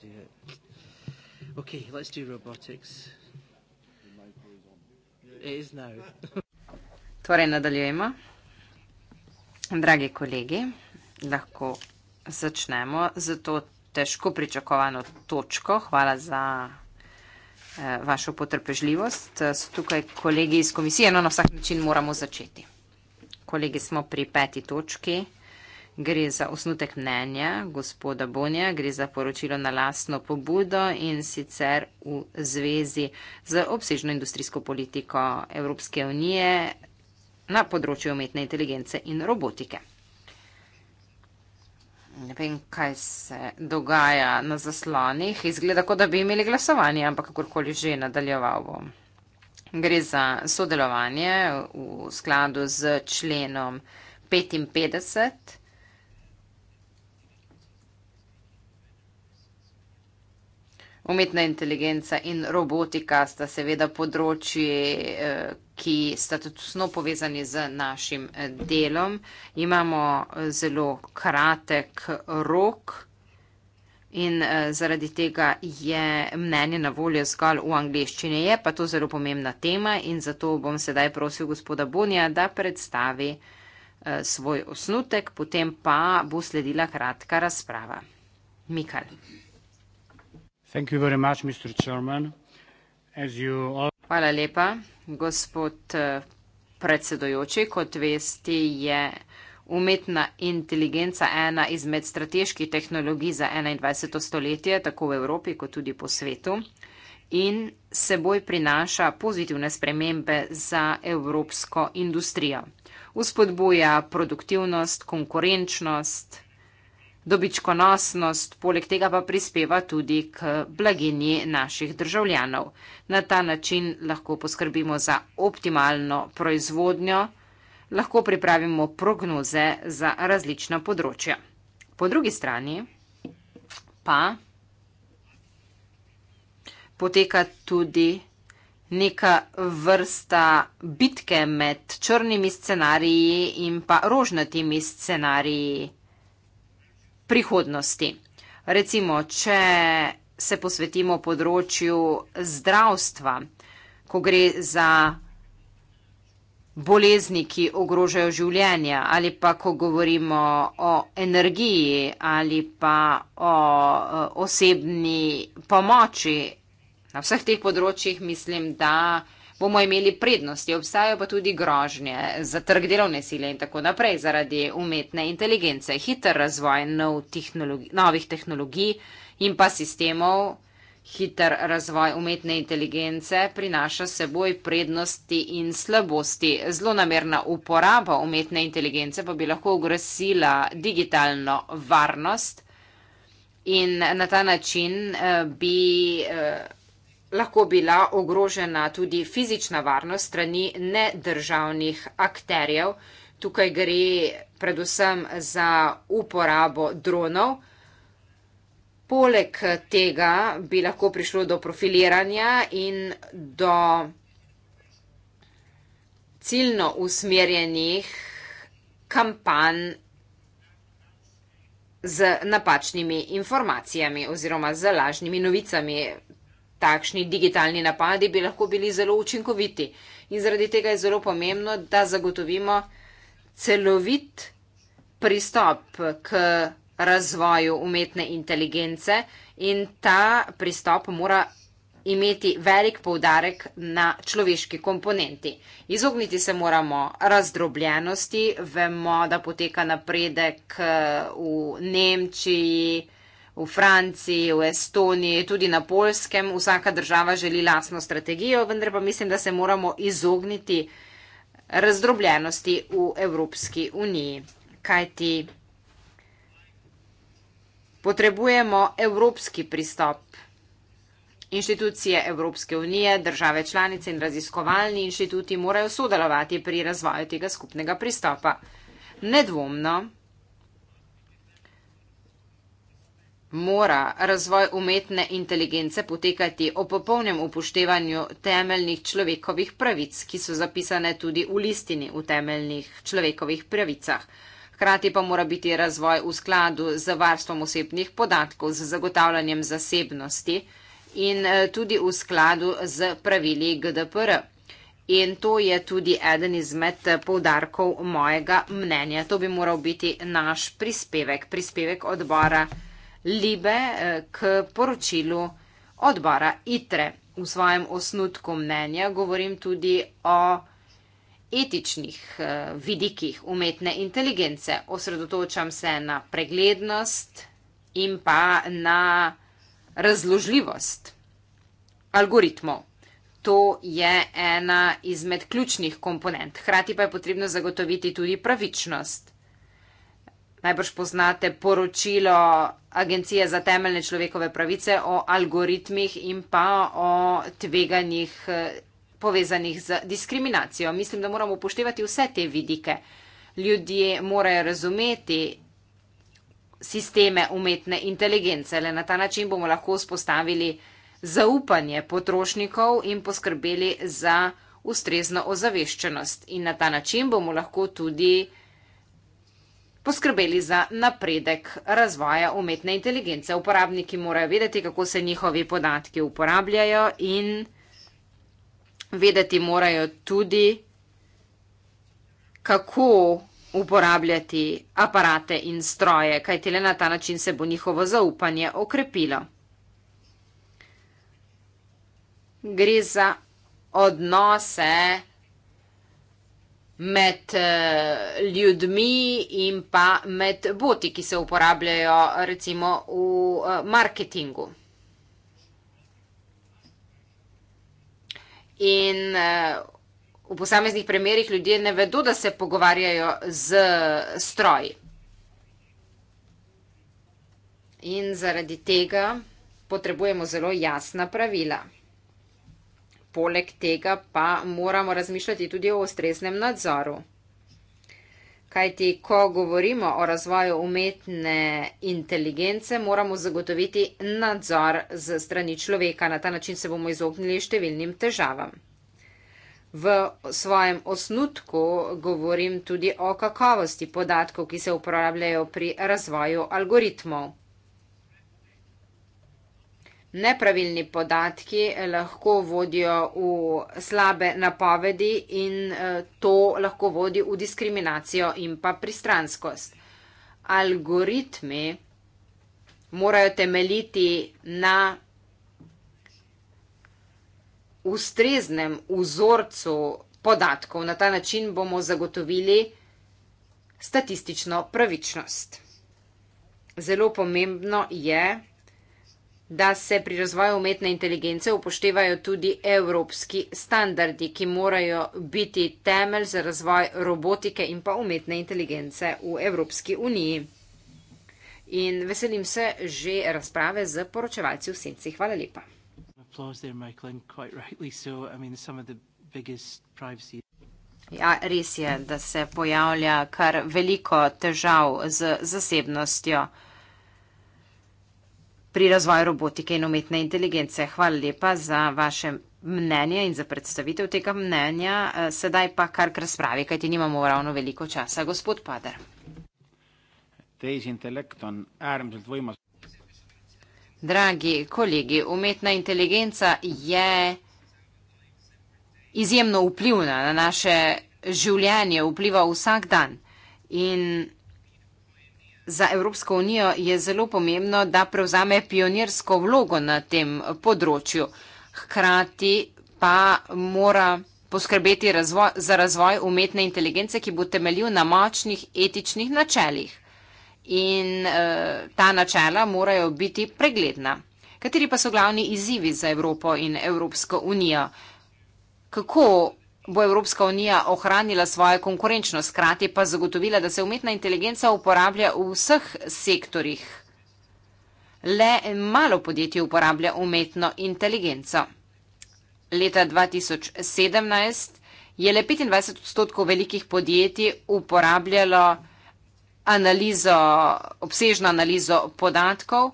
do it. Okay, let's do robotics. It is now. torej, nadaljujemo. Dragi kolegi, lahko začnemo z to težko pričakovano točko. Hvala za eh, vašo potrpežljivost. So tukaj kolegi iz komisije, no na vsak način moramo začeti. Kolegi smo pri peti točki. Gre za osnutek mnenja gospoda Bonja, gre za poročilo na lastno pobudo in sicer v zvezi z obsežno industrijsko politiko Evropske unije na področju umetne inteligence in robotike. Ne vem, kaj se dogaja na zaslonih. Izgleda, kot da bi imeli glasovanje, ampak kakorkoli že nadaljeval bom. Gre za sodelovanje v skladu z členom 55. Umetna inteligenca in robotika sta seveda področji, eh, ki sta tudi snov povezani z našim eh, delom. Imamo eh, zelo kratek rok in zaradi tega je mnenje na voljo zgolj v angliščini. Je pa to zelo pomembna tema in zato bom sedaj prosil gospoda Bonja, da predstavi svoj osnutek, potem pa bo sledila kratka razprava. Mikal. Hvala lepa, gospod eh, predsedujoči. Kot veste, je umetna inteligenca ena izmed strateških tehnologij za 21. stoletje, tako v Evropi kot tudi po svetu. In seboj prinaša pozitivne spremembe za evropsko industrijo. Uspodbuja produktivnost, konkurenčnost, Dobičkonosnost poleg tega pa prispeva tudi k blaginji naših državljanov. Na ta način lahko poskrbimo za optimalno proizvodnjo, lahko pripravimo prognoze za različna področja. Po drugi strani pa poteka tudi neka vrsta bitke med črnimi scenariji in pa rožnatimi scenariji prihodnosti. Recimo, če se posvetimo področju zdravstva, ko gre za bolezni, ki ogrožajo življenja ali pa ko govorimo o energiji ali pa o osebni pomoči. Na vseh teh področjih mislim, da bomo imeli prednosti, obstajajo pa tudi grožnje za trg delovne sile in tako naprej zaradi umetne inteligence, hiter razvoj nov tehnologi, novih tehnologij in pa sistemov. Hiter razvoj umetne inteligence prinaša seboj prednosti in slabosti. Zelo namerna uporaba umetne inteligence pa bi lahko ogrosila digitalno varnost in na ta način eh, bi. Eh, lahko bila ogrožena tudi fizična varnost strani nedržavnih akterjev. Tukaj gre predvsem za uporabo dronov. Poleg tega bi lahko prišlo do profiliranja in do ciljno usmerjenih kampanj z napačnimi informacijami oziroma z lažnimi novicami. Takšni digitalni napadi bi lahko bili zelo učinkoviti in zaradi tega je zelo pomembno, da zagotovimo celovit pristop k razvoju umetne inteligence in ta pristop mora imeti velik poudarek na človeški komponenti. Izogniti se moramo razdrobljenosti, vemo, da poteka napredek eh, v Nemčiji, v Franciji, v Estoniji, tudi na Polskem. Vsaka država želi lasno strategijo, vendar pa mislim, da se moramo izogniti razdrobljenosti v Evropski uniji. Kaj ti potrebujemo evropski pristop? Inštitucije Evropske unije, države članice in raziskovalni inštituti morajo sodelovati pri razvoju tega skupnega pristopa. Nedvomno. mora razvoj umetne inteligence potekati o popolnem upoštevanju temeljnih človekovih pravic, ki so zapisane tudi v listini v temeljnih človekovih pravicah. Hkrati pa mora biti razvoj v skladu z varstvom osebnih podatkov, z zagotavljanjem zasebnosti in eh, tudi v skladu z pravili GDPR. In to je tudi eden izmed eh, poudarkov mojega mnenja. To bi moral biti naš prispevek, prispevek odbora. Libe eh, k poročilu odbora ITRE. V svojem osnutku mnenja govorim tudi o etičnih eh, vidikih umetne inteligence. Osredotočam se na preglednost in pa na razložljivost algoritmov. To je ena izmed ključnih komponent. Hrati pa je potrebno zagotoviti tudi pravičnost. Najbrž poznate poročilo Agencije za temeljne človekove pravice o algoritmih in pa o tveganjih eh, povezanih z diskriminacijo. Mislim, da moramo upoštevati vse te vidike. Ljudje morajo razumeti sisteme umetne inteligence, le na ta način bomo lahko spostavili zaupanje potrošnikov in poskrbeli za ustrezno ozaveščenost. In na ta način bomo lahko tudi poskrbeli za napredek razvoja umetne inteligence. Uporabniki morajo vedeti, kako se njihovi podatki uporabljajo in vedeti morajo tudi, kako uporabljati aparate in stroje, kaj tele na ta način se bo njihovo zaupanje okrepilo. Gre za odnose, med eh, ljudmi in pa med boti, ki se uporabljajo recimo v eh, marketingu. In eh, v posameznih primerjih ljudje ne vedo, da se pogovarjajo z stroji. In zaradi tega potrebujemo zelo jasna pravila. Poleg tega pa moramo razmišljati tudi o ustreznem nadzoru. Kajti, ko govorimo o razvoju umetne inteligence, moramo zagotoviti nadzor z strani človeka. Na ta način se bomo izognili številnim težavam. V svojem osnutku govorim tudi o kakovosti podatkov, ki se uporabljajo pri razvoju algoritmov. Nepravilni podatki lahko vodijo v slabe napovedi in eh, to lahko vodi v diskriminacijo in pa pristranskost. Algoritmi morajo temeljiti na ustreznem vzorcu podatkov. Na ta način bomo zagotovili statistično pravičnost. Zelo pomembno je, da se pri razvoju umetne inteligence upoštevajo tudi evropski standardi, ki morajo biti temelj za razvoj robotike in pa umetne inteligence v Evropski uniji. In veselim se že razprave z poročevalci v Senci. Hvala lepa. Ja, res je, da se pojavlja kar veliko težav z zasebnostjo pri razvoju robotike in umetne inteligence. Hvala lepa za vaše mnenje in za predstavitev tega mnenja. Eh, sedaj pa kar k razpravi, kajti nimamo ravno veliko časa. Gospod Pader. Dragi kolegi, umetna inteligenca je izjemno vplivna na naše življenje, vpliva vsak dan. In Za Evropsko unijo je zelo pomembno, da prevzame pionirsko vlogo na tem področju. Hkrati pa mora poskrbeti razvo za razvoj umetne inteligence, ki bo temeljil na močnih etičnih načelih. In e, ta načela morajo biti pregledna. Kateri pa so glavni izzivi za Evropo in Evropsko unijo? Kako bo Evropska unija ohranila svojo konkurenčnost, krati pa zagotovila, da se umetna inteligenca uporablja v vseh sektorjih. Le malo podjetij uporablja umetno inteligenco. Leta 2017 je le 25 odstotkov velikih podjetij uporabljalo analizo, obsežno analizo podatkov,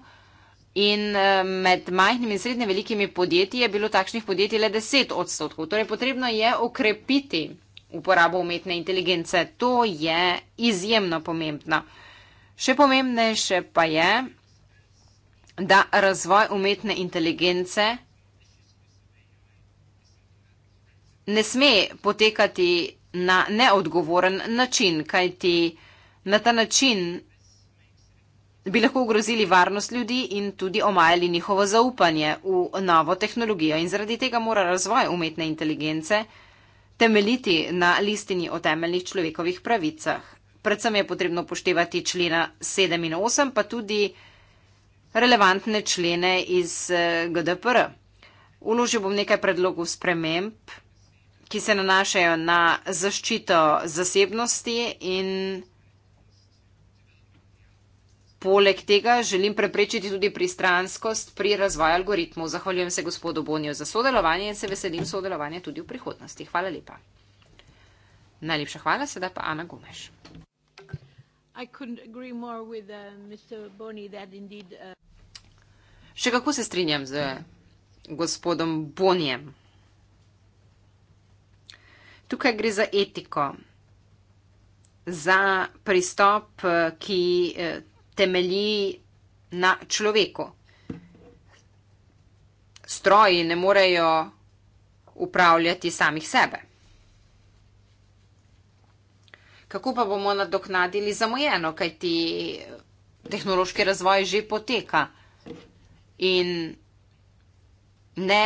In eh, med majhnimi in srednje velikimi podjetji je bilo takšnih podjetij le 10 odstotkov. Torej potrebno je okrepiti uporabo umetne inteligence. To je izjemno pomembno. Še pomembnejše pa je, da razvoj umetne inteligence ne sme potekati na neodgovoren način, kajti na ta način bi lahko ogrozili varnost ljudi in tudi omajali njihovo zaupanje v novo tehnologijo. In zaradi tega mora razvoj umetne inteligence temeljiti na listini o temeljnih človekovih pravicah. Predvsem je potrebno upoštevati člena 7 in 8, pa tudi relevantne člene iz eh, GDPR. Uložil bom nekaj predlogov sprememb, ki se nanašajo na zaščito zasebnosti in. Poleg tega želim preprečiti tudi pristranskost pri razvoju algoritmov. Zahvaljujem se gospodu Bonijo za sodelovanje in se veselim sodelovanja tudi v prihodnosti. Hvala lepa. Najlepša hvala, sedaj pa Ana Gomeš. Uh, uh, Še kako se strinjam z gospodom Bonijem. Tukaj gre za etiko, za pristop, ki eh, temelji na človeku. Stroji ne morejo upravljati samih sebe. Kako pa bomo nadoknadili zamujeno, kaj ti tehnološki razvoj že poteka in ne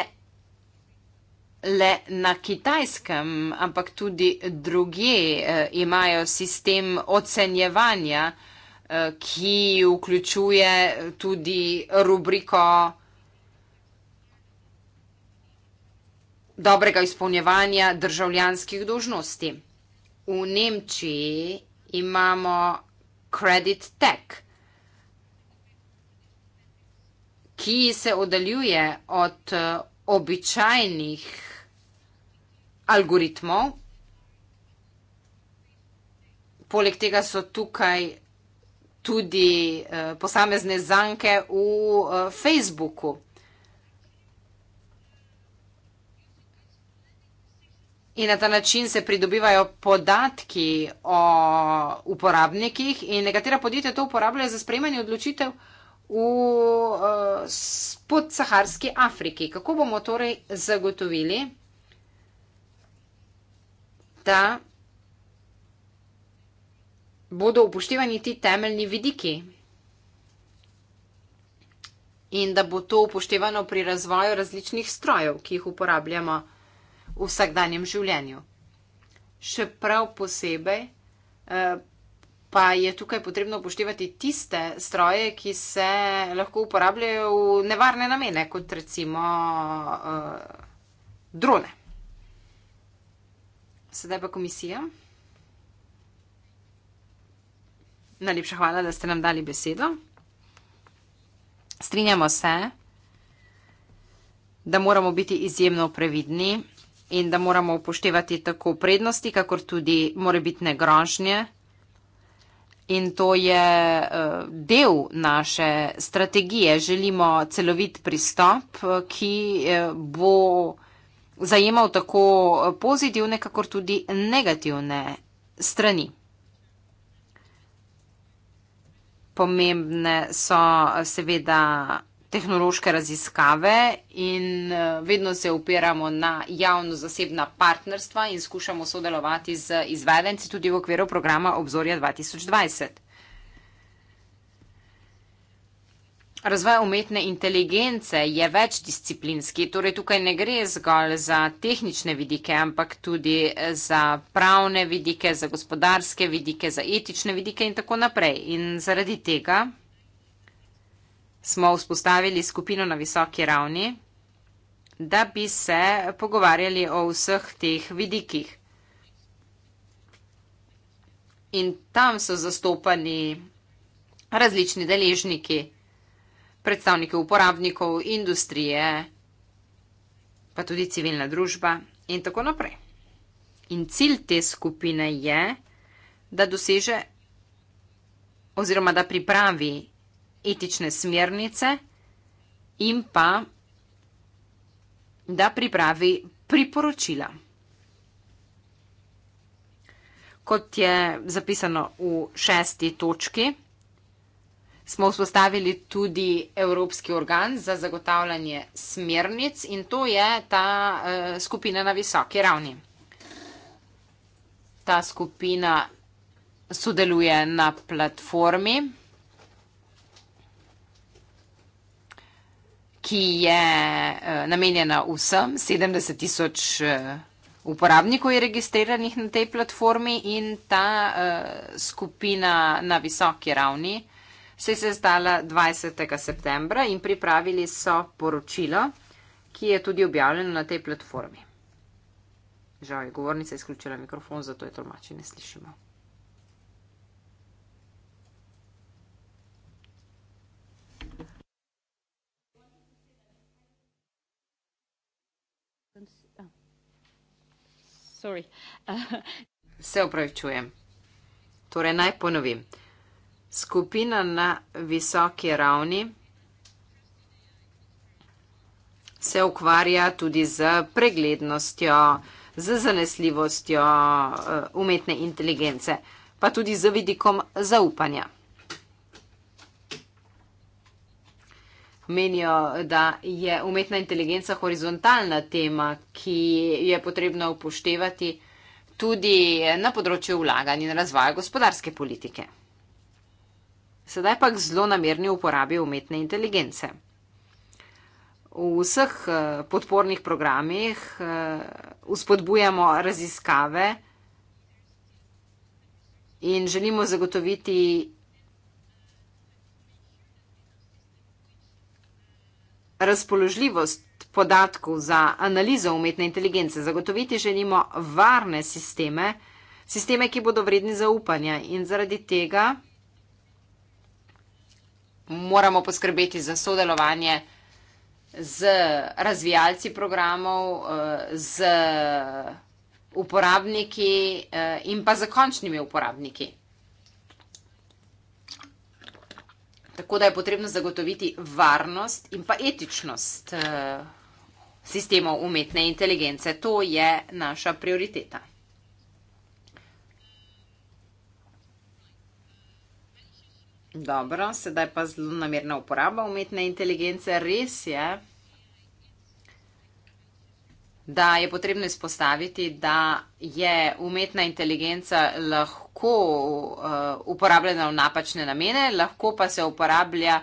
le na kitajskem, ampak tudi druge eh, imajo sistem ocenjevanja, Eh, ki vključuje tudi rubriko dobrega izpolnjevanja državljanskih dožnosti. V Nemčiji imamo Credit Tech, ki se odaljuje od eh, običajnih algoritmov. Poleg tega so tukaj različni, tudi eh, posamezne zanke v eh, Facebooku. In na ta način se pridobivajo podatki o uporabnikih in nekatera podjetja to uporabljajo za sprejemanje odločitev v eh, podsaharski Afriki. Kako bomo torej zagotovili, da bodo upoštevani ti temeljni vidiki in da bo to upoštevano pri razvoju različnih strojev, ki jih uporabljamo v vsakdanjem življenju. Še prav posebej eh, pa je tukaj potrebno upoštevati tiste stroje, ki se lahko uporabljajo v nevarne namene, kot recimo eh, drone. Sedaj pa komisija. Najlepša hvala, da ste nam dali besedo. Strinjamo se, da moramo biti izjemno previdni in da moramo upoštevati tako prednosti, kakor tudi more biti ne grožnje. In to je eh, del naše strategije. Želimo celovit pristop, eh, ki eh, bo zajemal tako pozitivne, kakor tudi negativne strani. pomembne so eh, seveda tehnološke raziskave in eh, vedno se upiramo na javno-zasebna partnerstva in skušamo sodelovati z izvedenci tudi v okviru programa Obzorja 2020. Razvoj umetne inteligence je večdisciplinski, torej tukaj ne gre zgolj za tehnične vidike, ampak tudi eh, za pravne vidike, za gospodarske vidike, za etične vidike in tako naprej. In zaradi tega smo vzpostavili skupino na visoki ravni, da bi se pogovarjali o vseh teh vidikih. In tam so zastopani različni deležniki predstavnike uporabnikov, industrije, pa tudi civilna družba in tako naprej. In cilj te skupine je, da doseže oziroma da pripravi etične smernice in pa da pripravi priporočila. Kot je zapisano v šesti točki, smo vzpostavili tudi Evropski organ za zagotavljanje smernic in to je ta uh, skupina na visoki ravni. Ta skupina sodeluje na platformi, ki je uh, namenjena vsem, 70 tisoč uh, uporabnikov je registriranih na tej platformi in ta uh, skupina na visoki ravni se je sestala 20. septembra in pripravili so poročilo, ki je tudi objavljeno na tej platformi. Žal je govornica izključila mikrofon, zato je tolmači ne slišimo. Se opravičujem. Torej, naj ponovim skupina na visoki ravni se ukvarja tudi z preglednostjo, z zanesljivostjo eh, umetne inteligence, pa tudi z vidikom zaupanja. Menijo, da je umetna inteligenca horizontalna tema, ki je potrebno upoštevati tudi na področju vlaganja in razvoja gospodarske politike sedaj pa k zelo namerni uporabi umetne inteligence. V vseh eh, podpornih programih uspodbujamo eh, raziskave in želimo zagotoviti razpoložljivost podatkov za analizo umetne inteligence. Zagotoviti želimo varne sisteme, sisteme, ki bodo vredni zaupanja in zaradi tega moramo poskrbeti za sodelovanje z razvijalci programov, eh, z uporabniki eh, in pa z končnimi uporabniki. Tako da je potrebno zagotoviti varnost in pa etičnost eh, sistemov umetne inteligence. To je naša prioriteta. Dobro, sedaj pa zelo namerna uporaba umetne inteligence. Res je, da je potrebno izpostaviti, da je umetna inteligenca lahko uh, uporabljena v napačne namene, lahko pa se uporablja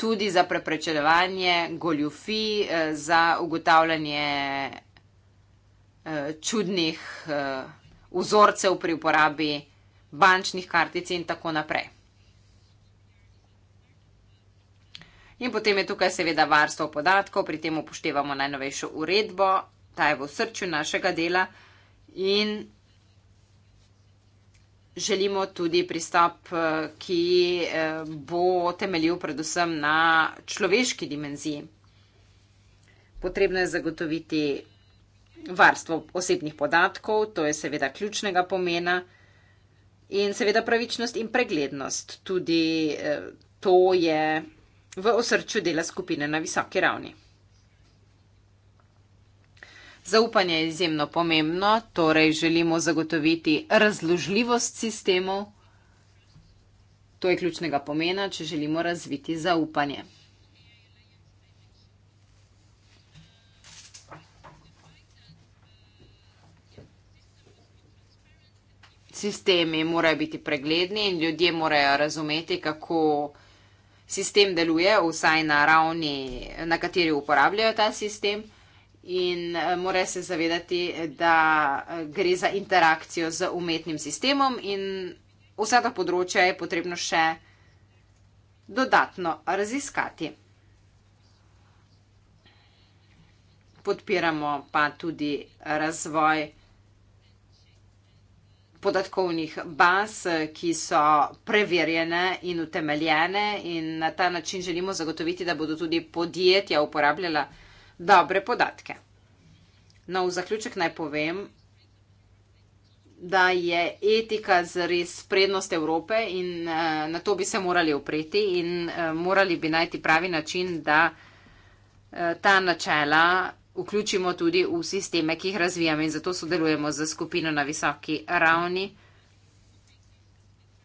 tudi za preprečevanje goljufij, uh, za ugotavljanje uh, čudnih uh, vzorcev pri uporabi bančnih kartic in tako naprej. In potem je tukaj seveda varstvo podatkov, pri tem upoštevamo najnovejšo uredbo, ta je v srču našega dela in želimo tudi pristop, eh, ki eh, bo temeljil predvsem na človeški dimenziji. Potrebno je zagotoviti varstvo osebnih podatkov, to je seveda ključnega pomena in seveda pravičnost in preglednost. Tudi eh, to je v osrčju dela skupine na visoki ravni. Zaupanje je izjemno pomembno, torej želimo zagotoviti razložljivost sistemov. To je ključnega pomena, če želimo razviti zaupanje. Sistemi morajo biti pregledni in ljudje morajo razumeti, kako vsega sistem deluje, vsaj na ravni, na kateri uporabljajo ta sistem. In eh, more se zavedati, da eh, gre za interakcijo z umetnim sistemom in vsa ta področja je potrebno še dodatno raziskati. Podpiramo pa tudi razvoj podatkovnih baz, ki so preverjene in utemeljene in na ta način želimo zagotoviti, da bodo tudi podjetja uporabljala dobre podatke. No, v zaključek naj povem, da je etika zres prednost Evrope in eh, na to bi se morali opreti in eh, morali bi najti pravi način, da eh, ta načela vključimo tudi v sisteme, ki jih razvijamo in zato sodelujemo z skupino na visoki ravni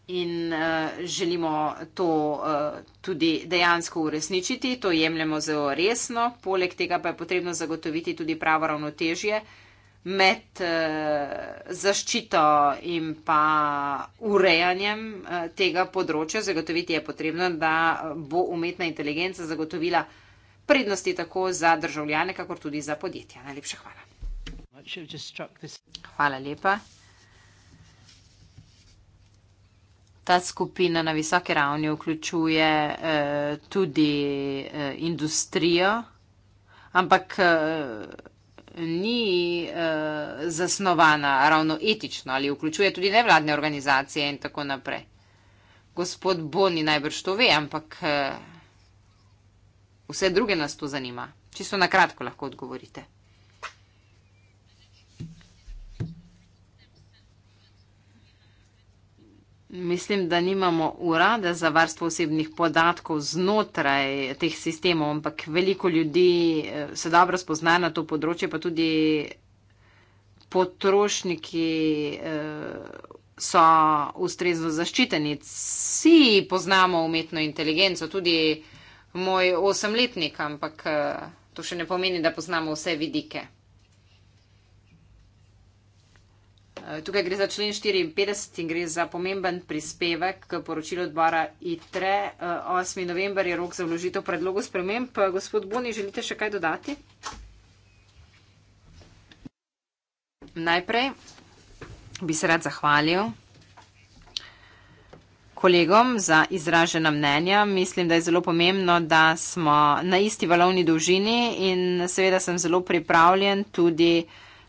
in uh, želimo to uh, tudi dejansko uresničiti. To jemljemo zelo resno, poleg tega pa je potrebno zagotoviti tudi pravo ravnotežje med uh, zaščito in pa urejanjem uh, tega področja. Zagotoviti je potrebno, da bo umetna inteligenca zagotovila prednosti tako za državljane, kakor tudi za podjetja. Najlepša hvala. Hvala lepa. Ta skupina na visoki ravni vključuje eh, tudi eh, industrijo, ampak eh, ni eh, zasnovana ravno etično ali vključuje tudi nevladne organizacije in tako naprej. Gospod Boni najbrž to ve, ampak. Eh, Vse druge nas to zanima. Čisto na kratko lahko odgovorite. Mislim, da nimamo urada za varstvo osebnih podatkov znotraj teh sistemov, ampak veliko ljudi eh, se dobro spozna na to področje, pa tudi potrošniki eh, so ustrezno zaščiteni. Vsi poznamo umetno inteligenco, tudi moj osemletnik, ampak eh, to še ne pomeni, da poznamo vse vidike. Eh, tukaj gre za člen 54 in gre za pomemben prispevek k poročilu odbora ITRE. 8. Eh, november je rok za vložitev predlogu sprememb. Gospod Boni, želite še kaj dodati? Najprej bi se rad zahvalil kolegom za izražena mnenja. Mislim, da je zelo pomembno, da smo na isti valovni dolžini in seveda sem zelo pripravljen tudi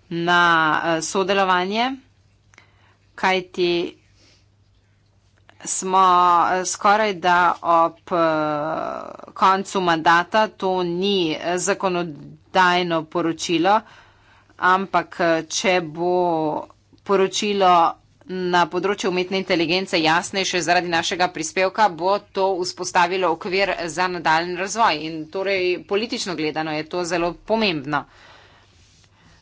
na eh, sodelovanje, kajti smo eh, skoraj da ob eh, koncu mandata, to ni zakonodajno poročilo, ampak če bo poročilo na področju umetne inteligence jasnejše zaradi našega prispevka, bo to vzpostavilo okvir za nadaljni razvoj. In torej politično gledano je to zelo pomembno.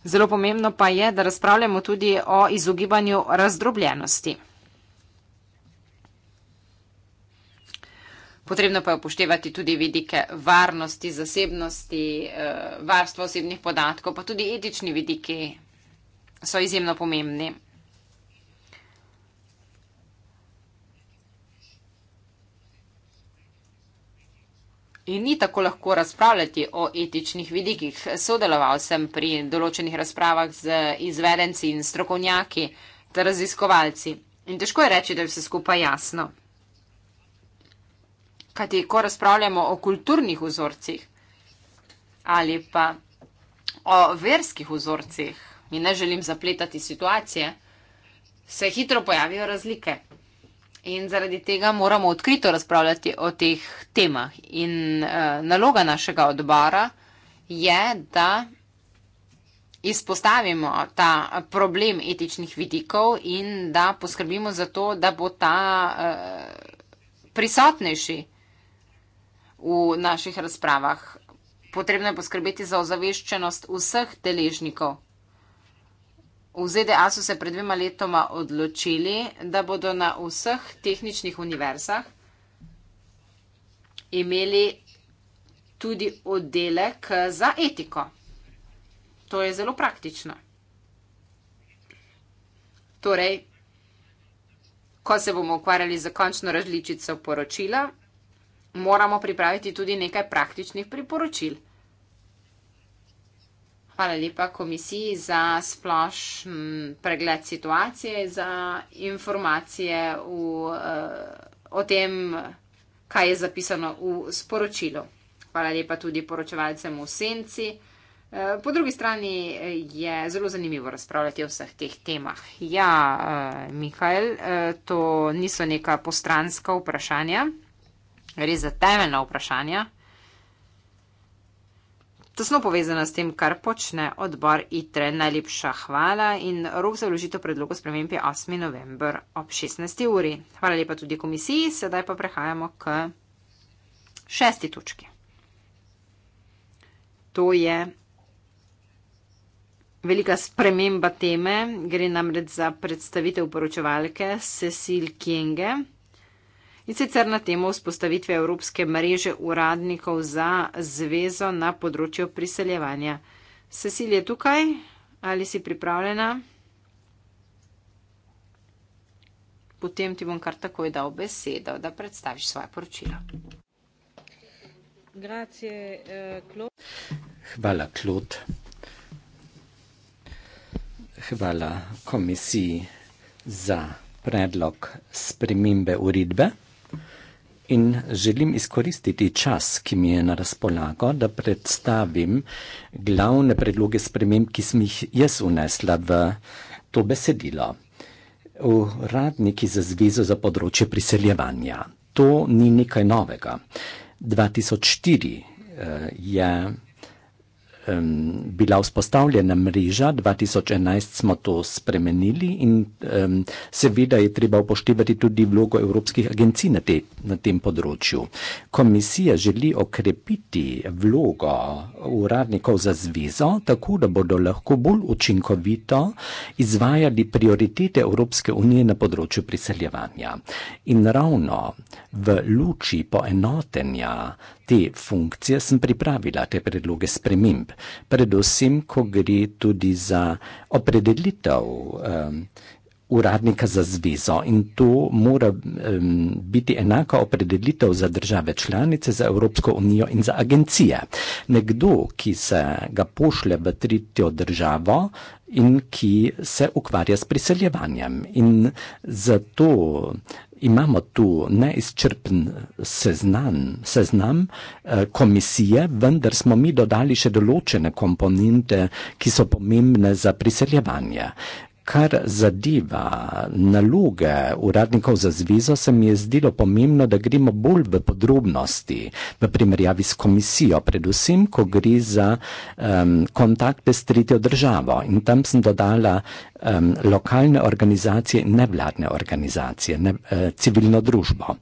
Zelo pomembno pa je, da razpravljamo tudi o izogibanju razdrobljenosti. Potrebno pa je upoštevati tudi vidike varnosti, zasebnosti, eh, varstva osebnih podatkov, pa tudi etični vidiki so izjemno pomembni. in ni tako lahko razpravljati o etičnih vidikih. Sodeloval sem pri določenih razpravah z izvedenci in strokovnjaki ter raziskovalci. In težko je reči, da je vse skupaj jasno. Kajti, ko razpravljamo o kulturnih vzorcih ali pa o verskih vzorcih, in ne želim zapletati situacije, se hitro pojavijo razlike. In zaradi tega moramo odkrito razpravljati o teh temah. In uh, naloga našega odbora je, da izpostavimo ta problem etičnih vidikov in da poskrbimo za to, da bo ta uh, prisotnejši v naših razpravah. Potrebno je poskrbeti za ozaveščenost vseh deležnikov V ZDA so se pred dvema letoma odločili, da bodo na vseh tehničnih univerzah imeli tudi oddelek za etiko. To je zelo praktično. Torej, ko se bomo ukvarjali z končno različico poročila, moramo pripraviti tudi nekaj praktičnih priporočil hvala lepa komisiji za splošen pregled situacije, za informacije v, eh, o tem, kaj je zapisano v sporočilu. Hvala lepa tudi poročevalcem v senci. Eh, po drugi strani eh, je zelo zanimivo razpravljati o vseh teh temah. Ja, Mihajl, to niso neka postranska vprašanja, res za temeljna vprašanja tesno povezana s tem, kar počne odbor ITRE. Najlepša hvala in rok za vložitev predlogov sprememb je 8. november ob 16. uri. Hvala lepa tudi komisiji, sedaj pa prehajamo k šesti točki. To je velika sprememba teme, gre namreč za predstavitev poročevalke Cecil Kienge. In sicer na temo vzpostavitve Evropske mreže uradnikov za zvezo na področju priseljevanja. Cecilija je tukaj, ali si pripravljena? Potem ti bom kar takoj dal besedo, da predstaviš svoje poročilo. Eh, Hvala, Klod. Hvala komisiji za predlog spremembe uredbe in želim izkoristiti čas, ki mi je na razpolago, da predstavim glavne predloge sprememb, ki sem jih jaz unesla v to besedilo. Uradniki za zvezo za področje priseljevanja. To ni nekaj novega. 2004 eh, je um, bila vzpostavljena mreža, 2011 smo to spremenili in um, seveda je treba upoštevati tudi vlogo evropskih agencij na, te, na tem področju. Komisija želi okrepiti vlogo uradnikov za zvezo, tako da bodo lahko bolj učinkovito izvajali prioritete Evropske unije na področju priseljevanja. In ravno v luči poenotenja te funkcije sem pripravila te predloge sprememb, predvsem, ko gre tudi za opredelitev um, uradnika za zvezo in to mora um, biti enaka opredelitev za države članice, za Evropsko unijo in za agencije. Nekdo, ki se ga pošle v tretjo državo in ki se ukvarja s priseljevanjem in zato imamo tu neizčrpen seznam, seznam eh, komisije, vendar smo mi dodali še določene komponente, ki so pomembne za priseljevanje kar zadeva naloge uradnikov za zvezo, se mi je zdelo pomembno, da gremo bolj v podrobnosti v primerjavi s komisijo, predvsem, ko gre za um, kontakte s tretjo državo. In tam sem dodala um, lokalne organizacije, nevladne organizacije, ne, eh, civilno družbo.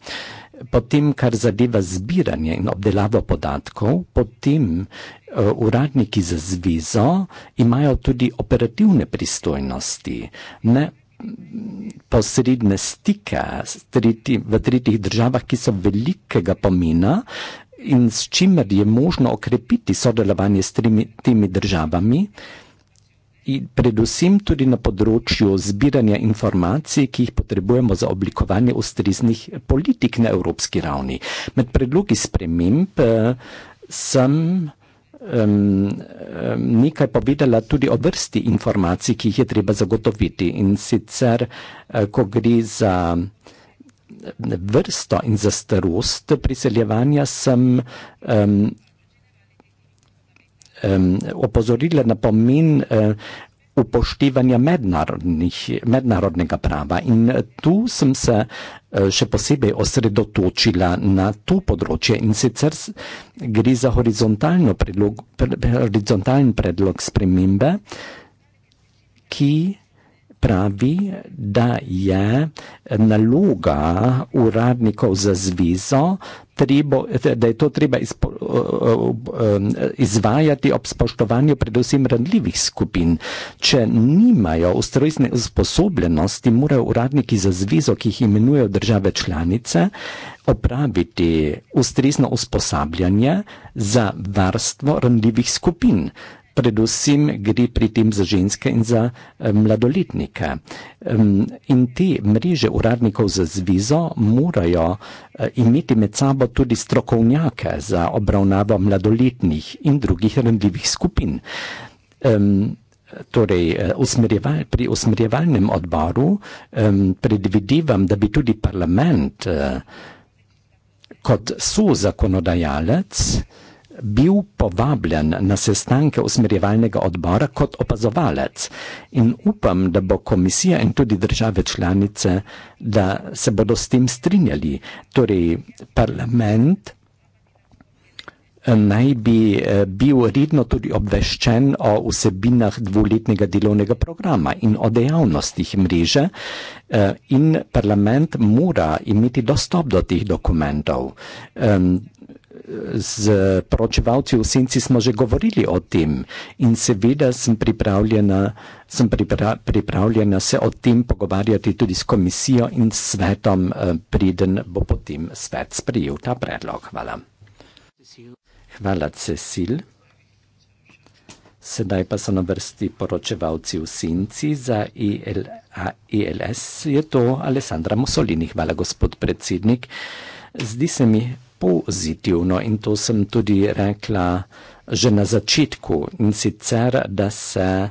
Potem, kar zadeva zbiranje in obdelavo podatkov, potem Eh, uradniki za zvizo imajo tudi operativne pristojnosti, ne posredne stike triti, v tretjih državah, ki so velikega pomena in s čimer je možno okrepiti sodelovanje s temi, temi državami. In predvsem tudi na področju zbiranja informacij, ki jih potrebujemo za oblikovanje ustreznih politik na evropski ravni. Med predlogi sprememb eh, sem um, um, nekaj povedala tudi o vrsti informacij, ki jih je treba zagotoviti in sicer, eh, ko gre za eh, vrsto in za starost priseljevanja, sem um, um, opozorila na pomen um, upoštevanja mednarodnega prava. In eh, tu sem se eh, še posebej osredotočila na to področje in sicer gre za predlog, horizontalen predlog spremembe, ki pravi, da je naloga uradnikov za zvizo, trebo, da je to treba izpo, uh, um, izvajati ob spoštovanju predvsem randljivih skupin. Če nimajo ustrojstne usposobljenosti, morajo uradniki za zvizo, ki jih imenujejo države članice, opraviti ustrezno usposabljanje za varstvo randljivih skupin predvsem gre pri tem za ženske in za eh, mladoletnike. In te mreže uradnikov za zvizo morajo eh, imeti med sabo tudi strokovnjake za obravnavo mladoletnih in drugih randljivih skupin. Torej, eh, usmerjeval, pri usmerjevalnem odboru predvidevam, da bi tudi parlament kot so zakonodajalec, bil povabljen na sestanke usmerjevalnega odbora kot opazovalec in upam, da bo komisija in tudi države članice, da se bodo s tem strinjali. Torej, parlament eh, naj bi eh, bil redno tudi obveščen o vsebinah dvoletnega delovnega programa in o dejavnostih mreže eh, in parlament mora imeti dostop do teh dokumentov z poročevalci v senci smo že govorili o tem in seveda sem pripravljena, sem pripra, pripravljena se o tem pogovarjati tudi s komisijo in svetom, eh, preden bo potem svet sprejel ta predlog. Hvala. Hvala, Cecil. Sedaj pa so na vrsti poročevalci v senci za EL, ELS. Je to Alessandra Mussolini. Hvala, gospod predsednik. Zdi se mi, pozitivno in to sem tudi rekla že na začetku in sicer, da se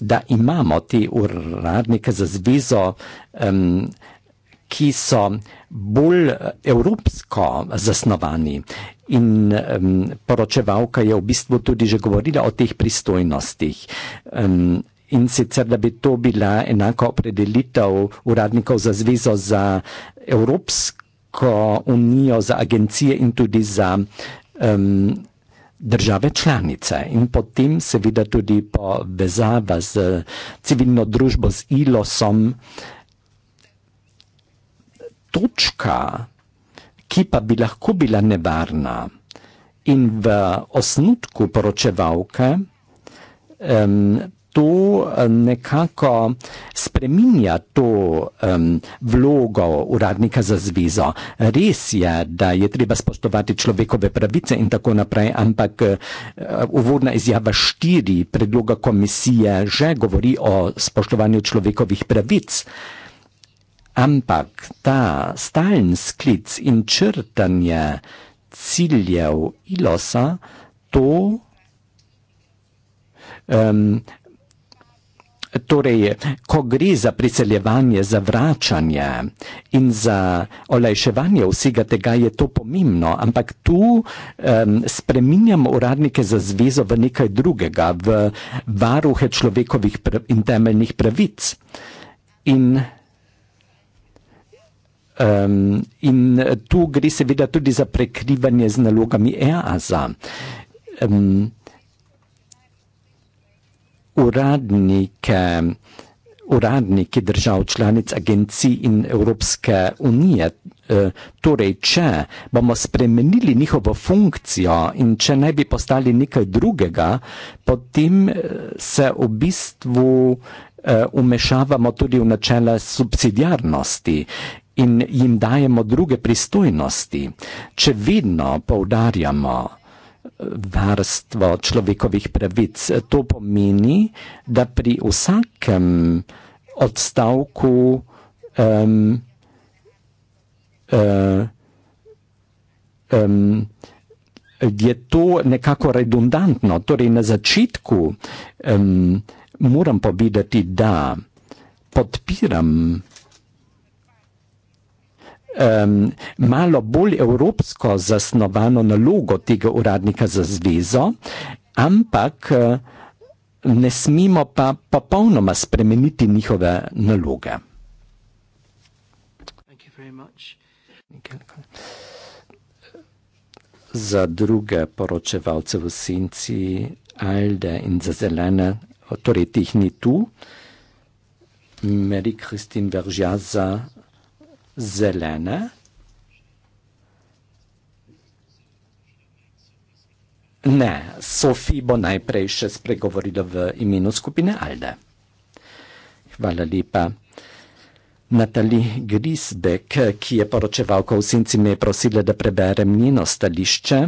da imamo te uradnike za zvezo, um, ki so bolj eh, evropsko zasnovani. In um, poročevalka je v bistvu tudi že govorila o teh pristojnostih. Um, in sicer, da bi to bila enaka opredelitev uradnikov za zvezo za evropsko preko Unijo za agencije in tudi za um, države članice in potem seveda tudi povezava z civilno družbo, z ILOSom. Točka, ki pa bi lahko bila nevarna in v osnutku poročevalke um, to eh, nekako spreminja to um, vlogo uradnika za zvezo. Res je, da je treba spoštovati človekove pravice in tako naprej, ampak eh, uvodna uh, izjava štiri predloga komisije že govori o spoštovanju človekovih pravic. Ampak ta stalen sklic in črtanje ciljev ilosa, to um, Torej, ko gre za priseljevanje, za vračanje in za olajševanje vsega tega, je to pomembno, ampak tu um, spreminjamo uradnike za zvezo v nekaj drugega, v varuhe človekovih in temeljnih pravic. In, um, in tu gre seveda tudi za prekrivanje z nalogami EASA. Um, uradnike, uradniki držav članic agencij in Evropske unije. Eh, torej, če bomo spremenili njihovo funkcijo in če naj bi postali nekaj drugega, potem eh, se v bistvu umešavamo eh, tudi v načela subsidiarnosti in jim dajemo druge pristojnosti. Če vedno poudarjamo, varstvo človekovih pravic. To pomeni, da pri vsakem odstavku um, um, je to nekako redundantno. Torej, na začetku um, moram povedati, da podpiram um, malo bolj evropsko zasnovano nalogo tega uradnika za zvezo, ampak eh, ne smemo pa popolnoma spremeniti njihove naloge. Za druge poročevalce v senci Alde in za zelene, torej teh ni tu, Mary Christine Veržaza zelene, ne, Sofi bo najprej še spregovorila v imenu skupine Alde. Hvala lepa. Natali Grisbek, ki je poročevalka v Sinci, me je prosila, da preberem njeno stališče.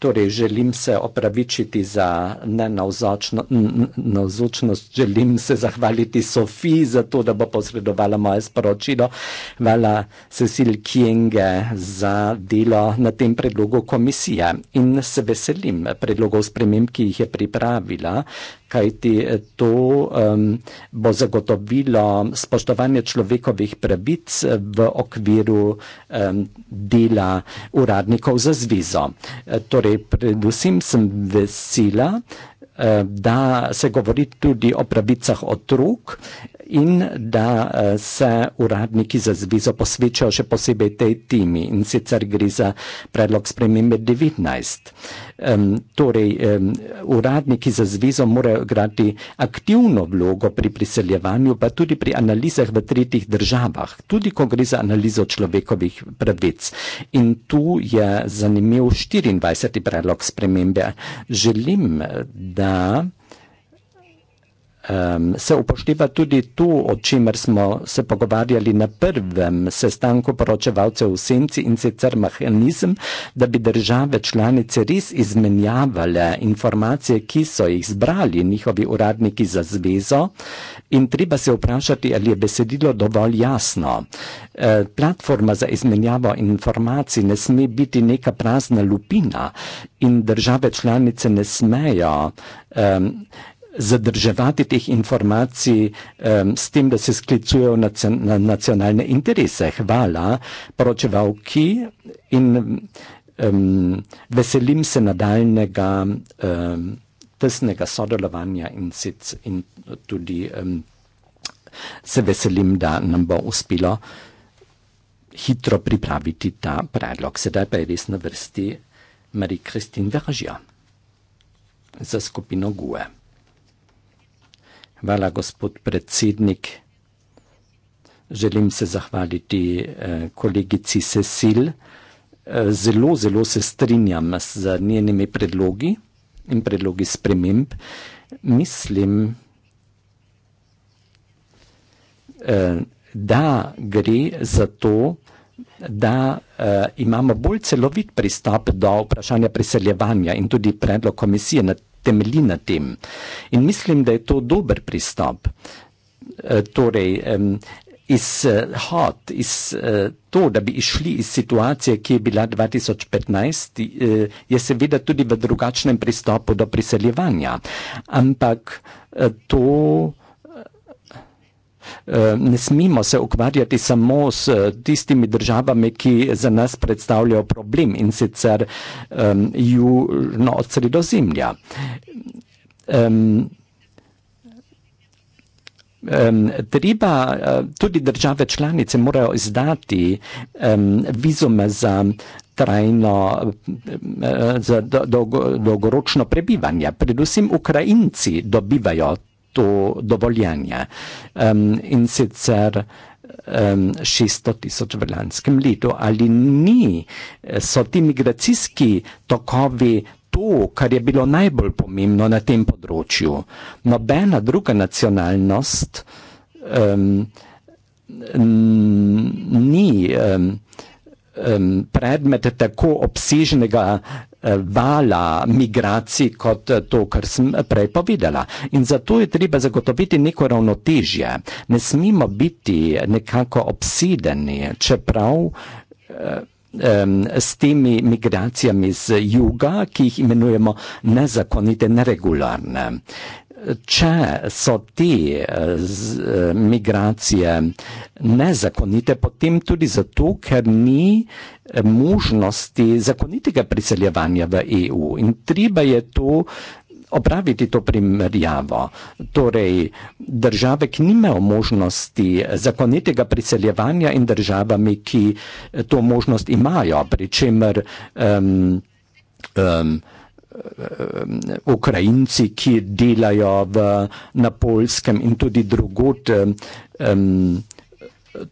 Torej, želim se opravičiti za nenavzočnost, želim se zahvaliti Sofiji za to, da bo posredovala moje sporočilo. Hvala Cecil Kienge za delo na tem predlogu komisije in se veselim predlogov sprememb, ki jih je pripravila kajti eh, to um, bo zagotovilo spoštovanje človekovih pravic eh, v okviru um, dela uradnikov za zvizo. Eh, torej, predvsem sem vesela, Eh, da se govori tudi o pravicah otrok in da eh, se uradniki za zvizo posvečajo še posebej tej temi in sicer gre za predlog spremembe 19. Um, torej, um, uradniki za zvizo morajo igrati aktivno vlogo pri priseljevanju, pa tudi pri analizah v tretjih državah, tudi ko gre za analizo človekovih pravic. In tu je zanimiv 24. predlog spremembe. Želim, eh, da Ja. Um, se upošteva tudi to, o čemer smo se pogovarjali na prvem sestanku poročevalcev v senci in sicer mehanizem, da bi države članice res izmenjavale informacije, ki so jih zbrali njihovi uradniki za zvezo in treba se vprašati, ali je besedilo dovolj jasno. E, platforma za izmenjavo informacij ne sme biti neka prazna lupina in države članice ne smejo. Um, zadrževati teh informacij um, s tem, da se sklicujejo na nacionalne interese. Hvala poročevalki in um, veselim se nadaljnega um, tesnega sodelovanja in, sic, in tudi um, se veselim, da nam bo uspelo hitro pripraviti ta predlog. Sedaj pa je res na vrsti Marie-Christine Veržja za skupino GUE. Hvala, gospod predsednik. Želim se zahvaliti eh, kolegici Cecil. Eh, zelo, zelo se strinjam z njenimi predlogi in predlogi sprememb. Mislim, eh, da gre za to, da da uh, imamo bolj celovit pristop do vprašanja priseljevanja in tudi predlog komisije na temelji na tem. In mislim, da je to dober pristop. Uh, torej, um, izhod, uh, iz, uh, to, da bi išli iz situacije, ki je bila 2015, uh, je seveda tudi v drugačnem pristopu do priseljevanja. Ampak uh, to. Eh, ne smemo se ukvarjati samo s eh, tistimi državami, ki za nas predstavljajo problem in sicer um, južno od sredozemlja. Um, Um, treba, eh, tudi države članice morajo izdati um, vizume za trajno, za dolgoročno prebivanje. Predvsem Ukrajinci dobivajo to dovoljenje. Um, in sicer um, 600 tisoč v lanskem letu, ali ni, so ti migracijski tokovi to, kar je bilo najbolj pomembno na tem področju. Nobena druga nacionalnost um, ni um, um, predmet tako obsežnega vala eh, migracij kot eh, to, kar sem prej povedala. In zato je treba zagotoviti neko ravnotežje. Ne smemo biti nekako obsedeni, čeprav. Eh, s temi migracijami z juga, ki jih imenujemo nezakonite, neregularne če so te migracije nezakonite, potem tudi zato, ker ni možnosti zakonitega priseljevanja v EU. In treba je to opraviti to primerjavo. Torej, države, ki nimajo možnosti zakonitega priseljevanja in državami, ki to možnost imajo, pri čemer um, um, Ukrajinci, ki delajo v, na polskem in tudi drugot, um,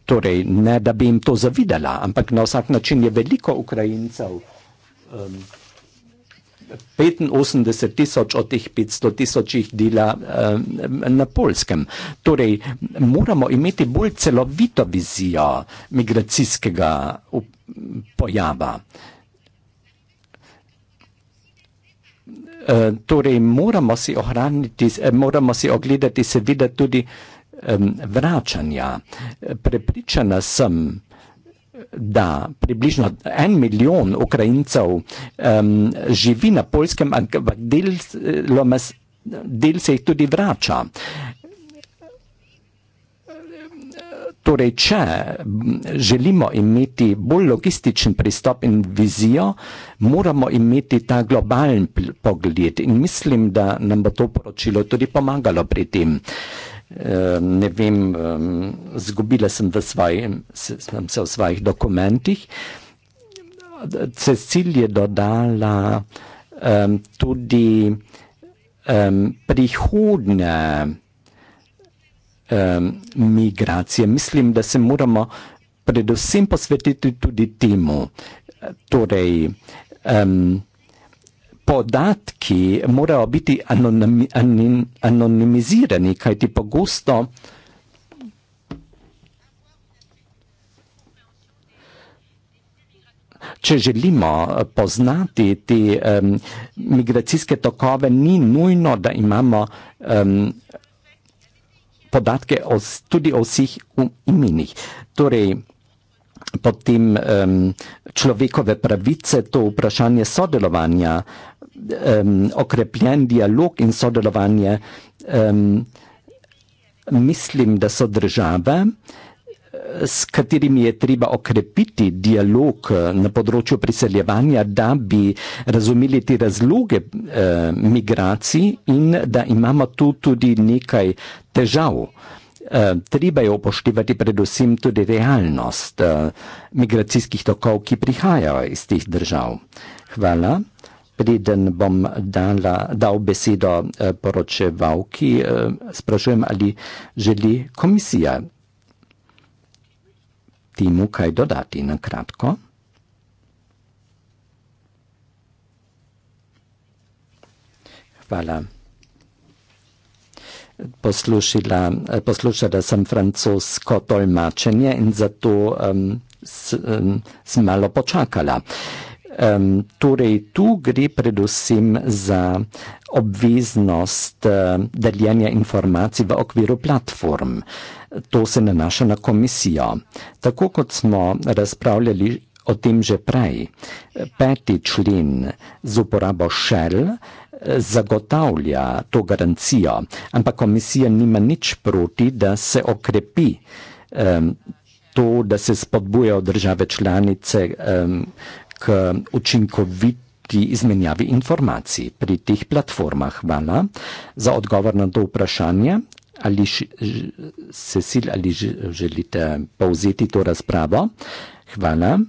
torej ne da bi jim to zavidala, ampak na vsak način je veliko Ukrajincev. Um, 85 tisoč od teh 500 tisoč jih dela eh, na polskem. Torej, moramo imeti bolj celovito vizijo migracijskega pojava. Eh, Eh, torej moramo si ohraniti, eh, moramo si ogledati seveda tudi um, vračanja. Prepričana sem, da približno en milijon Ukrajincev um, živi na polskem, ampak del, eh, del se jih tudi vrača. Uh, Torej, če želimo imeti bolj logističen pristop in vizijo, moramo imeti ta globalen pogled in mislim, da nam bo to poročilo tudi pomagalo pri tem. Ehm, ne vem, ehm, zgubila sem, svoj, sem se v svojih dokumentih. Cecil je dodala um, tudi um, prihodne um, um, migracije. Mislim, da se moramo predvsem posvetiti tudi temu. Torej, um, podatki morajo biti anonimi, anin, anonimizirani, kajti pogosto. Če želimo poznati te um, migracijske tokove, ni nujno, da imamo um, podatke o, tudi o vseh um-, imenih. Torej, potem um, človekove pravice, to vprašanje sodelovanja, um, okrepljen dialog in sodelovanje. Um, mislim, da so države s katerimi je treba okrepiti dialog eh, na področju priseljevanja, da bi razumeli te razloge eh, migracij in da imamo tu tudi nekaj težav. Eh, treba je upoštevati predvsem tudi realnost eh, migracijskih tokov, ki prihajajo iz teh držav. Hvala. Preden bom dala, dal besedo eh, poročevalki, eh, sprašujem, ali želi komisija temu kaj dodati na kratko? Hvala. Poslušila, poslušala sem francosko tolmačenje in zato um, s, um, sem malo počakala. Um, torej, tu gre predvsem za obveznost uh, deljenja informacij v okviru platform. To se nanaša na komisijo. Tako kot smo razpravljali o tem že prej, peti člen z uporabo šel eh, zagotavlja to garancijo, ampak komisija nima nič proti, da se okrepi um, to, da se spodbujajo države članice. Um, k eh, učinkoviti izmenjavi informacij pri teh platformah. Hvala za odgovor na to vprašanje. Ali se sil, ali želite povzeti to razpravo? Hvala.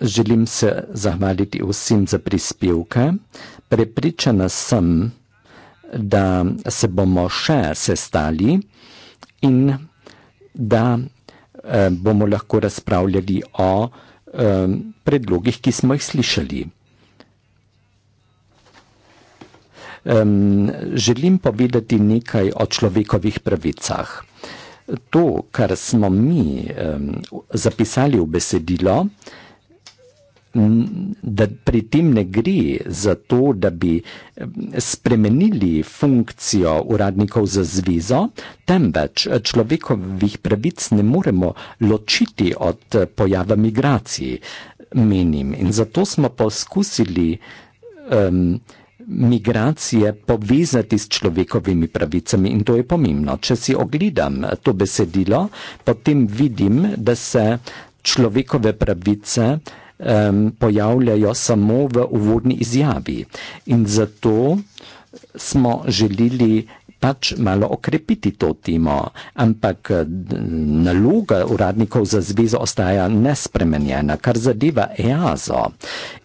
Želim se zahvaliti vsem za prispevke. Prepričana sem, da se bomo še sestali in da eh, bomo lahko razpravljali o Um, predlogih, ki smo jih slišali. Um, želim povedati nekaj o človekovih pravicah. To, kar smo mi um, zapisali v besedilo, da pri tem ne gre za to, da bi spremenili funkcijo uradnikov za zvezo, temveč eh, človekovih pravic ne moremo ločiti od eh, pojava migracije, menim. In zato smo poskusili um, migracije povezati s človekovimi pravicami in to je pomembno. Če si ogledam eh, to besedilo, potem vidim, da se človekove pravice um, pojavljajo samo v uvodni izjavi. In zato smo želeli pač malo okrepiti to temo, ampak naloga uradnikov za zvezo ostaja nespremenjena, kar zadeva EASO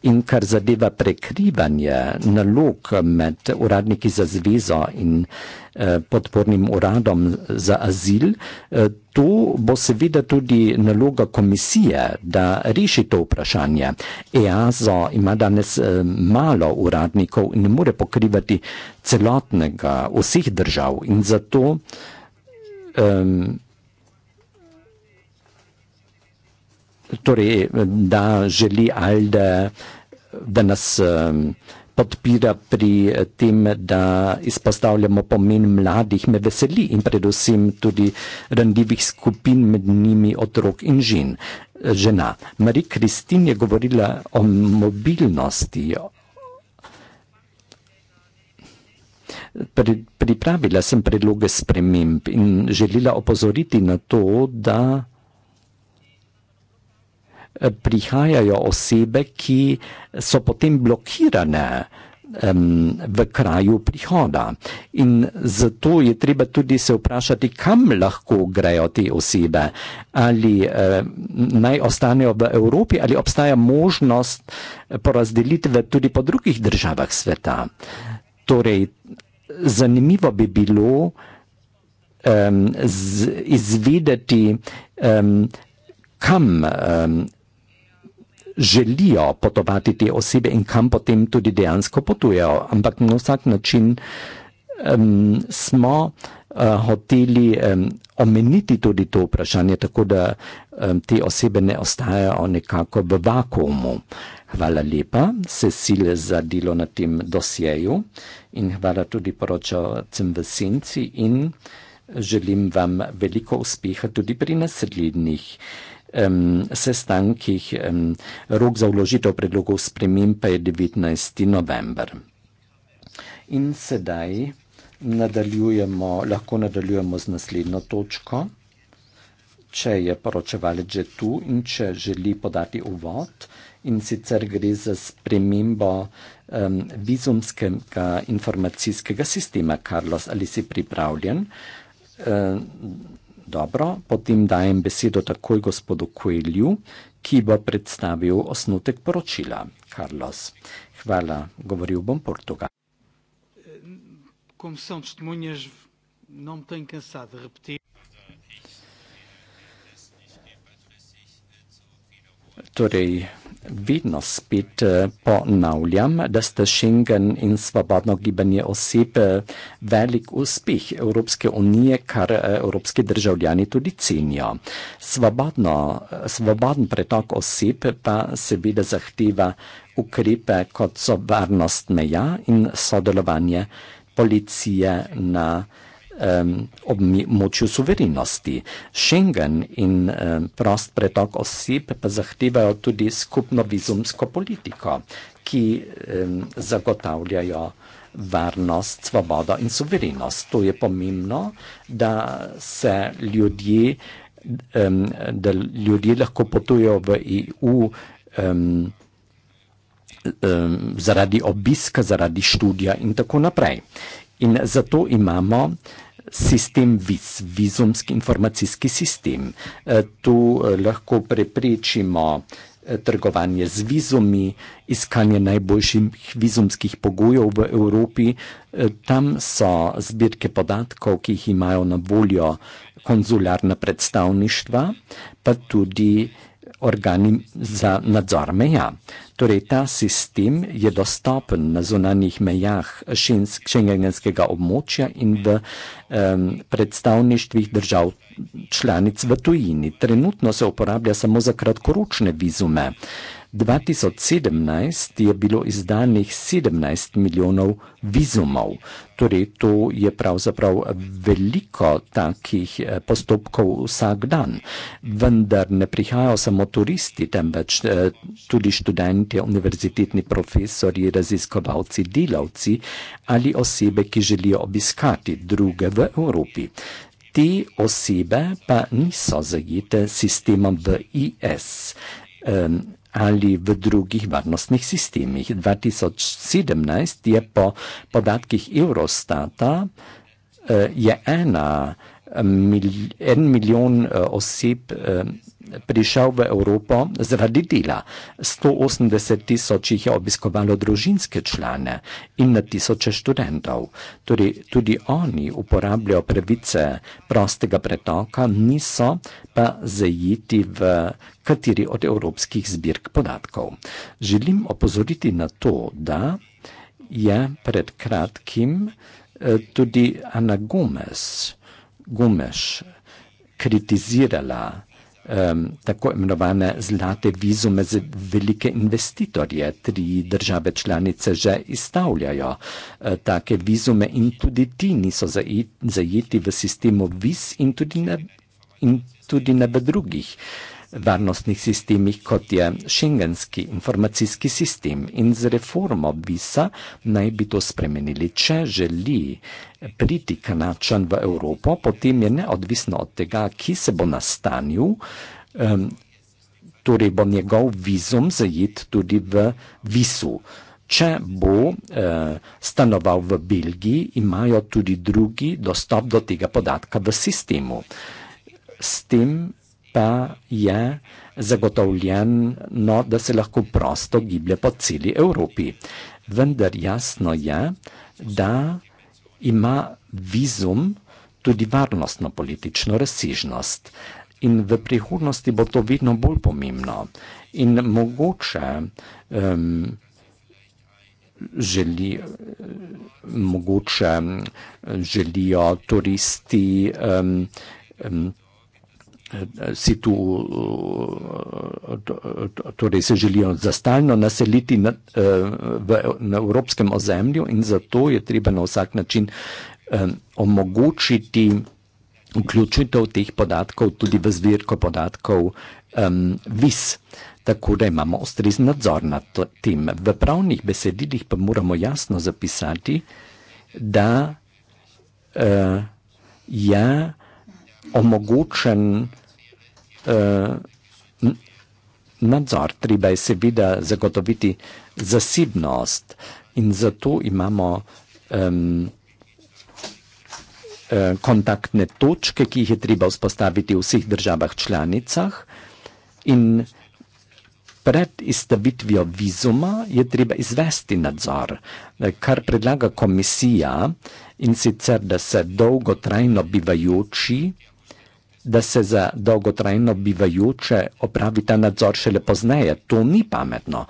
in kar zadeva prekrivanje nalog med uradniki za zvezo in eh, podpornim uradom za azil, eh, To bo seveda tudi naloga komisije, da reši to vprašanje. EASO ima danes eh, malo uradnikov in ne more pokrivati celotnega vseh držav in zato um, torej, da želi ALDE, da nas um, podpira pri eh, tem, da izpostavljamo pomen mladih, me veseli in predvsem tudi randljivih skupin med njimi otrok in žen. Eh, žena. Marie Kristin je govorila o mobilnosti. Pripravila sem predloge sprememb in želila opozoriti na to, da prihajajo osebe, ki so potem blokirane um, v kraju prihoda. In zato je treba tudi se vprašati, kam lahko grejo te osebe, ali uh, naj ostanejo v Evropi, ali obstaja možnost eh, porazdelitve tudi po drugih državah sveta. Torej, zanimivo bi bilo um, z, izvedeti, um, kam um, želijo potovati te osebe in kam potem tudi dejansko potujejo. Ampak na vsak način um, smo uh, hoteli um, omeniti tudi to vprašanje, tako da um, te osebe ne ostajajo nekako v vakumu. Hvala lepa, Cecil, za delo na tem dosjeju in hvala tudi poročavcem v senci in želim vam veliko uspeha tudi pri naslednjih um, sestankih. Um, rok za vložitev predlogov sprememb pa je 19. november. In sedaj nadaljujemo, lahko nadaljujemo z naslednjo točko. Če je poročevalec že tu in če želi podati uvod, in sicer gre za spremembo um, vizumskega informacijskega sistema, Karlos, ali si pripravljen? Um, Dobro, potem dajem besedo takoj gospodu Koelju, ki bo predstavil osnutek poročila. Carlos, hvala, govoril bom portuga. Torej, Vedno spet eh, ponavljam, da ste Schengen in svobodno gibanje oseb eh, velik uspeh Evropske unije, kar eh, evropski državljani tudi cenijo. Svobodno, svoboden pretok oseb pa seveda zahteva ukrepe, kot so varnost meja in sodelovanje policije na ob močju suverenosti. Schengen in prost pretok oseb pa zahtevajo tudi skupno vizumsko politiko, ki zagotavljajo varnost, svobodo in suverenost. To je pomembno, da se ljudje, da ljudje lahko potujejo v EU zaradi obiska, zaradi študija in tako naprej. In zato imamo sistem viz, vizumski informacijski sistem. E, tu e, lahko preprečimo e, trgovanje z vizumi, iskanje najboljših vizumskih pogojev v Evropi. Tam so zbirke podatkov, ki jih imajo na voljo konzularna predstavništva, pa tudi organi za nadzor meja. Torej, ta sistem je dostopen na zunanjih mejah šengenskega območja in v um, predstavništvih držav članic v tujini. Trenutno se uporablja samo za kratkoročne vizume. Uh, 2017 je bilo izdanih 17 milijonov vizumov. Torej, to je pravzaprav veliko takih eh, postopkov vsak dan. Vendar ne prihajajo samo turisti, temveč eh, tudi študenti, univerzitetni profesori, raziskovalci, delavci ali osebe, ki želijo obiskati druge v Evropi. Te osebe pa niso zajete sistemom VIS ali v drugih varnostnih sistemih. 2017 je po podatkih Eurostata eh, je ena, eh, mil, en milijon eh, oseb prišel v Evropo zaradi dela. 180 tisoč jih je obiskovalo družinske člane in na tisoče študentov. Torej tudi oni uporabljajo pravice prostega pretoka, niso pa zajeti v kateri od evropskih zbirk podatkov. Želim opozoriti na to, da je pred kratkim eh, tudi Ana Gomes, Gomes kritizirala um, tako imenovane zlate vizume za velike investitorje. Tri države članice že izstavljajo uh, take vizume in tudi ti niso zajeti v sistemu viz in tudi ne, in tudi ne v drugih. Uh, varnostnih sistemih, kot je šengenski informacijski sistem. In z reformo BISA naj bi to spremenili. Če želi priti kanačan v Evropo, potem je neodvisno od tega, ki se bo nastanil, um, torej bo njegov vizum zajet tudi v visu. Če bo eh, stanoval v Belgiji, imajo tudi drugi dostop do tega podatka v sistemu. S tem pa je zagotovljen, no, da se lahko prosto giblje po celi Evropi. Vendar jasno je, da ima vizum tudi varnostno politično razsežnost. In v prihodnosti bo to vedno bolj pomembno. In mogoče, um, želi, mogoče želijo turisti. Um, um, si tu, uh, torej se želijo zastalno naseliti na, uh, v, na evropskem ozemlju in zato je treba na vsak način um, omogočiti vključitev teh podatkov tudi v zbirko podatkov um, vis, tako da imamo ustrezni nadzor nad tem. V pravnih besedilih pa moramo jasno zapisati, da uh, je omogočen Eh, nadzor, treba je seveda zagotoviti zasebnost in zato imamo um, kontaktne točke, ki jih je treba vzpostaviti v vseh državah članicah in pred izstavitvijo vizuma je treba izvesti nadzor, eh, kar predlaga komisija in sicer, da se dolgotrajno bivajoči da se za dolgotrajno bivajoče opravi ta nadzor šele pozneje. To ni pametno.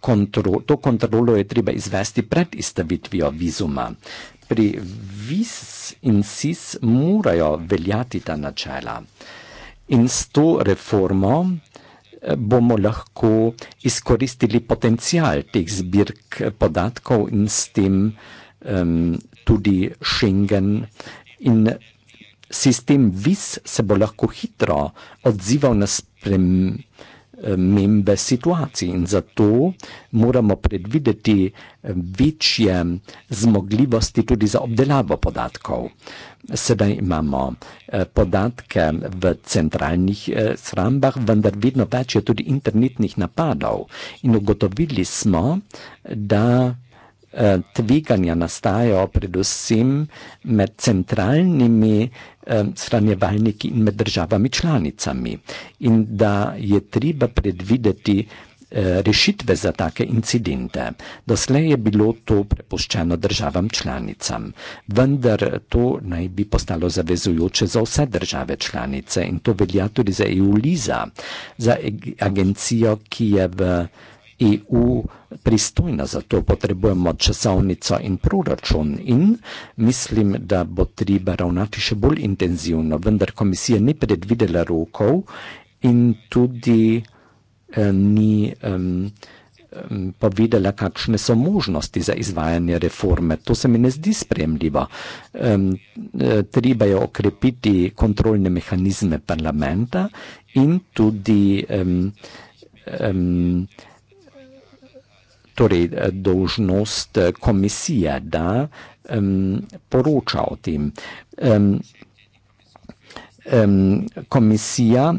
Kontro, to kontrolo je treba izvesti pred izstavitvijo vizuma. Pri vis in sis morajo veljati ta načela. In s to reformo eh, bomo lahko izkoristili potencial teh zbirk podatkov in s tem um, tudi Schengen in Sistem vis se bo lahko hitro odzival na spremembe situacij in zato moramo predvideti eh, večje zmogljivosti tudi za obdelavo podatkov. Sedaj imamo eh, podatke v centralnih eh, shrambah, vendar vedno več je tudi internetnih napadov in ugotovili smo, da Eh, tveganja nastajajo predvsem med centralnimi eh, shranjevalniki in med državami članicami. In da je treba predvideti eh, rešitve za take incidente. Doslej je bilo to prepuščeno državam članicam, vendar to naj bi postalo zavezujoče za vse države članice in to velja tudi za EU-LISA, za agencijo, ki je v EU pristojna, zato potrebujemo časovnico in proračun in mislim, da bo treba ravnati še bolj intenzivno, vendar komisija ni predvidela rokov in tudi eh, ni um, povedala, kakšne so možnosti za izvajanje reforme. To se mi ne zdi spremljivo. Um, e, treba je okrepiti kontrolne mehanizme parlamenta in tudi um, um, torej eh, dolžnost eh, komisije, da um, poroča o tem. Um, um, komisija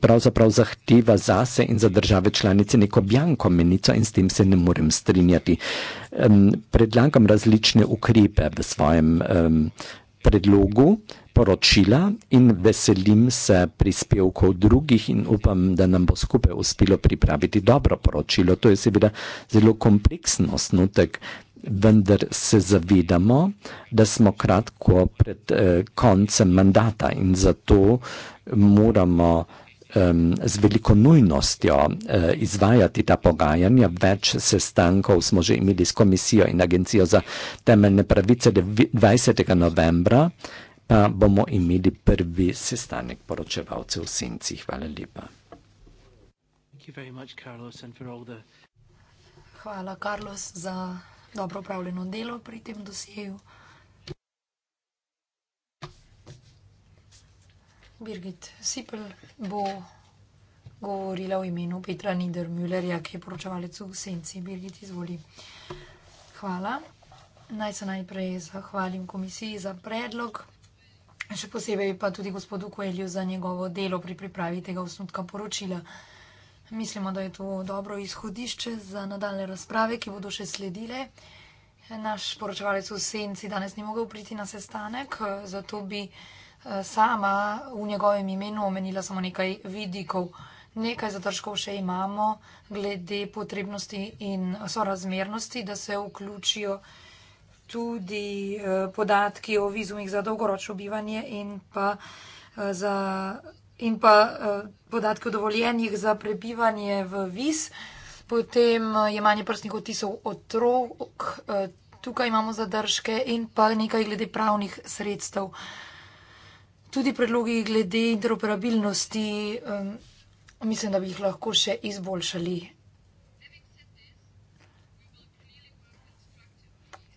pravzaprav zahteva zase in za države članice neko bjanko menico in s tem se ne morem strinjati. Um, predlagam različne ukrepe v svojem. Um, predlogu poročila in veselim se prispevkov drugih in upam, da nam bo skupaj uspelo pripraviti dobro poročilo. To je seveda zelo kompleksen osnutek, vendar se zavedamo, da smo kratko pred eh, koncem mandata in zato moramo um, z veliko nujnostjo uh, izvajati ta pogajanja. Več sestankov smo že imeli s Komisijo in Agencijo za temeljne pravice 20. novembra, pa bomo imeli prvi sestanek poročevalcev v Sinci. Hvala lepa. Hvala, Carlos, za dobro upravljeno delo pri tem dosjeju. Birgit Sipel bo govorila v imenu Petra Niedermüllerja, ki je poročevalec v Senci. Birgit, izvoli. Hvala. Naj se najprej zahvalim komisiji za predlog, še posebej pa tudi gospodu Koelju za njegovo delo pri pripravi tega osnutka poročila. Mislimo, da je to dobro izhodišče za nadaljne razprave, ki bodo še sledile. Naš poročevalec v Senci danes ni mogel priti na sestanek, zato bi sama v njegovem imenu omenila samo nekaj vidikov. Nekaj zadržkov še imamo glede potrebnosti in sorazmernosti, da se vključijo tudi eh, podatki o vizumih za dolgoročno bivanje in pa, eh, za, in pa eh, podatki o dovoljenjih za prebivanje v viz, potem jemanje prstnih otisov otrok, tukaj imamo zadržke in pa nekaj glede pravnih sredstev tudi predlogi glede interoperabilnosti, um, mislim, da bi jih lahko še izboljšali.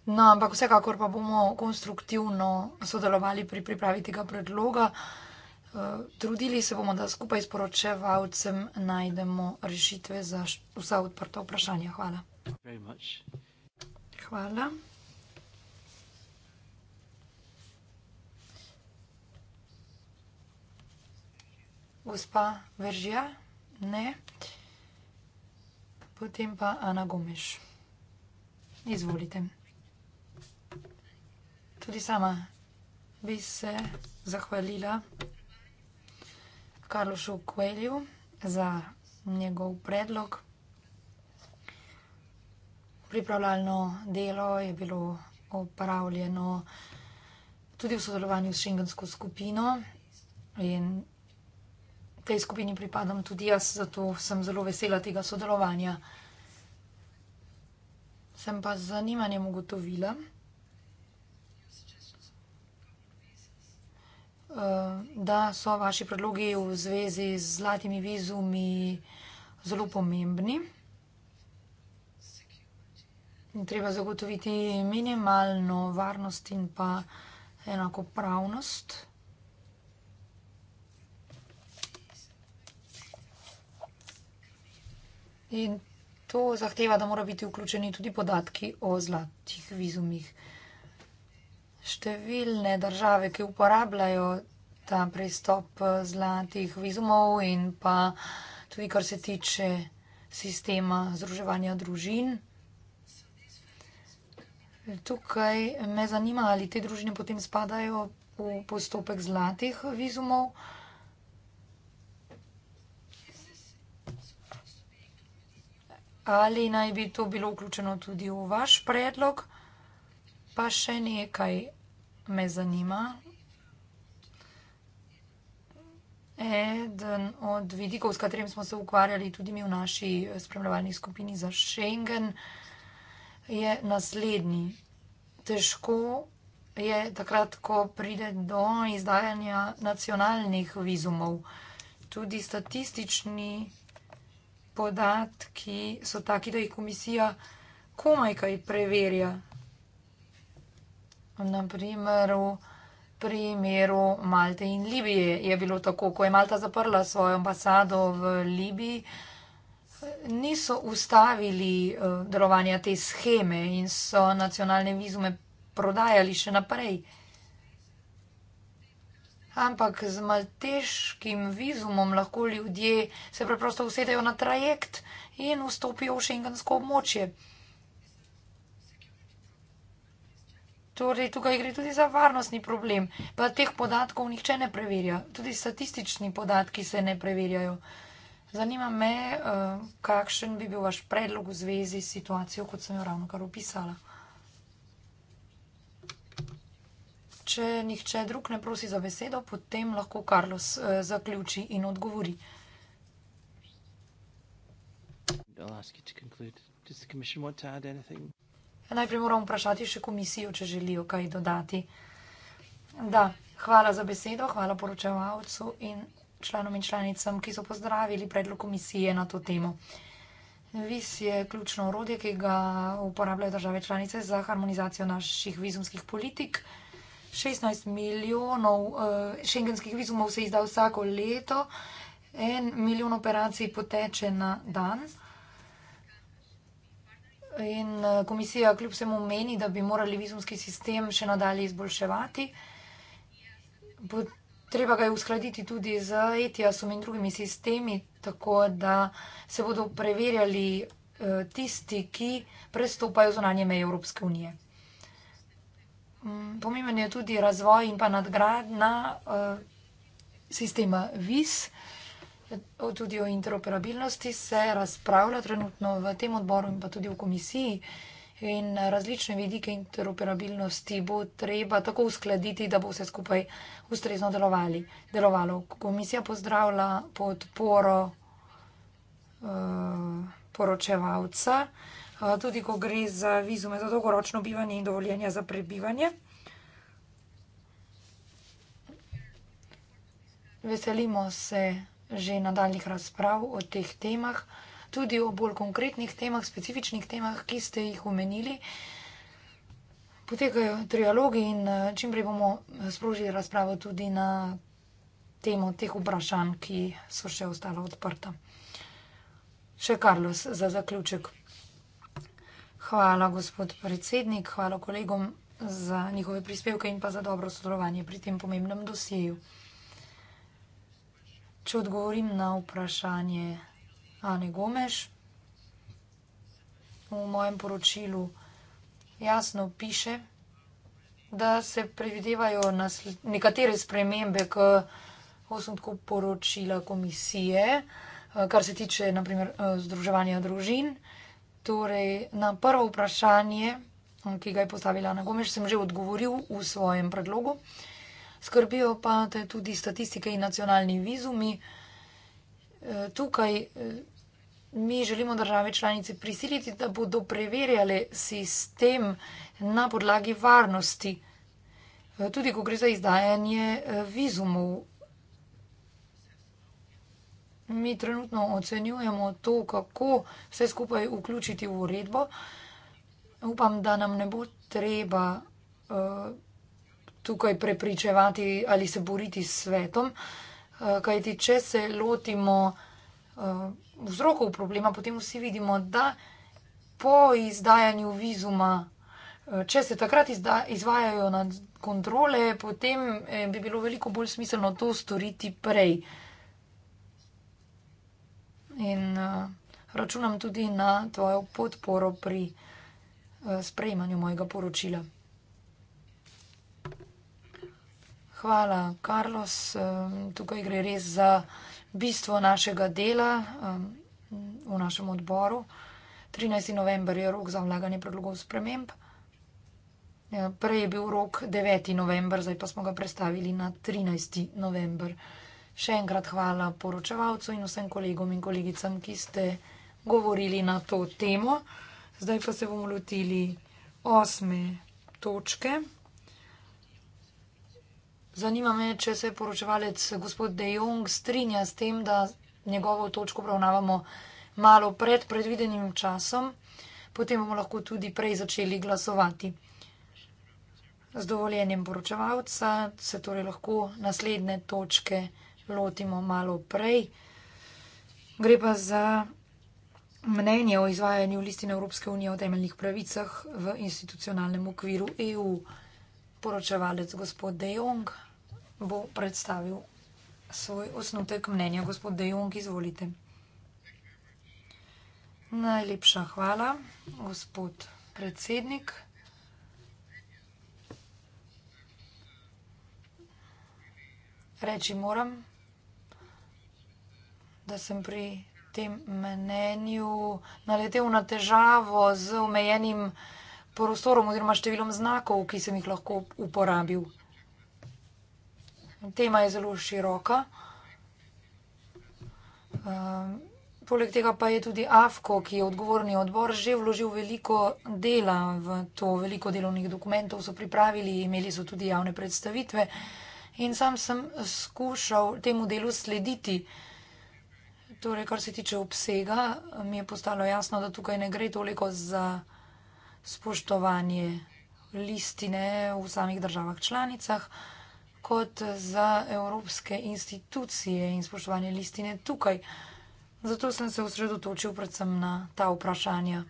No, ampak vsekakor pa bomo konstruktivno sodelovali pri pripravi tega predloga. Eh, trudili se bomo, da skupaj s poročevalcem najdemo rešitve za vsa odprta vprašanja. Hvala. Hvala. Gospa Veržija? Ne. Potem pa Ana Gomeš. Izvolite. Tudi sama bi se zahvalila Karlošu Kuelju za njegov predlog. Pripravljalno delo je bilo opravljeno tudi v sodelovanju s šengensko skupino in tej skupini pripadam tudi jaz, zato sem zelo vesela tega sodelovanja. Sem pa z zanimanjem ugotovila, eh, da so vaši predlogi v zvezi z zlatimi vizumi zelo pomembni. Treba zagotoviti minimalno varnost in pa enakopravnost. pravnost. In to zahteva, da mora biti vključeni tudi podatki o zlatih vizumih. Številne države, ki uporabljajo ta pristop eh, zlatih vizumov in pa tudi kar se tiče sistema združevanja družin. Tukaj me zanima, ali te družine potem spadajo v postopek zlatih vizumov. ali naj bi to bilo vključeno tudi v vaš predlog. Pa še nekaj me zanima. Eden od vidikov, s katerim smo se ukvarjali tudi mi v naši spremljevalni skupini za Schengen, je naslednji. Težko je takrat, ko pride do izdajanja nacionalnih vizumov. Tudi statistični podatki so taki, da jih komisija komaj kaj preverja. Naprimer, v primeru Malte in Libije je bilo tako, ko je Malta zaprla svojo ambasado v Libiji, niso ustavili uh, delovanja te scheme in so nacionalne vizume prodajali še naprej. Ampak z malteškim vizumom lahko ljudje se preprosto usedejo na trajekt in vstopijo v šengensko območje. Torej, tukaj gre tudi za varnostni problem, pa teh podatkov nihče ne preverja. Tudi statistični podatki se ne preverjajo. Zanima me, eh, kakšen bi bil vaš predlog v zvezi s situacijo, kot sem jo ravno kar opisala. Če nihče drug ne prosi za besedo, potem lahko Carlos uh, zaključi in odgovori. Ja, najprej moram vprašati še komisijo, če želijo kaj dodati. Da, hvala za besedo, hvala poročevalcu in članom in članicam, ki so pozdravili predlog komisije na to temo. Vis je ključno orodje, ki ga uporabljajo države članice za harmonizacijo naših vizumskih politik. 16 milijonov uh, šengenskih vizumov se izda vsako leto, en milijon operacij poteče na dan. In eh, komisija kljub vsemu meni, da bi morali vizumski sistem še nadalje izboljševati. Treba ga je uskladiti tudi z ETIAS-om in drugimi sistemi, tako da se bodo preverjali eh, tisti, ki prestopajo zunanje meje Evropske unije. Mm, pomemben je tudi razvoj in pa nadgradna eh, sistema VIS. Tudi o interoperabilnosti se razpravlja trenutno v tem odboru in pa tudi v komisiji. In različne vidike interoperabilnosti bo treba tako uskladiti, da bo vse skupaj ustrezno delovali, delovalo. Komisija pozdravlja podporo uh, poročevalca. Uh, tudi ko gre za vizume za dolgoročno bivanje in dovoljenje za prebivanje. Veselimo se že nadaljnih razprav o teh temah, tudi o bolj konkretnih temah, specifičnih temah, ki ste jih omenili. Potekajo trialogi in eh, čimprej bomo sprožili razpravo tudi na temo teh vprašanj, ki so še ostala odprta. Še Karlos za zaključek. Hvala, gospod predsednik, hvala kolegom za njihove prispevke in pa za dobro sodelovanje pri tem pomembnem dosjeju. Če odgovorim na vprašanje Ane Gomeš, v mojem poročilu jasno piše, da se predvidevajo nekatere spremembe k osnutku poročila komisije, eh, kar se tiče naprimer eh, združevanja družin. Torej, na prvo vprašanje, ki ga je postavila na Gomeš, sem že odgovoril v svojem predlogu. Skrbijo pa te tudi statistike in nacionalni vizumi. E, tukaj e, mi želimo države članice prisiliti, da bodo preverjale sistem na podlagi varnosti. E, tudi, ko gre za izdajanje vizumov, mi trenutno ocenjujemo to, kako vse skupaj vključiti v uredbo. Upam, da nam ne bo treba uh, tukaj prepričevati ali se boriti s svetom, uh, kajti če se lotimo uh, vzrokov problema, potem vsi vidimo, da po izdajanju vizuma, uh, če se takrat izda, izvajajo nad kontrole, potem eh, bi bilo veliko bolj smiselno to storiti prej. Uh, in uh, računam tudi na tvojo podporo pri uh, sprejemanju mojega poročila. Hvala, Carlos. Um, tukaj gre res za bistvo našega dela um, v našem odboru. 13. november je rok za vlaganje predlogov sprememb. Prej je bil rok 9. november, zdaj pa smo ga predstavili na 13. november. Uh, Še enkrat hvala poročevalcu in vsem kolegom in kolegicam, ki ste govorili na to temo. Zdaj pa se bomo lotili osme točke. Zanima me, če se poročevalec gospod De Jong strinja s tem, da njegovo točko obravnavamo malo pred predvidenim časom, potem bomo lahko tudi prej začeli glasovati. Z dovoljenjem poročevalca se torej lahko naslednje točke lotimo malo prej. Gre pa za mnenje o izvajanju listine Evropske unije o temeljnih pravicah v institucionalnem okviru EU. Poročevalec gospod De Jong bo predstavil svoj osnutek mnenja. Gospod De Jong, izvolite. Najlepša hvala, gospod predsednik. Reči moram, da sem pri tem mnenju naletel na težavo z omejenim prostorom oziroma številom znakov, ki sem jih lahko uporabil. Tema je zelo široka. Um, poleg tega pa je tudi AFKO, ki je odgovorni odbor, že vložil veliko dela v to, veliko delovnih dokumentov so pripravili, imeli so tudi javne predstavitve in sam sem skušal temu delu slediti. Uh, Torej, kar se tiče obsega, mi je postalo jasno, da tukaj ne gre toliko za spoštovanje listine v samih državah članicah, kot za evropske institucije in spoštovanje listine tukaj. Zato sem se osredotočil predvsem na ta vprašanja.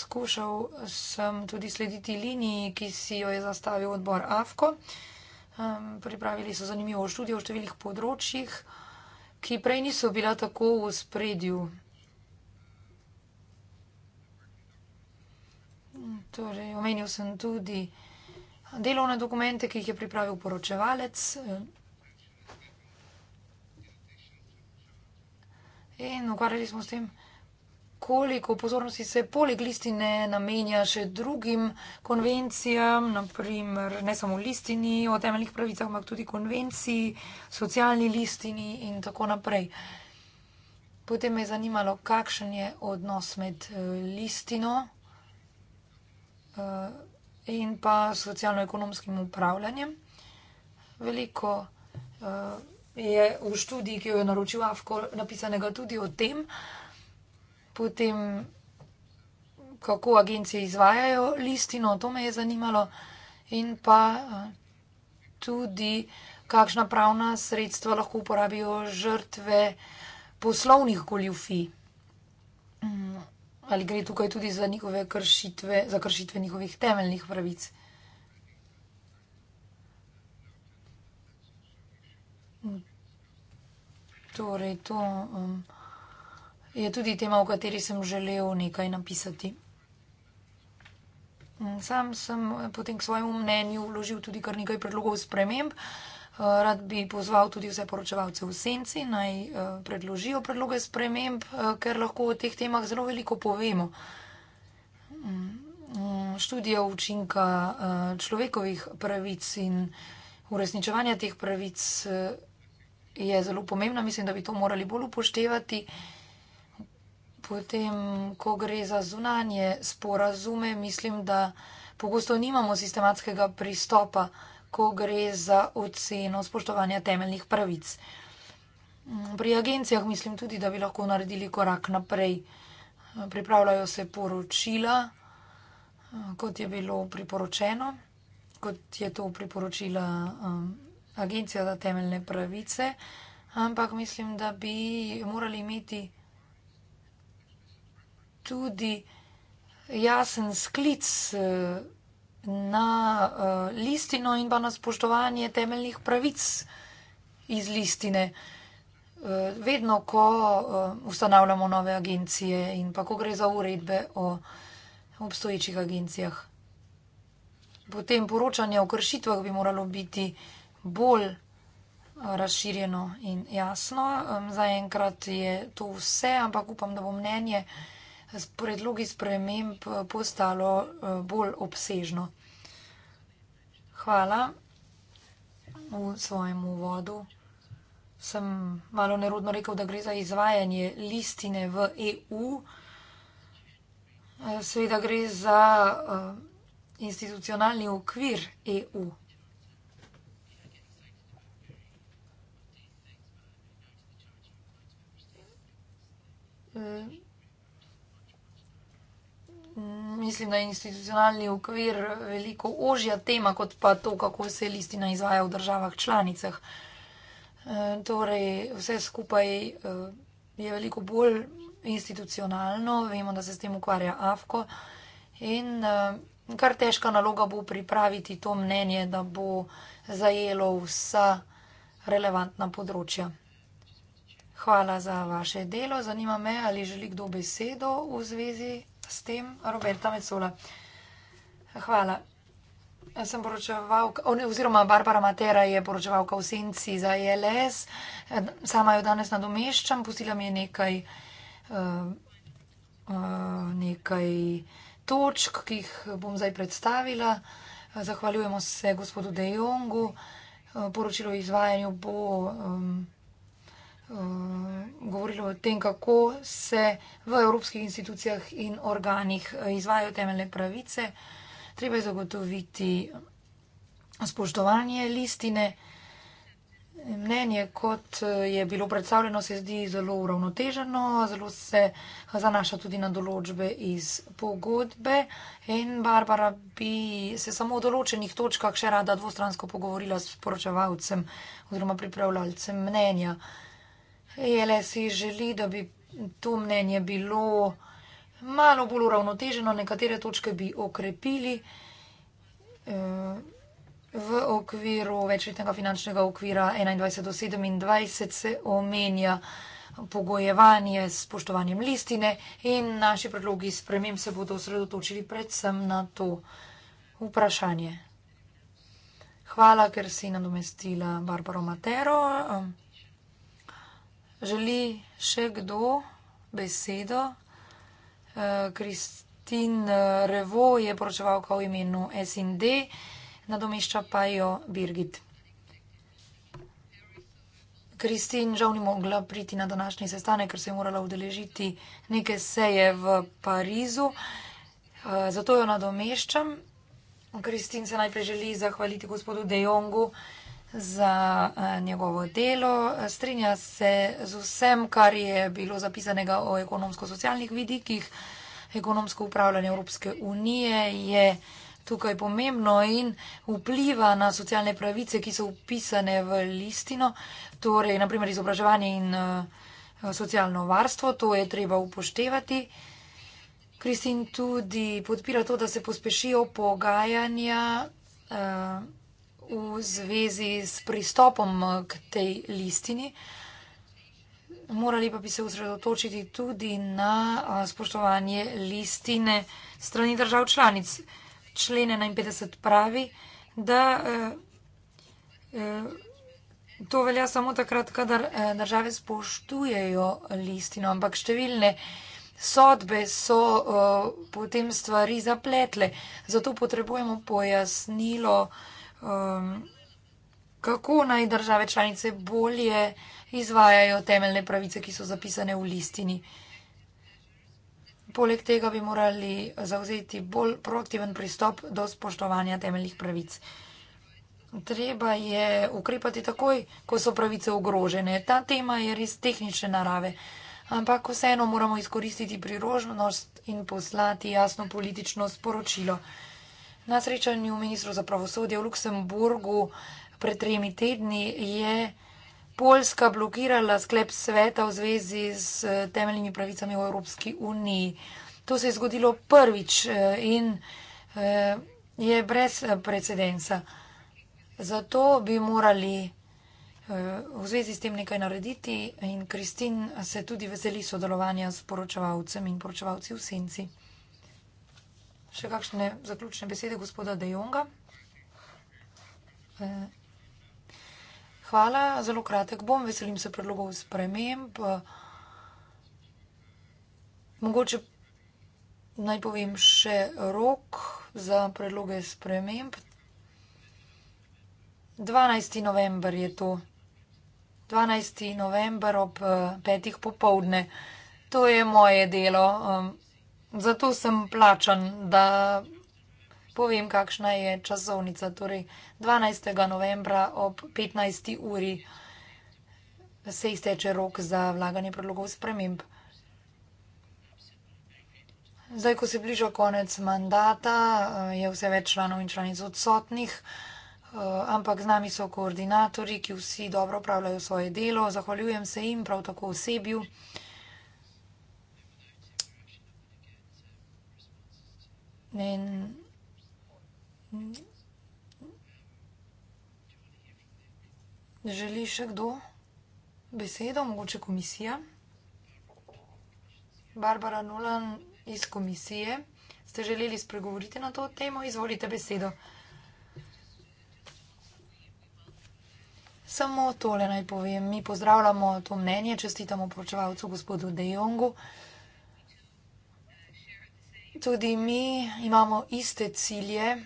Skušal sem tudi slediti liniji, ki si jo je zastavil odbor AFKO. Um, pripravili so zanimivo študijo o številnih področjih, ki prej niso bila tako v spredju. Torej, omenil sem tudi delovne dokumente, ki jih je pripravil poročevalec. Eh, in ukvarjali smo se s tem koliko pozornosti se poleg listine namenja še drugim konvencijam, naprimer ne samo listini o temeljnih pravicah, ampak tudi konvenciji, socialni listini in tako naprej. Potem me je zanimalo, kakšen je odnos med eh, listino eh, in pa socialno-ekonomskim upravljanjem. Veliko eh, je v študiji, ki jo je naročil Avko, napisanega tudi o tem, potem kako agencije izvajajo listino, to me je zanimalo, in pa eh, tudi, kakšna pravna sredstva lahko uporabijo žrtve poslovnih goljufij. Mm, ali gre tukaj tudi za njihove kršitve, za kršitve njihovih temeljnih pravic? Mm, torej, to. Um, je tudi tema, o kateri sem želel nekaj napisati. Mm, sam sem eh, potem k svojemu mnenju vložil tudi kar nekaj predlogov sprememb. Eh, rad bi pozval tudi vse poročevalce v senci, naj eh, predložijo predloge sprememb, ker lahko o teh temah zelo veliko povemo. Mm, mm, študija učinka človekovih pravic in uresničevanja teh pravic je zelo pomembna. Mislim, da bi to morali bolj upoštevati. Potem, ko gre za zunanje sporazume, mislim, da pogosto nimamo sistematskega pristopa, ko gre za oceno spoštovanja temeljnih pravic. Pri agencijah mislim tudi, da bi lahko naredili korak naprej. Pripravljajo se poročila, kot je bilo priporočeno, kot je to priporočila um, Agencija za temeljne pravice, ampak mislim, da bi morali imeti tudi jasen sklic eh, na eh, listino in pa na spoštovanje temeljnih pravic iz listine. Eh, vedno, ko ustanavljamo nove agencije in pa ko gre za uredbe o obstoječih agencijah. Potem poročanje o kršitvah bi moralo biti bolj razširjeno in jasno. Ehm, zaenkrat je to vse, ampak upam, da bo mnenje s predlogi sprememb postalo eh, eh, bolj obsežno. Hvala. V svojem uvodu sem malo nerodno rekel, da gre za izvajanje listine v EU. Eh, seveda gre za institucionalni okvir EU mislim, da je institucionalni ukvir veliko ožja tema, kot pa to, kako se listina izvaja v državah članicah. E, torej, vse skupaj e, je veliko bolj institucionalno, vemo, da se s tem ukvarja AFKO in e, kar težka naloga bo pripraviti to mnenje, da bo zajelo vsa relevantna področja. Hvala za vaše delo. Zanima me, ali želi kdo besedo v zvezi s tem, Roberta Mecola. Hvala. Jaz sem poročevalka, oziroma Barbara Matera je poročevalka v senci za ELS. Sama jo danes nadomeščam, pustila mi je nekaj, uh, uh, nekaj točk, ki jih bom zdaj predstavila. Zahvaljujemo se gospodu Dejongu. Eh, poročilo o izvajanju bo. Um, Eh, govorilo o tem, kako se v evropskih institucijah in organih eh, izvajo temeljne pravice. Treba je zagotoviti spoštovanje listine. Mnenje, kot eh, je bilo predstavljeno, se zdi zelo uravnoteženo, zelo se zanaša tudi na določbe iz pogodbe. In Barbara bi se samo v določenih točkah še rada dvostransko pogovorila s poročevalcem oziroma pripravljalcem mnenja. Uh, Jele si želi, da bi to mnenje bilo malo bolj uravnoteženo, nekatere točke bi okrepili eh, v okviru večletnega finančnega okvira 21 do 27 se omenja pogojevanje s poštovanjem listine in naši predlogi spremem se bodo osredotočili predvsem na to vprašanje. Hvala, ker si nadomestila Barbaro Matero. Hvala. Želi še kdo besedo? Eh, Kristin eh, Revo je poročevalka v imenu SND, nadomešča pa jo Birgit. Kristin žal ni mogla priti na današnji sestanek, ker se je morala udeležiti neke seje v Parizu, eh, zato jo nadomeščam. Kristin se najprej želi zahvaliti gospodu Dejongu za eh, njegovo delo. Strinja se z vsem, kar je bilo zapisanega o ekonomsko-socialnih vidikih. Ekonomsko upravljanje Evropske unije je tukaj pomembno in vpliva na socialne pravice, ki so upisane v listino, torej naprimer izobraževanje in eh, socialno varstvo, to je treba upoštevati. Kristin tudi podpira to, da se pospešijo pogajanja. Uh, v zvezi s pristopom eh, k tej listini. Morali pa bi se usredotočiti tudi na eh, spoštovanje listine strani držav članic. Člen 51 pravi, da eh, to velja samo takrat, kadar države spoštujejo listino, ampak številne sodbe so potem stvari zapletle. Zato potrebujemo pojasnilo listine um, kako naj države članice bolje izvajajo temeljne pravice, ki so zapisane v listini. Poleg tega bi morali zauzeti bolj proaktiven pristop do spoštovanja temeljnih pravic. Treba je ukrepati takoj, ko so pravice ogrožene. Ta tema je res tehnične narave, ampak vseeno moramo izkoristiti priložnost in poslati jasno politično sporočilo. Na srečanju ministrov za pravosodje v Luksemburgu pred tremi tedni je Poljska blokirala sklep sveta v zvezi s eh, temeljnimi pravicami v Evropski uniji. To se je zgodilo prvič eh, in eh, je brez precedensa. Zato bi morali v zvezi s tem nekaj narediti in Kristin se tudi veseli sodelovanja s poročevalcem in poročevalci v senci še kakšne zaključne besede gospoda De Jonga? Eh, hvala, zelo kratek bom, veselim se predlogov sprememb. Mogoče naj povem še rok za predloge sprememb. 12. november je to. 12. november ob eh, petih popovdne. To je moje delo. Eh, Zato sem plačan, da povem, kakšna je časovnica. Torej, 12. novembra ob 15. uri se izteče rok za vlaganje predlogov sprememb. Zdaj, ko se bliža konec mandata, je vse več članov in članic odsotnih, ampak z nami so koordinatorji, ki vsi dobro upravljajo svoje delo. Zahvaljujem se jim, prav tako osebju. then želi še kdo besedo, mogoče komisija. Barbara Nolan iz komisije, ste želeli spregovoriti na to temo? Izvolite besedo. Samo tole naj povem. Mi pozdravljamo to mnenje, čestitamo poročevalcu gospodu De Jongu tudi mi imamo iste cilje,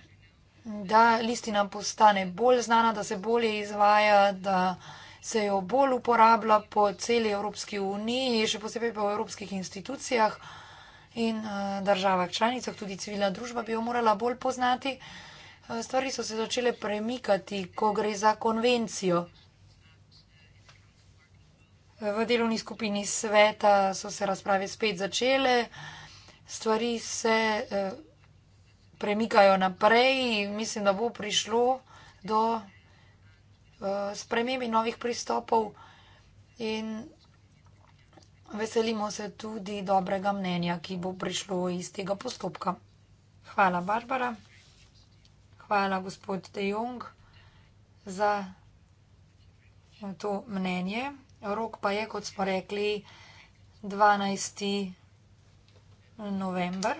da listina postane bolj znana, da se bolje izvaja, da se jo bolj uporablja po celi Evropski uniji, še posebej pa v evropskih institucijah in eh, državah članicah, tudi civilna družba bi jo morala bolj poznati. Eh, stvari so se začele premikati, ko gre za konvencijo. V delovni skupini sveta so se razprave spet začele stvari se eh, premikajo naprej in mislim, da bo prišlo do eh, spremembi novih pristopov in veselimo se tudi dobrega mnenja, ki bo prišlo iz tega postopka. Hvala, Barbara. Hvala, gospod De Jong, za eh, to mnenje. Rok pa je, kot smo rekli, 12 november.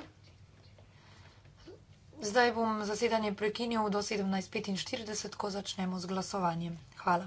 Zdaj bom zasedanje prekinil do 17.45, ko začnemo z glasovanjem. Hvala.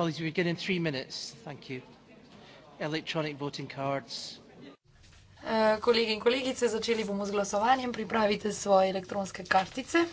Colleagues, we begin in three minutes. Thank you. Electronic voting cards. Eh, kolegi in kolegice, začeli bomo z glasovanjem. Pripravite svoje elektronske kartice.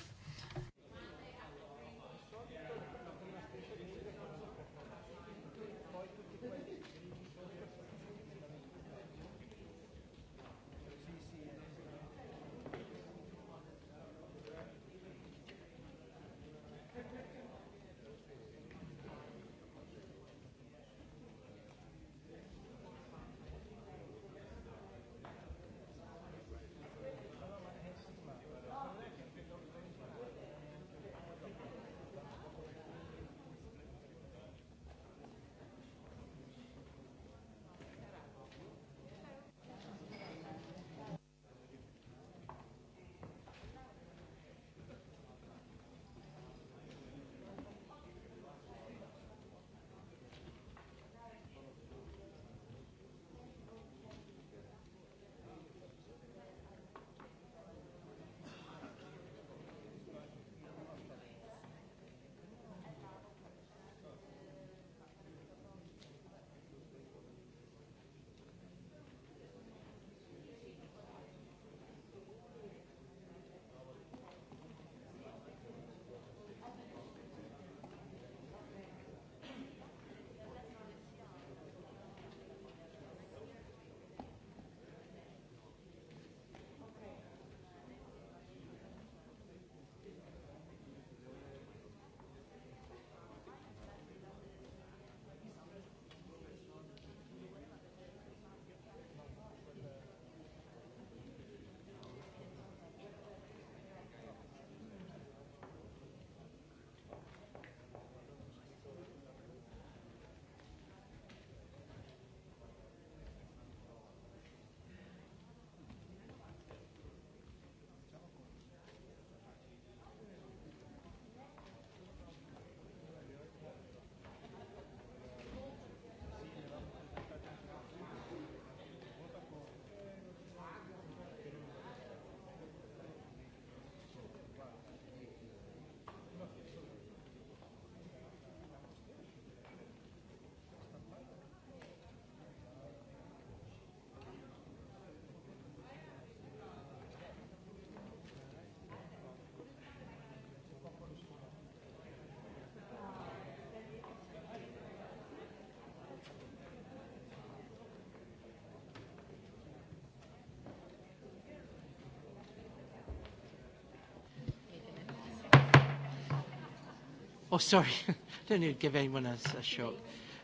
Oh, sorry. I don't need to give anyone else a shock.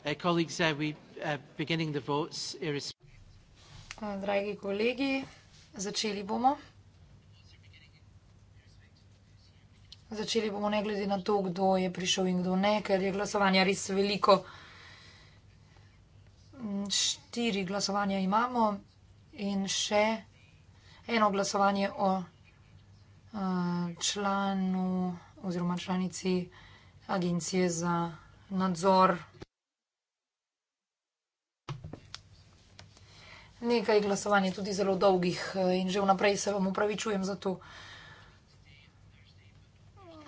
Uh, colleagues, are uh, we uh, beginning the votes? Iris. Uh, dragi kolegi, začeli bomo. Začeli bomo ne glede na to, kdo je prišel in kdo ne, ker je glasovanja res veliko. Mm, štiri glasovanja imamo in še eno glasovanje o uh, članu oziroma članici uh, agencije za nadzor. Nekaj glasovanj je tudi zelo dolgih eh, in že vnaprej se vam upravičujem za to.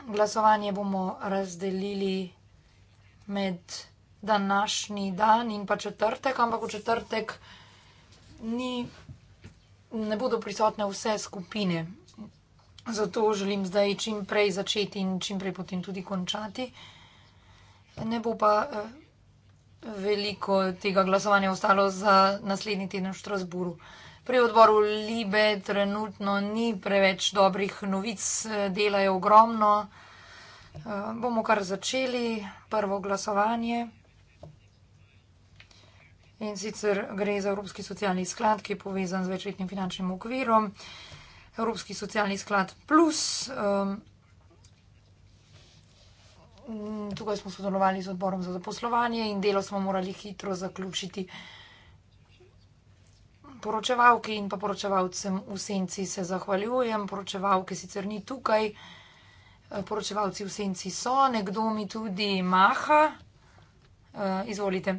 Glasovanje bomo razdelili med današnji dan in pa četrtek, ampak v četrtek ni, ne bodo prisotne vse skupine. Zato želim zdaj čim prej začeti in čim prej potem tudi končati. Ne bo pa eh, veliko tega glasovanja ostalo za naslednji teden v Štrasburu. Pri odboru Libe trenutno ni preveč dobrih novic, eh, dela je ogromno. Eh, bomo kar začeli prvo glasovanje. In sicer gre za Evropski socialni sklad, ki je povezan z večletnim finančnim okvirom. Evropski socialni sklad plus. Um, mm, tukaj smo sodelovali z odborom za zaposlovanje in delo smo morali hitro zaključiti. Poročevalki in pa poročevalcem v senci se zahvaljujem, poročevalke sicer ni tukaj, eh, poročevalci v senci so, nekdo mi tudi maha. Uh, izvolite.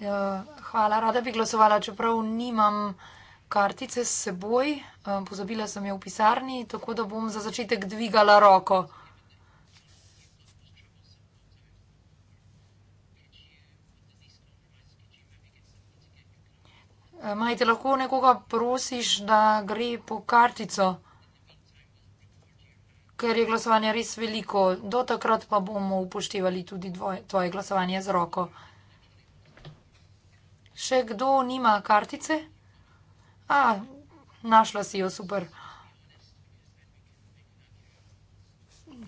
Ja, hvala, rada bi glasovala, čeprav nimam kartice s seboj. Pozabila sem jo v pisarni, tako da bom za začetek dvigala roko. Majte, lahko nekoga prosiš, da gre po kartico, ker je glasovanje res veliko. Do takrat pa bomo upoštevali tudi tvoje glasovanje z roko. Hvala. Še kdo nima kartice? A, našla si jo, super.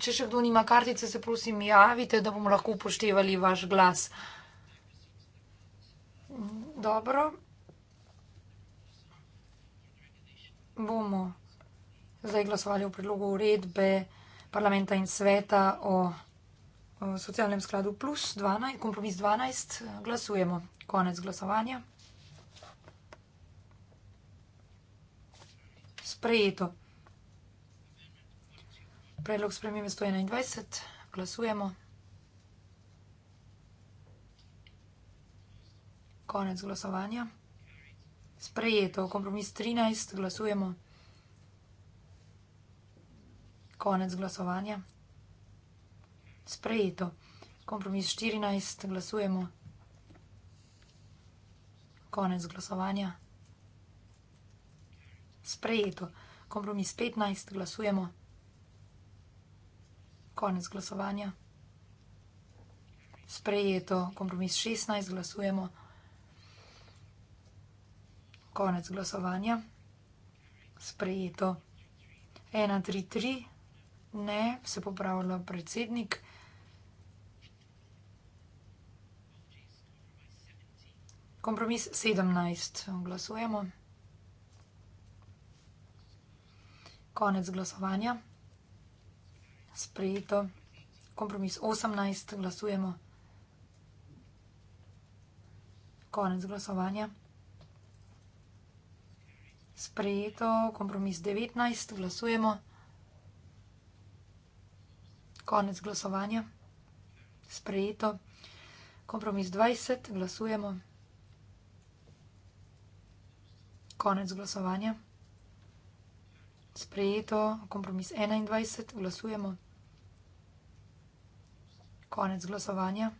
Če še kdo nima kartice, se prosim javite, da bomo lahko upoštevali vaš glas. Dobro. Bomo zdaj glasovali v predlogu uredbe parlamenta in sveta o socialnem skladu plus 12, kompromis 12. Glasujemo konec glasovanja. Sprejeto. Predlog spremembe 121, glasujemo. Konec glasovanja. Sprejeto. Kompromis 13, glasujemo. Konec glasovanja. Sprejeto. Kompromis 14, glasujemo konec glasovanja. Sprejeto. Kompromis 15, glasujemo. Konec glasovanja. Sprejeto. Kompromis 16, glasujemo. Konec glasovanja. Sprejeto. 1, 3, 3, ne, se popravlja predsednik. Kompromis 17, glasujemo. Konec glasovanja. Sprejeto. Kompromis 18, glasujemo. Konec glasovanja. Sprejeto. Kompromis 19, glasujemo. Konec glasovanja. Sprejeto. Kompromis 20, glasujemo. konec glasovanja. Sprejeto, kompromis 21, glasujemo. Konec glasovanja.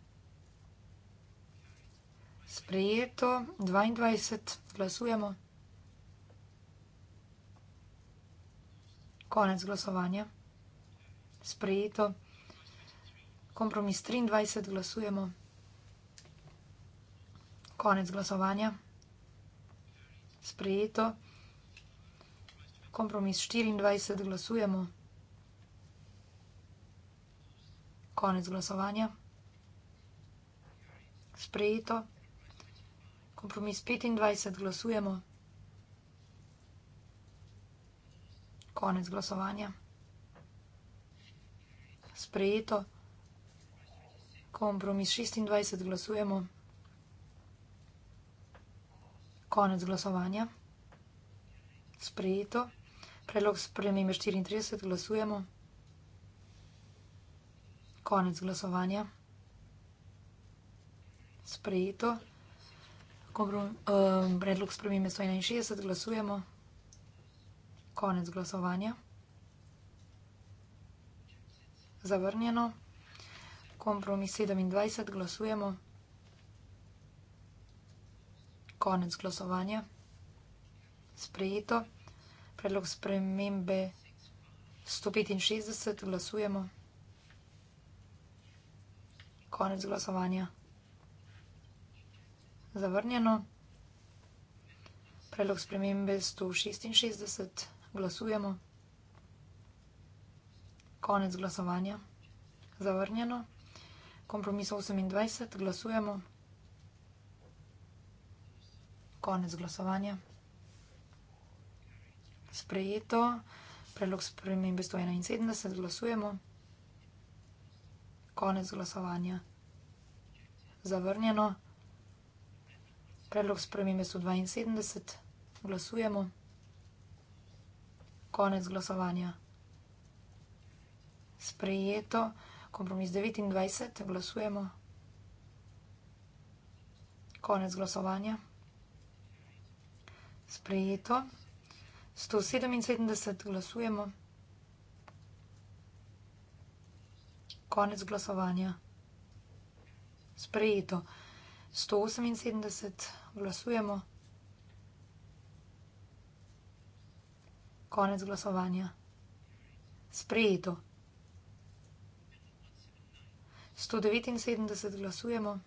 Sprejeto, 22, glasujemo. Konec glasovanja. Sprejeto, kompromis 23, glasujemo. Konec glasovanja sprejeto. Kompromis 24, glasujemo. Konec glasovanja. Sprejeto. Kompromis 25, glasujemo. Konec glasovanja. Sprejeto. Kompromis 26, glasujemo. Konec glasovanja. Sprejeto. Predlog spremembe 34 glasujemo. Konec glasovanja. Sprejeto. Eh, predlog spremembe 161 glasujemo. Konec glasovanja. Zavrnjeno. Kompromis 27 glasujemo. Konec glasovanja. Sprejeto. Predlog spremembe 165. Glasujemo. Konec glasovanja. Zavrnjeno. Predlog spremembe 166. Glasujemo. Konec glasovanja. Zavrnjeno. Kompromis 28. Glasujemo konec glasovanja. Sprejeto, predlog spremenbe 171, glasujemo. Konec glasovanja. Zavrnjeno, predlog spremenbe 172, glasujemo. Konec glasovanja. Sprejeto, kompromis 29, glasujemo. Konec glasovanja sprejeto. 177 glasujemo. Konec glasovanja. Sprejeto. 178 glasujemo. Konec glasovanja. Sprejeto. 179 glasujemo.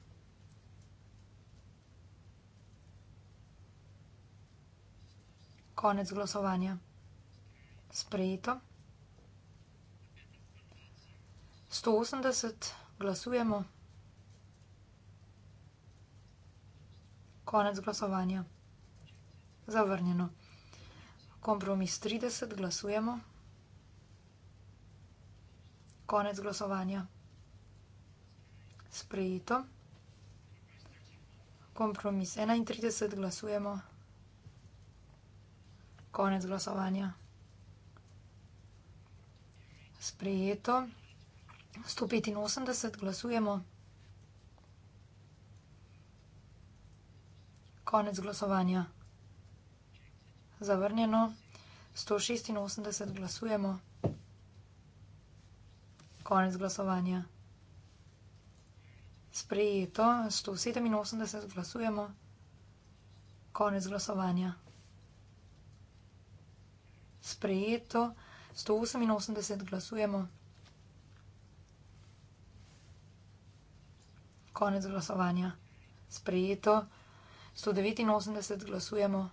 Konec glasovanja. Sprejeto. 180 glasujemo. Konec glasovanja. Zavrnjeno. Kompromis 30 glasujemo. Konec glasovanja. Sprejeto. Kompromis 31 glasujemo. Konec glasovanja. Sprejeto. 185 glasujemo. Konec glasovanja. Zavrnjeno. 186 glasujemo. Konec glasovanja. Sprejeto. 187 glasujemo. Konec glasovanja sprejeto, 188 glasujemo. Konec glasovanja, sprejeto, 189 glasujemo.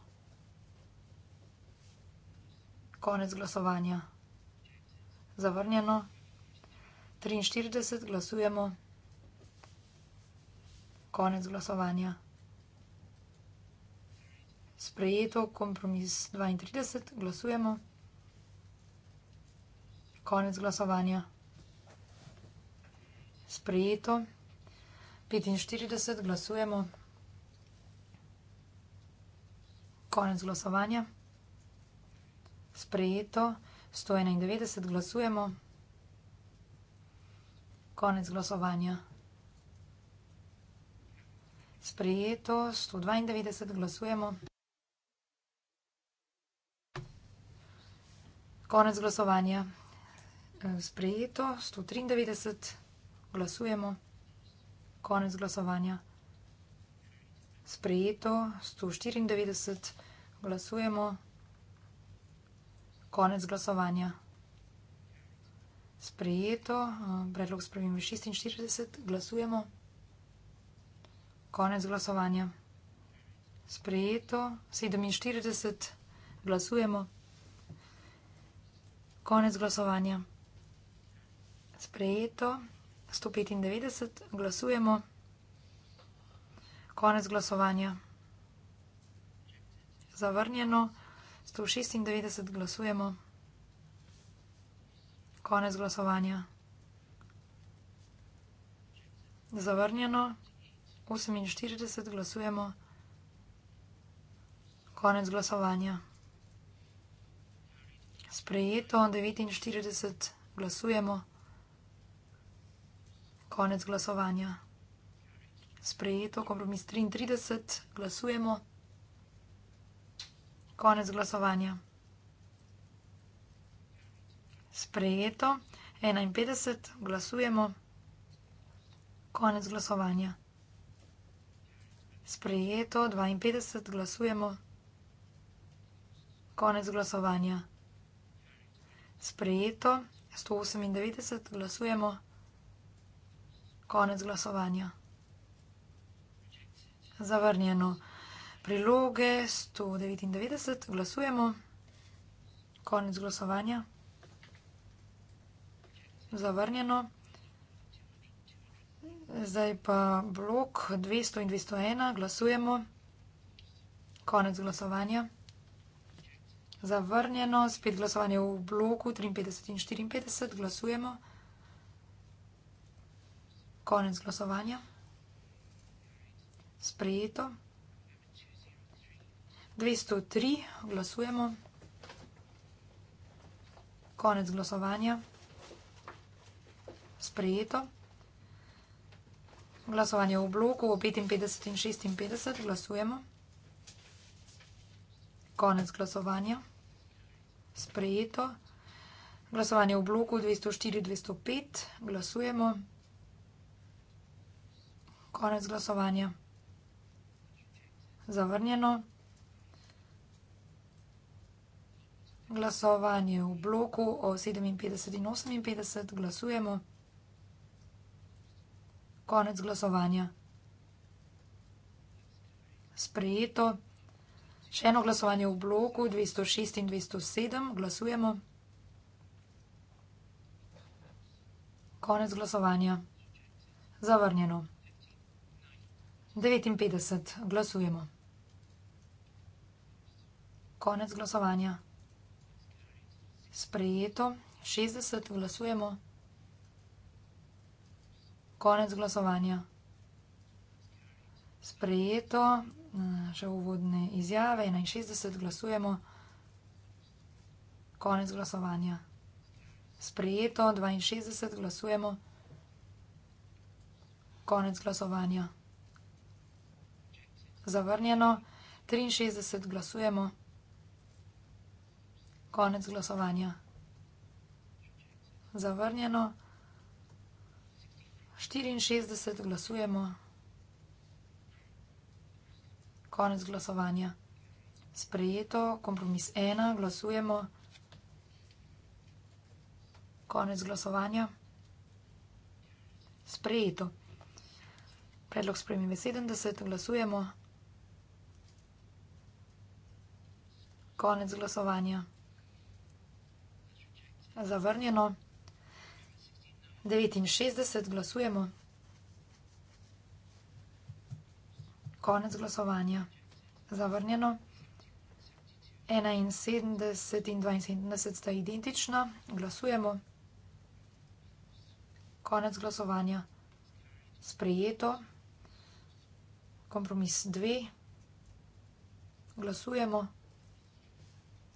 Konec glasovanja, zavrnjeno, 43 glasujemo. Konec glasovanja sprejeto, kompromis 32, glasujemo. Konec glasovanja. Sprejeto, 45, glasujemo. Konec glasovanja. Sprejeto, 191, glasujemo. Konec glasovanja. Sprejeto, 192, glasujemo. Konec glasovanja. E, sprejeto 193, glasujemo. Konec glasovanja. Sprejeto 194, glasujemo. Konec glasovanja. Sprejeto, e, predlog spremem 46, glasujemo. Konec glasovanja. Sprejeto 47, glasujemo. Konec glasovanja. Sprejeto 195, glasujemo. Konec glasovanja. Zavrnjeno 196, glasujemo. Konec glasovanja. Zavrnjeno 48, glasujemo. Konec glasovanja sprejeto, 49 glasujemo, konec glasovanja. Sprejeto, kompromis 33 glasujemo, konec glasovanja. Sprejeto, 51 glasujemo, konec glasovanja. Sprejeto, 52 glasujemo, konec glasovanja sprejeto, 198 glasujemo. Konec glasovanja. Zavrnjeno. Priloge 199 glasujemo. Konec glasovanja. Zavrnjeno. Zdaj pa blok 200 in 201 glasujemo. Konec glasovanja. Zavrnjeno, spet glasovanje v bloku 53 in 54, glasujemo. Konec glasovanja. Sprejeto. 203, glasujemo. Konec glasovanja. Sprejeto. Glasovanje v bloku 55 in 56, glasujemo. Konec glasovanja sprejeto. Glasovanje v bloku 204-205, glasujemo. Konec glasovanja. Zavrnjeno. Glasovanje v bloku o 57 in 58, glasujemo. Konec glasovanja. Sprejeto. Še eno glasovanje v bloku 206 in 207, glasujemo. Konec glasovanja. Zavrnjeno. 59, glasujemo. Konec glasovanja. Sprejeto. 60, glasujemo. Konec glasovanja. Sprejeto še uvodne izjave. 61 glasujemo, konec glasovanja. Sprejeto, 62 glasujemo, konec glasovanja. Zavrnjeno, 63 glasujemo, konec glasovanja. Zavrnjeno, 64 glasujemo. Konec glasovanja. Sprejeto, kompromis ena, glasujemo. Konec glasovanja. Sprejeto. Predlog spremembe 70, glasujemo. Konec glasovanja. Zavrnjeno. 69, glasujemo. Konec glasovanja. Zavrnjeno. 71 in 72 sta identična. Glasujemo. Konec glasovanja. Sprejeto. Kompromis 2. Glasujemo.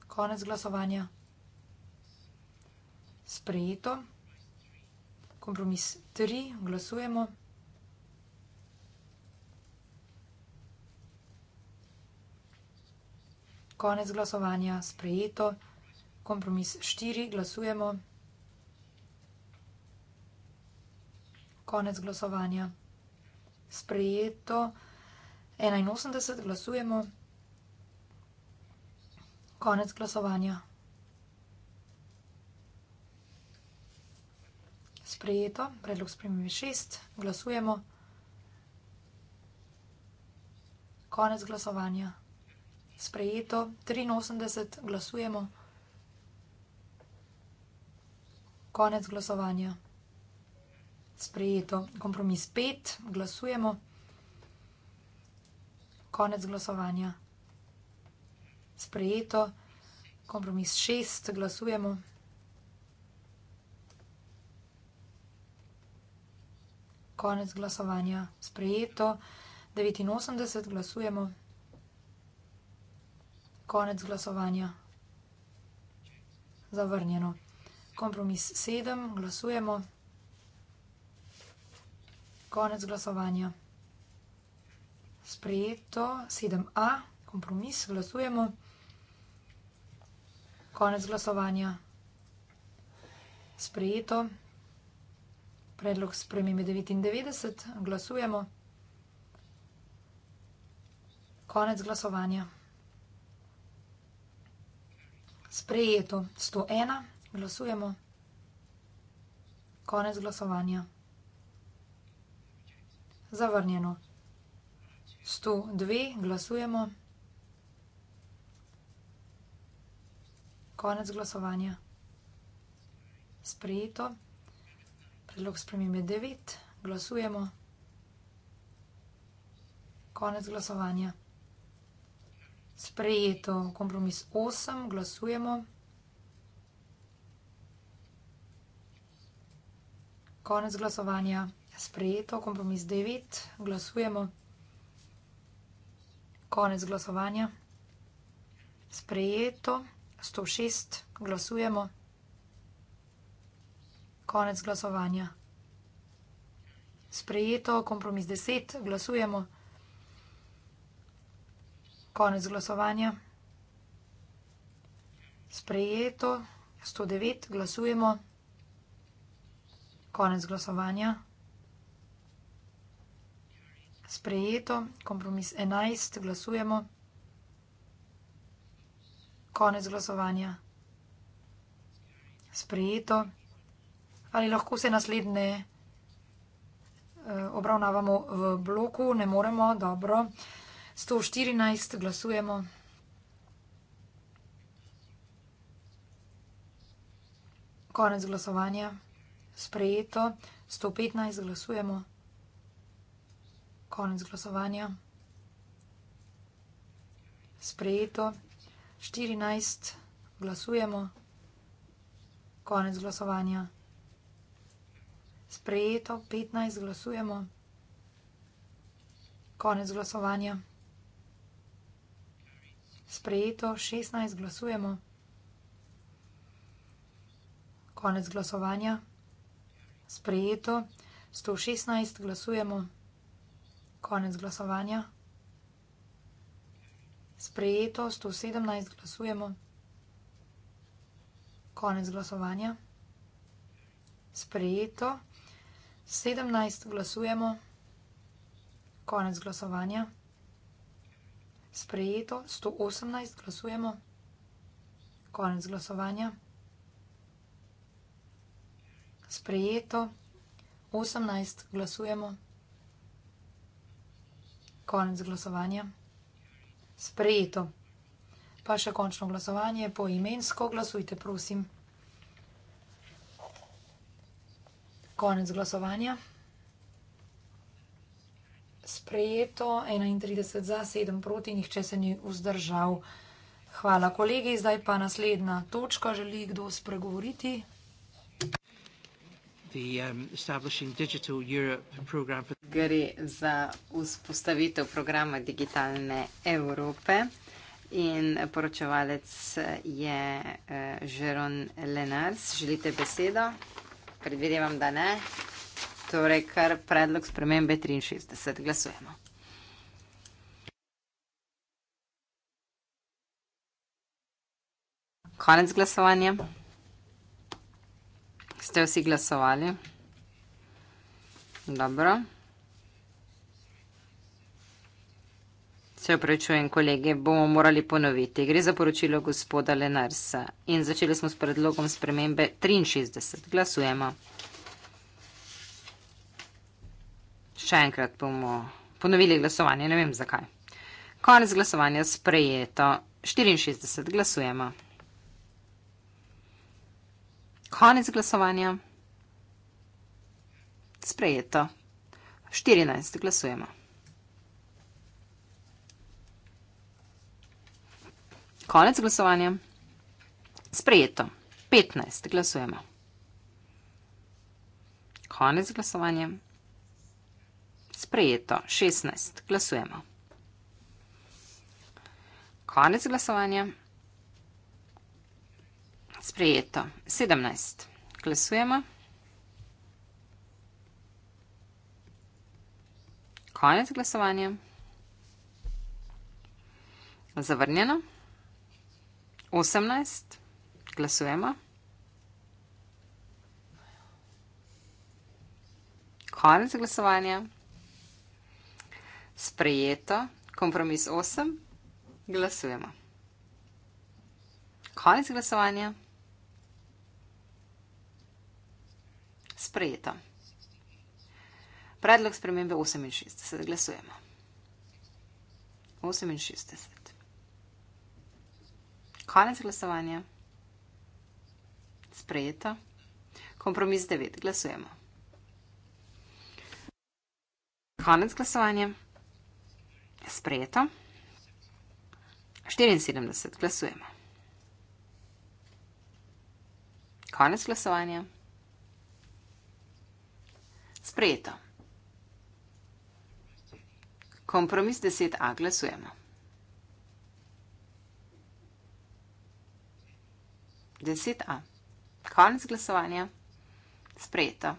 Konec glasovanja. Sprejeto. Kompromis 3. Glasujemo. konec glasovanja sprejeto. Kompromis 4, glasujemo. Konec glasovanja sprejeto. 81, glasujemo. Konec glasovanja. Sprejeto, predlog spremembe 6, glasujemo. Konec glasovanja sprejeto, 83 glasujemo. Konec glasovanja. Sprejeto. Kompromis 5, glasujemo. Konec glasovanja. Sprejeto. Kompromis 6, glasujemo. Konec glasovanja. Sprejeto. 89 glasujemo. Konec glasovanja. Zavrnjeno. Kompromis 7, glasujemo. Konec glasovanja. Sprejeto 7a, kompromis, glasujemo. Konec glasovanja. Sprejeto. Predlog spremembe 99, glasujemo. Konec glasovanja sprejeto. 101, glasujemo. Konec glasovanja. Zavrnjeno. 102, glasujemo. Konec glasovanja. Sprejeto. Predlog spremembe 9, glasujemo. Konec glasovanja. Sprejeto. Kompromis osem, glasujemo. Konec glasovanja. Sprejeto. Kompromis devet, glasujemo. Konec glasovanja. Sprejeto. 106, glasujemo. Konec glasovanja. Sprejeto. Kompromis deset, glasujemo. Konec glasovanja. Sprejeto 109, glasujemo. Konec glasovanja. Sprejeto, kompromis 11, glasujemo. Konec glasovanja. Sprejeto. Ali lahko se naslednje eh, obravnavamo v bloku? Ne moremo, dobro. 114 glasujemo. Konec glasovanja. Sprejeto. 115 glasujemo. Konec glasovanja. Sprejeto. 14 glasujemo. Konec glasovanja. Sprejeto. 15 glasujemo. Konec glasovanja sprejeto, 16 glasujemo. Konec glasovanja, sprejeto, 116 glasujemo. Konec glasovanja, sprejeto, 117 glasujemo. Konec glasovanja, sprejeto, 17 glasujemo. Konec glasovanja sprejeto, 118 glasujemo. Konec glasovanja. Sprejeto, 18 glasujemo. Konec glasovanja. Sprejeto. Pa še končno glasovanje po imensko, glasujte, prosim. Konec glasovanja sprejeto, 31 za, 7 proti, nihče se ni vzdržal. Hvala, kolegi. Zdaj pa naslednja točka. Želi kdo spregovoriti? The, um, program for... Gre za vzpostavitev programa digitalne Evrope in poročevalec je uh, eh, Žeron Lenars. Želite besedo? Predvidevam, da ne torej kar predlog spremembe 63. Glasujemo. Konec glasovanja. Ste vsi glasovali? Dobro. Se upravičujem, kolege, bomo morali ponoviti. Gre za poročilo gospoda Lenarsa. In začeli smo s predlogom spremembe 63. Glasujemo. Še enkrat bomo ponovili glasovanje, ne vem zakaj. Konec glasovanja sprejeto. 64 glasujemo. Konec glasovanja. Sprejeto. 14 glasujemo. Konec glasovanja. Sprejeto. 15 glasujemo. Konec glasovanja sprejeto 16. Glasujemo. Konec glasovanja. Sprejeto 17. Glasujemo. Konec glasovanja. Zavrnjeno. 18. Glasujemo. Konec glasovanja sprejeto, kompromis 8, glasujemo. Konec glasovanja. Sprejeto. Predlog spremembe 68, glasujemo. 68. Konec glasovanja. Sprejeto. Kompromis 9. Glasujemo. Konec glasovanja sprejeto. 74 glasujemo. Konec glasovanja. Sprejeto. Kompromis 10a glasujemo. 10a. Konec glasovanja. Sprejeto.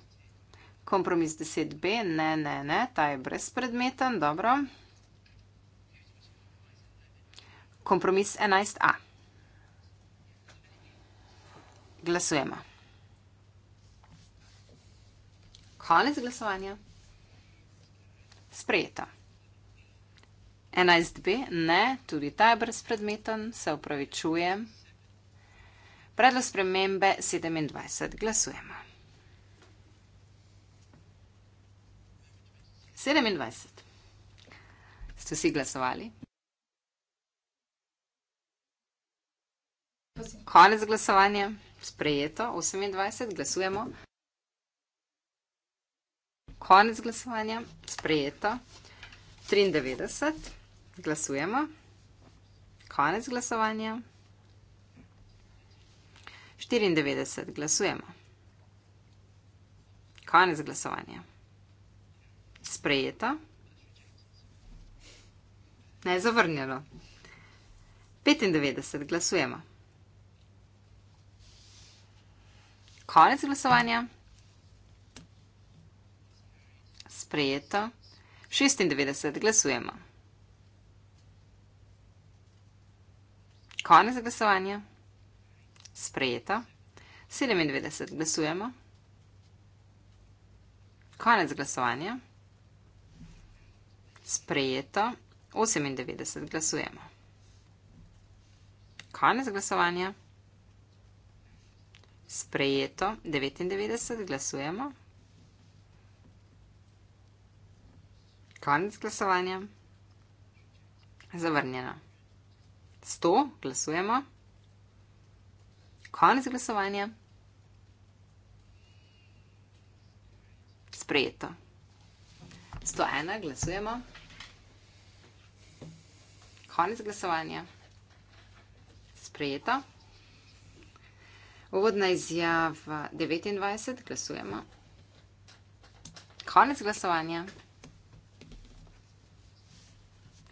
Kompromis 10b. Ne, ne, ne. Ta je brezpredmeten. Dobro. Kompromis 11a. Glasujemo. Konec glasovanja. Sprejeto. 11b. Ne, tudi ta je brezpredmeten, se upravičujem. Predlog spremembe 27. Glasujemo. 27. Ste vsi glasovali? Konec glasovanja, sprejeto, 28, glasujemo. Konec glasovanja, sprejeto, 93, glasujemo. Konec glasovanja, 94, glasujemo. Konec glasovanja, sprejeto, ne zavrnjeno. 95, glasujemo. konec glasovanja. Sprejeto. 96 glasujemo. Konec glasovanja. Sprejeto. 97 glasujemo. Konec glasovanja. Sprejeto. 98 glasujemo. Konec glasovanja. Sprejeto. 99 glasujemo. Konec glasovanja. Zavrnjeno. 100 glasujemo. Konec glasovanja. Sprejeto. 101 glasujemo. Konec glasovanja. Sprejeto. Uvodna izjava 29, glasujemo. Konec glasovanja.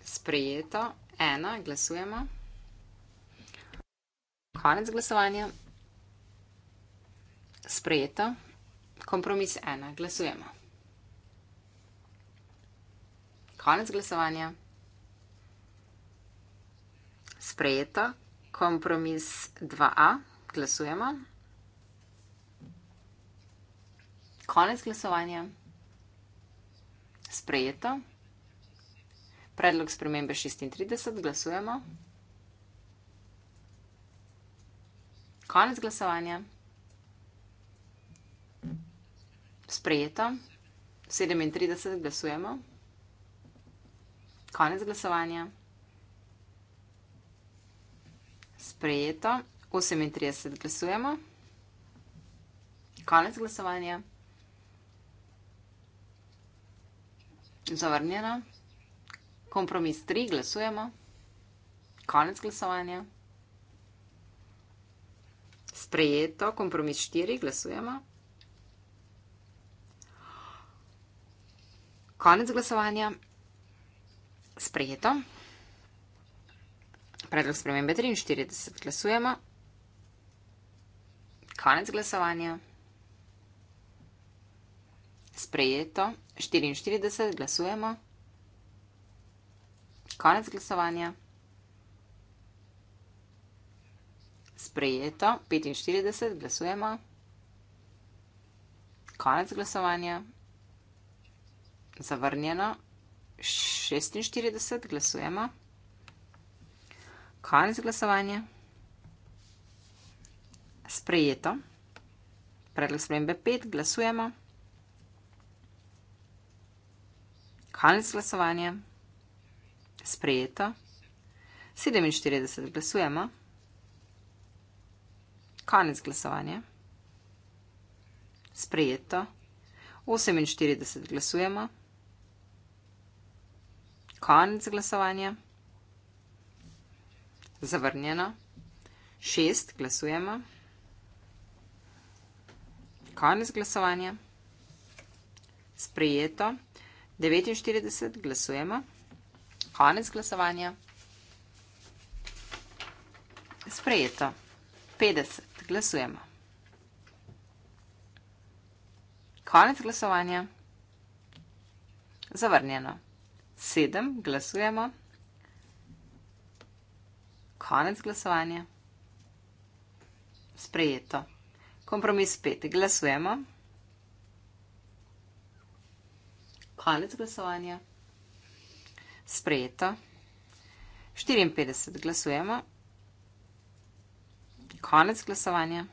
Sprejeto, ena, glasujemo. Konec glasovanja. Sprejeto, kompromis ena, glasujemo. Konec glasovanja. Sprejeto, kompromis 2a, glasujemo. Konec glasovanja. Sprejeto. Predlog spremembe 36. Glasujemo. Konec glasovanja. Sprejeto. 37. Glasujemo. Konec glasovanja. Sprejeto. 38 glasujemo. Konec glasovanja. Zavrnjeno. Kompromis 3 glasujemo. Konec glasovanja. Sprejeto. Kompromis 4 glasujemo. Konec glasovanja. Sprejeto. Predlog spremembe 43 glasujemo konec glasovanja. Sprejeto, 44 glasujemo. Konec glasovanja. Sprejeto, 45 glasujemo. Konec glasovanja. Zavrnjeno, 46 glasujemo. Konec glasovanja sprejeto. Predlog spremembe 5, glasujemo. Konec glasovanja. Sprejeto. 47 glasujemo. Konec glasovanja. Sprejeto. 48 glasujemo. Konec glasovanja. Zavrnjeno. 6 glasujemo. Konec glasovanja. Sprejeto. 49 glasujemo. Konec glasovanja. Sprejeto. 50 glasujemo. Konec glasovanja. Zavrnjeno. 7 glasujemo. Konec glasovanja. Sprejeto. Kompromis 5. Glasujemo. Konec glasovanja. Sprejeto. 54. Glasujemo. Konec glasovanja.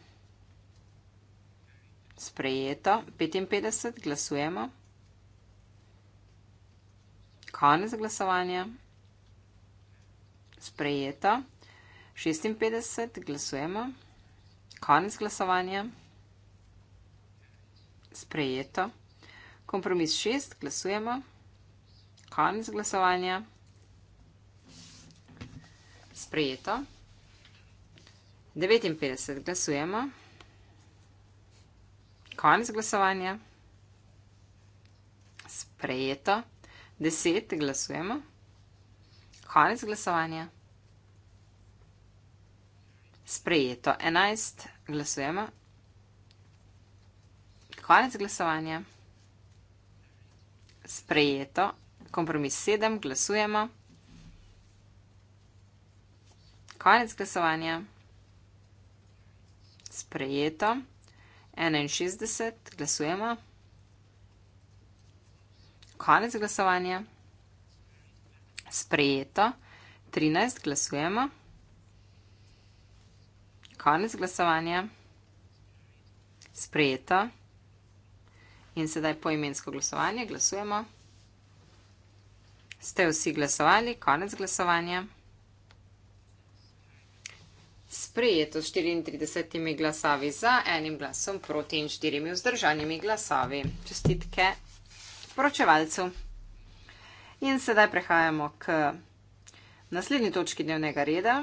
Sprejeto. 55. Glasujemo. Konec glasovanja. Sprejeto. 56. Glasujemo. Sprejeto. Konec glasovanja. Sprejeto. Kompromis šest. Glasujemo. Konec glasovanja. Sprejeto. 59. Glasujemo. Konec glasovanja. Sprejeto. 10. Glasujemo. Konec glasovanja sprejeto. 11 glasujemo. Konec glasovanja. Sprejeto. Kompromis 7 glasujemo. Konec glasovanja. Sprejeto. 61 glasujemo. Konec glasovanja. Sprejeto. 13 glasujemo. Konec glasovanja. Sprejeto. In sedaj poimensko glasovanje. Glasujemo. Ste vsi glasovali? Konec glasovanja. Sprejeto s 34 glasovi za, enim glasom proti in štirimi vzdržanimi glasovi. Čestitke poročevalcu. In sedaj prehajamo k naslednji točki dnevnega reda.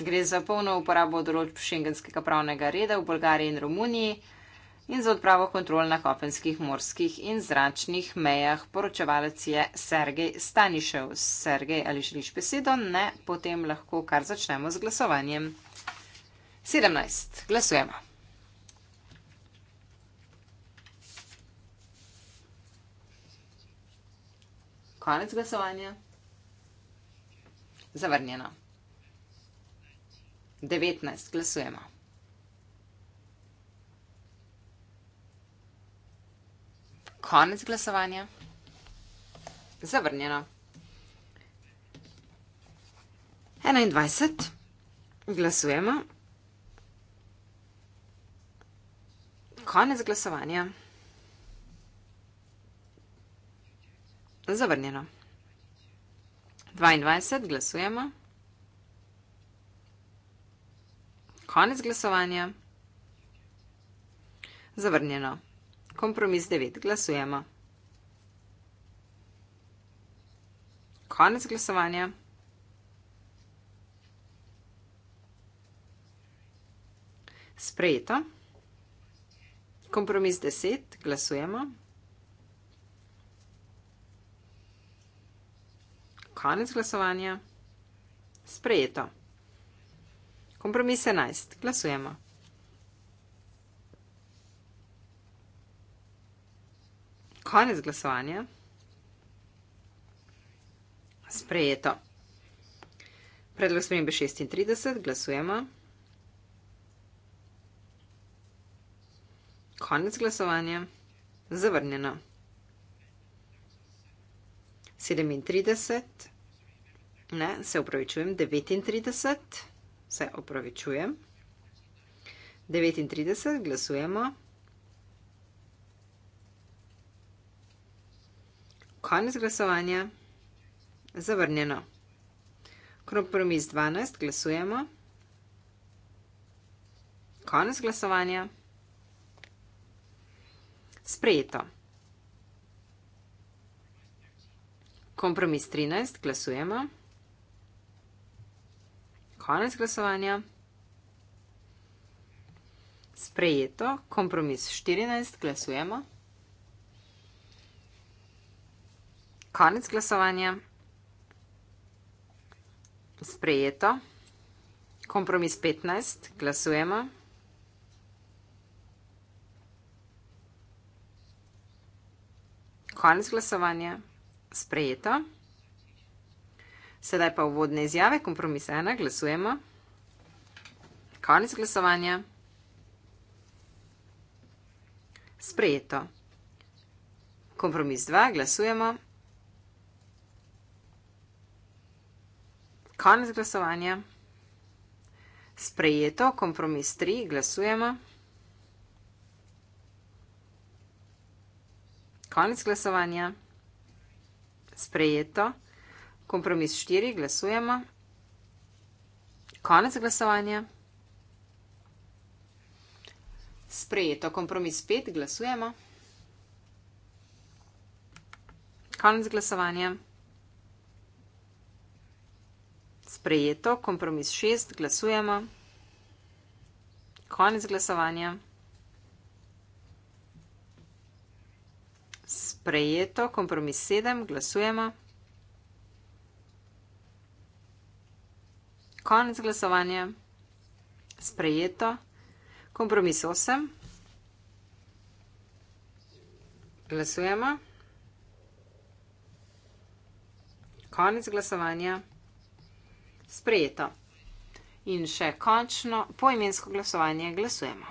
Gre za polno uporabo določb šengenskega pravnega reda v Bolgariji in Romuniji in za odpravo kontrol na kopenskih morskih in zračnih mejah. Poročevalec je Sergej Stanišev. Sergej, ali želiš besedo? Ne, potem lahko kar začnemo z glasovanjem. 17. Glasujemo. Konec glasovanja. Zavrnjeno. 19, glasujemo. Konec glasovanja. Zavrnjeno. 21, glasujemo. Konec glasovanja. Zavrnjeno. 22, glasujemo. Konec glasovanja. Zavrnjeno. Kompromis 9. Glasujemo. Konec glasovanja. Sprejeto. Kompromis 10. Glasujemo. Konec glasovanja. Sprejeto. Kompromis 11. Glasujemo. Konec glasovanja. Sprejeto. Predlog spremembe 36. Glasujemo. Konec glasovanja. Zavrnjeno. 37. Ne, se upravičujem, 39 se opravičujem. 39, glasujemo. Konec glasovanja, zavrnjeno. Kompromis 12, glasujemo. Konec glasovanja, sprejeto. Kompromis 13, glasujemo konec glasovanja. Sprejeto, kompromis 14, glasujemo. Konec glasovanja. Sprejeto, kompromis 15, glasujemo. Konec glasovanja. Sprejeto. Sedaj pa uvodne izjave, kompromis ena, glasujemo. Konec glasovanja. Sprejeto. Kompromis dva, glasujemo. Konec glasovanja. Sprejeto, kompromis tri, glasujemo. Konec glasovanja. Sprejeto. Kompromis 4, glasujemo. Konec glasovanja. Sprejeto. Kompromis 5, glasujemo. Konec glasovanja. Sprejeto. Kompromis 6, glasujemo. Konec glasovanja. Sprejeto. Kompromis 7, glasujemo. Konec glasovanja. Sprejeto. Kompromis 8. Glasujemo. Konec glasovanja. Sprejeto. In še končno poimensko glasovanje glasujemo.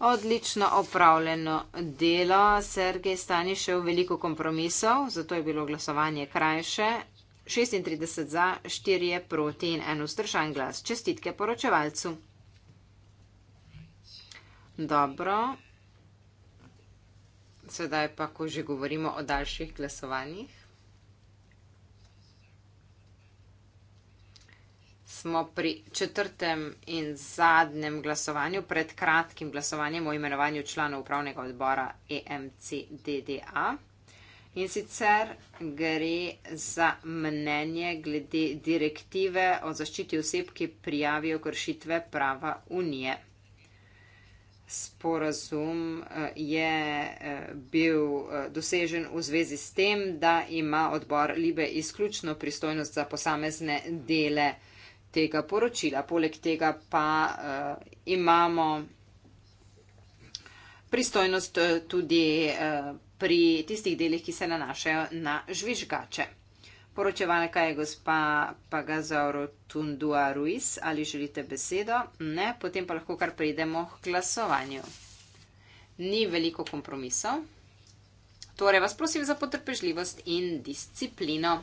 Odlično opravljeno delo. Sergej Stanišev veliko kompromisov, zato je bilo glasovanje krajše. 36 za, 4 proti in en vzdržan glas. Čestitke poročevalcu. Dobro. Sedaj pa, ko že govorimo o daljših glasovanjih, smo pri četrtem in zadnjem glasovanju, pred kratkim glasovanjem o imenovanju članov upravnega odbora EMCDDA. In sicer gre za mnenje glede direktive o zaščiti oseb, ki prijavijo kršitve prava Unije. Sporazum eh, je eh, bil eh, dosežen v zvezi s tem, da ima odbor Libe izključno pristojnost za posamezne dele tega poročila. Poleg tega pa imamo pristojnost tudi pri tistih delih, ki se nanašajo na žvižgače. Poročevalka je gospa Pagazoro Tundua Ruiz, ali želite besedo? Ne, potem pa lahko kar pridemo k glasovanju. Ni veliko kompromisov, torej vas prosim za potrpežljivost in disciplino.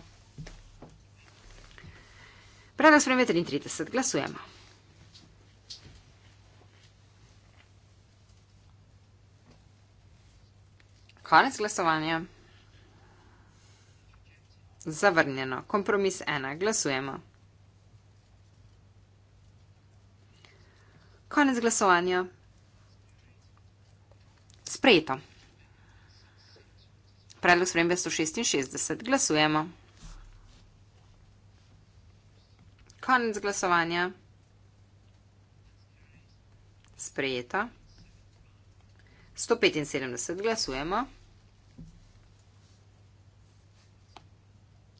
Predaj smo 33, glasujemo. Konec glasovanja. Zavrnjeno. Kompromis ena. Glasujemo. Konec glasovanja. Sprejeto. Predlog spremembe 166. Glasujemo. Konec glasovanja. Sprejeto. 175. Glasujemo.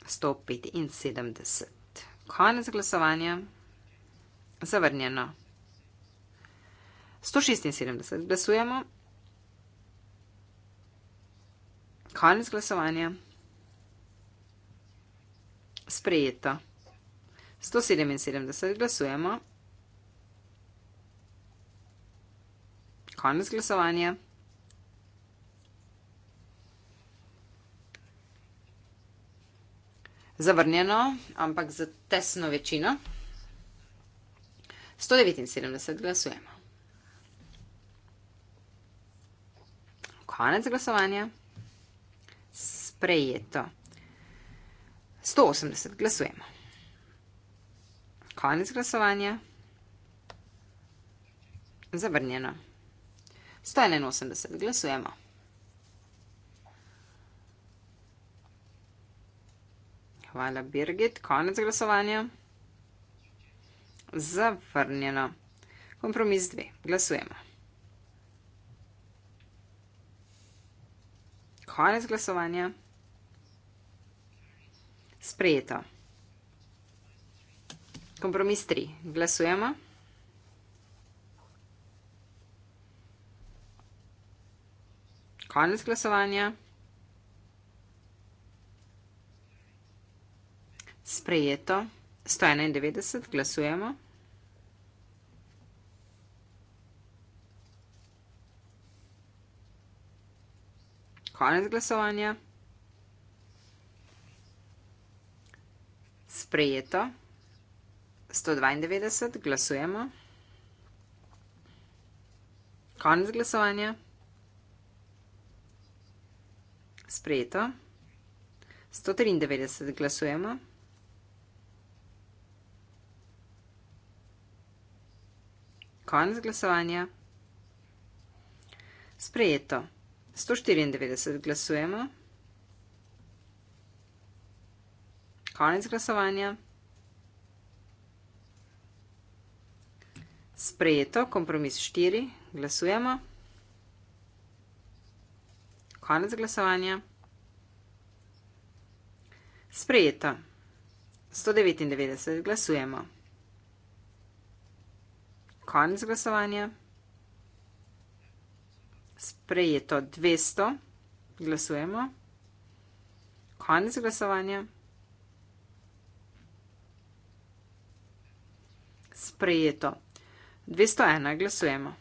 175. Konec glasovanja. Zavrnjeno. 176 glasujemo. Konec glasovanja. Sprejeto. 177 glasujemo. Konec glasovanja. zavrnjeno, ampak za tesno večino. 179 glasujemo. Konec glasovanja. Sprejeto. 180 glasujemo. Konec glasovanja. Zavrnjeno. 181 glasujemo. Hvala, Birgit. Konec glasovanja. Zavrnjeno. Kompromis dve. Glasujemo. Konec glasovanja. Sprejeto. Kompromis tri. Glasujemo. Konec glasovanja. sprejeto. 191, glasujemo. Konec glasovanja. Sprejeto. 192, glasujemo. Konec glasovanja. Sprejeto. 193, glasujemo. Konec glasovanja. Sprejeto. 194 glasujemo. Konec glasovanja. Sprejeto. Kompromis 4. Glasujemo. Konec glasovanja. Sprejeto. 199 glasujemo konec glasovanja. Sprejeto 200, glasujemo. Konec glasovanja. Sprejeto 201, glasujemo.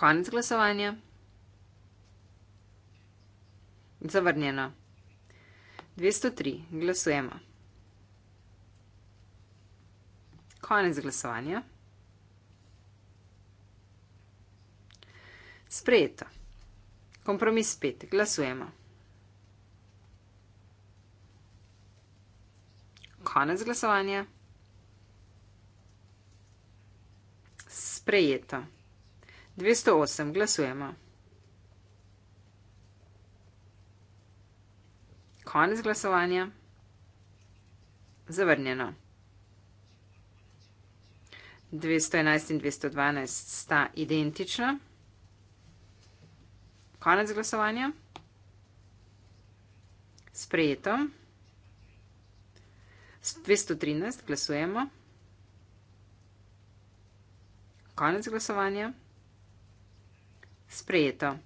Konec glasovanja. Zavrnjeno. 203, glasujemo. Konec glasovanja. Sprejeto. Kompromis spet. Glasujemo. Konec glasovanja. Sprejeto. 208. Glasujemo. Konec glasovanja. Zavrnjeno. 211 in 212 sta identična. Konec glasovanja. Sprejeto. S 213 glasujemo. Konec glasovanja. Sprejeto.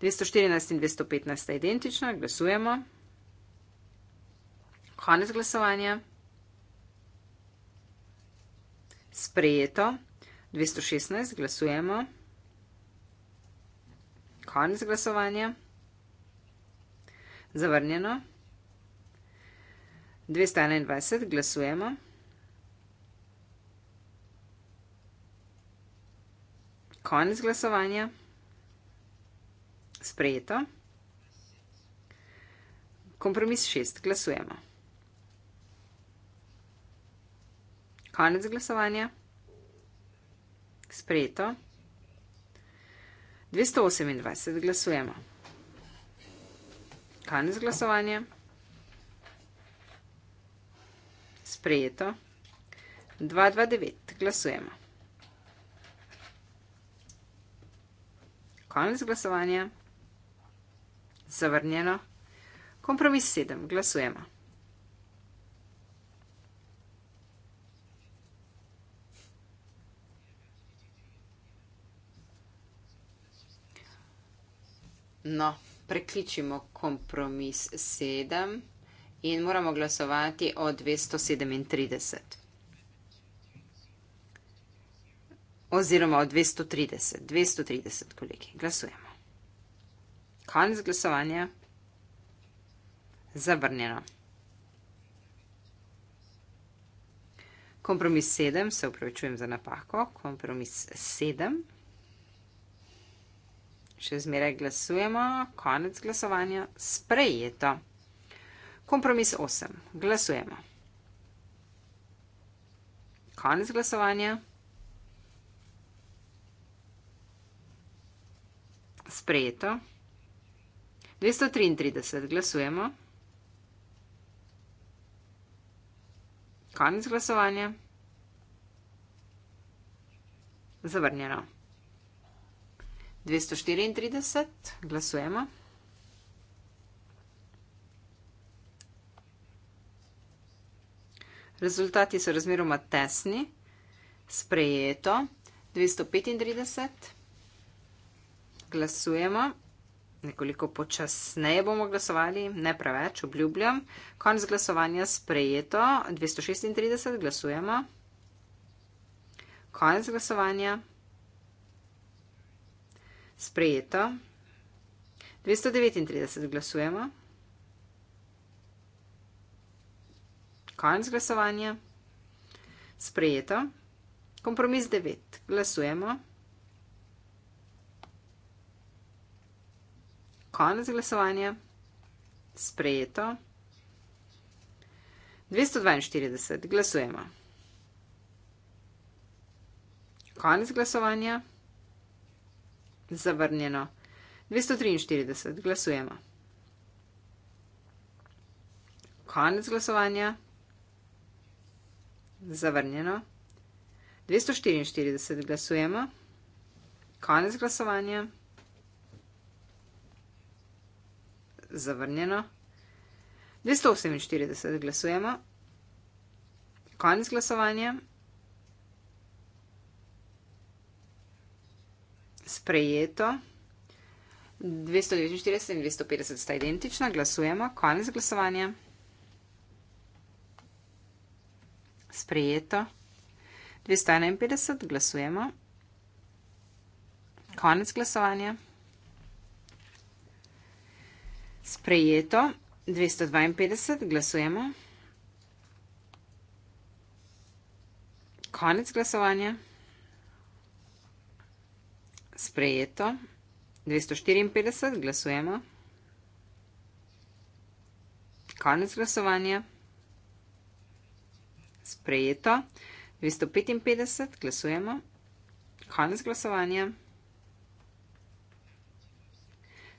214 in 215 sta identična. Glasujemo. Konec glasovanja. sprejeto, 216 glasujemo, konec glasovanja, zavrnjeno, 221 glasujemo, konec glasovanja, sprejeto, kompromis 6 glasujemo. Konec glasovanja. Sprejeto. 228 glasujemo. Konec glasovanja. Sprejeto. 229 glasujemo. Konec glasovanja. Zavrnjeno. Kompromis 7 glasujemo. No, prekličimo kompromis 7 in moramo glasovati o 237. Oziroma o 230. 230, koliki. Glasujemo. Konec glasovanja. Zabrnjeno. Kompromis 7, se upravičujem za napako, kompromis 7 še zmeraj glasujemo, konec glasovanja, sprejeto. Kompromis 8. Glasujemo. Konec glasovanja. Sprejeto. 233. Glasujemo. Konec glasovanja. Zavrnjeno. 234, glasujemo. Rezultati so razmeroma tesni. Sprejeto. 235. Glasujemo. Nekoliko počasneje bomo glasovali, ne preveč, obljubljam. Konc glasovanja sprejeto. 236. Glasujemo. Konc glasovanja. Sprejeto. 239 glasujemo. Konec glasovanja. Sprejeto. Kompromis 9. Glasujemo. Konec glasovanja. Sprejeto. 242. Glasujemo. Konec glasovanja. Zavrnjeno. 243. Glasujemo. Konec glasovanja. Zavrnjeno. 244. Glasujemo. Konec glasovanja. Zavrnjeno. 248. Glasujemo. Konec glasovanja. sprejeto. 249 in 250 sta identična, glasujemo, konec glasovanja. Sprejeto. 251, glasujemo. Konec glasovanja. Sprejeto. 252, glasujemo. Konec glasovanja sprejeto. 254 glasujemo. Konec glasovanja. Sprejeto. 255 glasujemo. Konec glasovanja.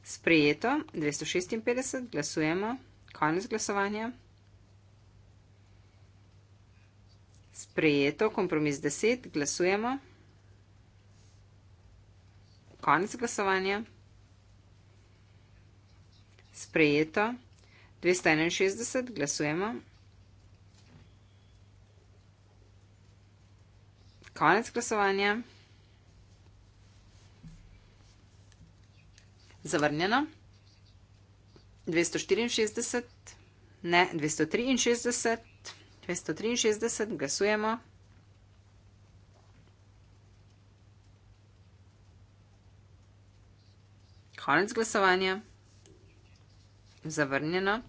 Sprejeto. 256 glasujemo. Konec glasovanja. Sprejeto. Kompromis 10 glasujemo konec glasovanja. Sprejeto. 261 glasujemo. Konec glasovanja. Zavrnjeno. 264, ne, 263, 263, glasujemo. Konec glasovanja. Zavrnjeno.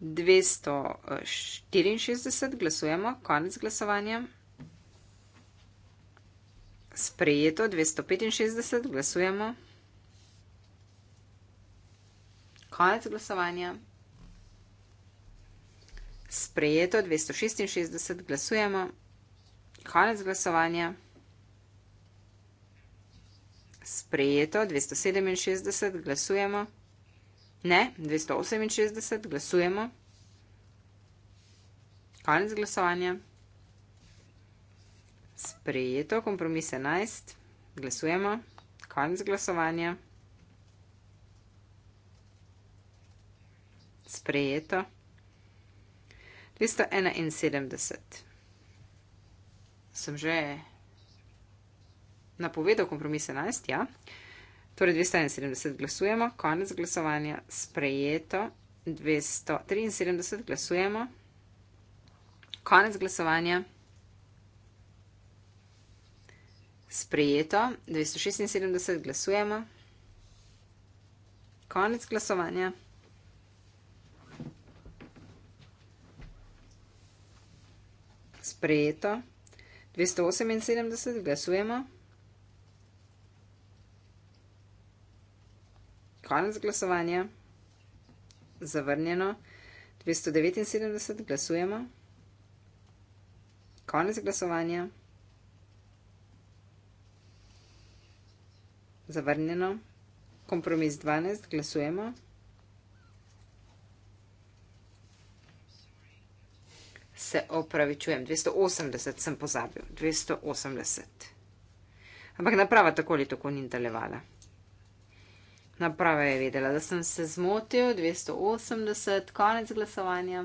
264 glasujemo, konec glasovanja. Sprejeto 265 glasujemo. Konec glasovanja. Sprejeto 266 glasujemo. Konec glasovanja. Sprejeto 267, glasujemo. Ne, 268, glasujemo. Konec glasovanja. Sprejeto, kompromis 11, glasujemo. Konec glasovanja. Sprejeto. 271. Sem že napovedal kompromis 11, ja. Torej 271 glasujemo, konec glasovanja, sprejeto 273 glasujemo, konec glasovanja, sprejeto 276 glasujemo, konec glasovanja. Sprejeto 278 glasujemo. Konec glasovanja. Zavrnjeno. 279 glasujemo. Konec glasovanja. Zavrnjeno. Kompromis 12 glasujemo. Se opravičujem, 280 sem pozabil. 280. Ampak naprava tako ali tako ni delovala. Naprava je vedela, da sem se zmotil, 280, konec glasovanja.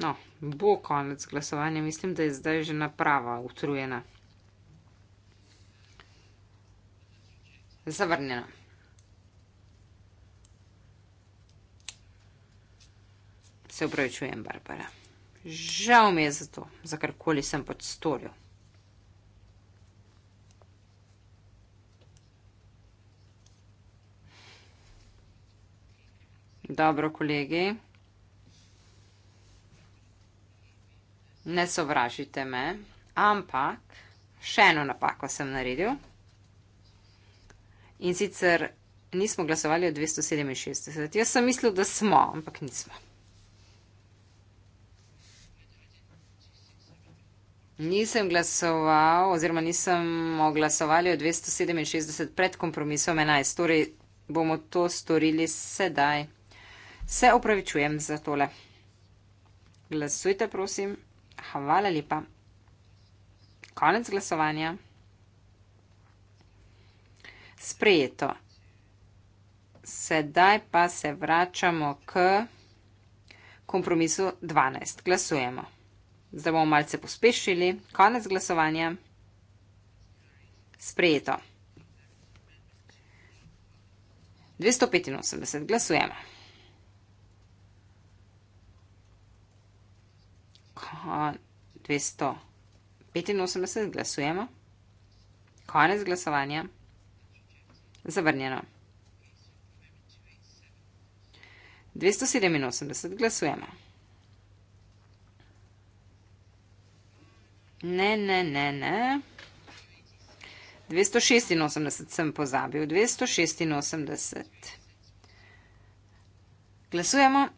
No, bo konec glasovanja, mislim, da je zdaj že naprava utrujena. Zavrnjena. Se upravičujem, Barbara. Žal mi je za to, za karkoli sem pod storil. Dobro, kolegi. Ne sovražite me, ampak še eno napako sem naredil. In sicer nismo glasovali od 267. Jaz sem mislil, da smo, ampak nismo. Nisem glasoval, oziroma nismo glasovali od 267 pred kompromisom 11. Torej bomo to storili sedaj. Se opravičujem za tole. Glasujte, prosim. Hvala lepa. Konec glasovanja. Sprejeto. Sedaj pa se vračamo k kompromisu 12. Glasujemo. Zdaj bomo malce pospešili. Konec glasovanja. Sprejeto. 285. Glasujemo. 285 glasujemo. Konec glasovanja. Zavrnjeno. 287 glasujemo. Ne, ne, ne, ne. 286 sem pozabil. 286. Glasujemo.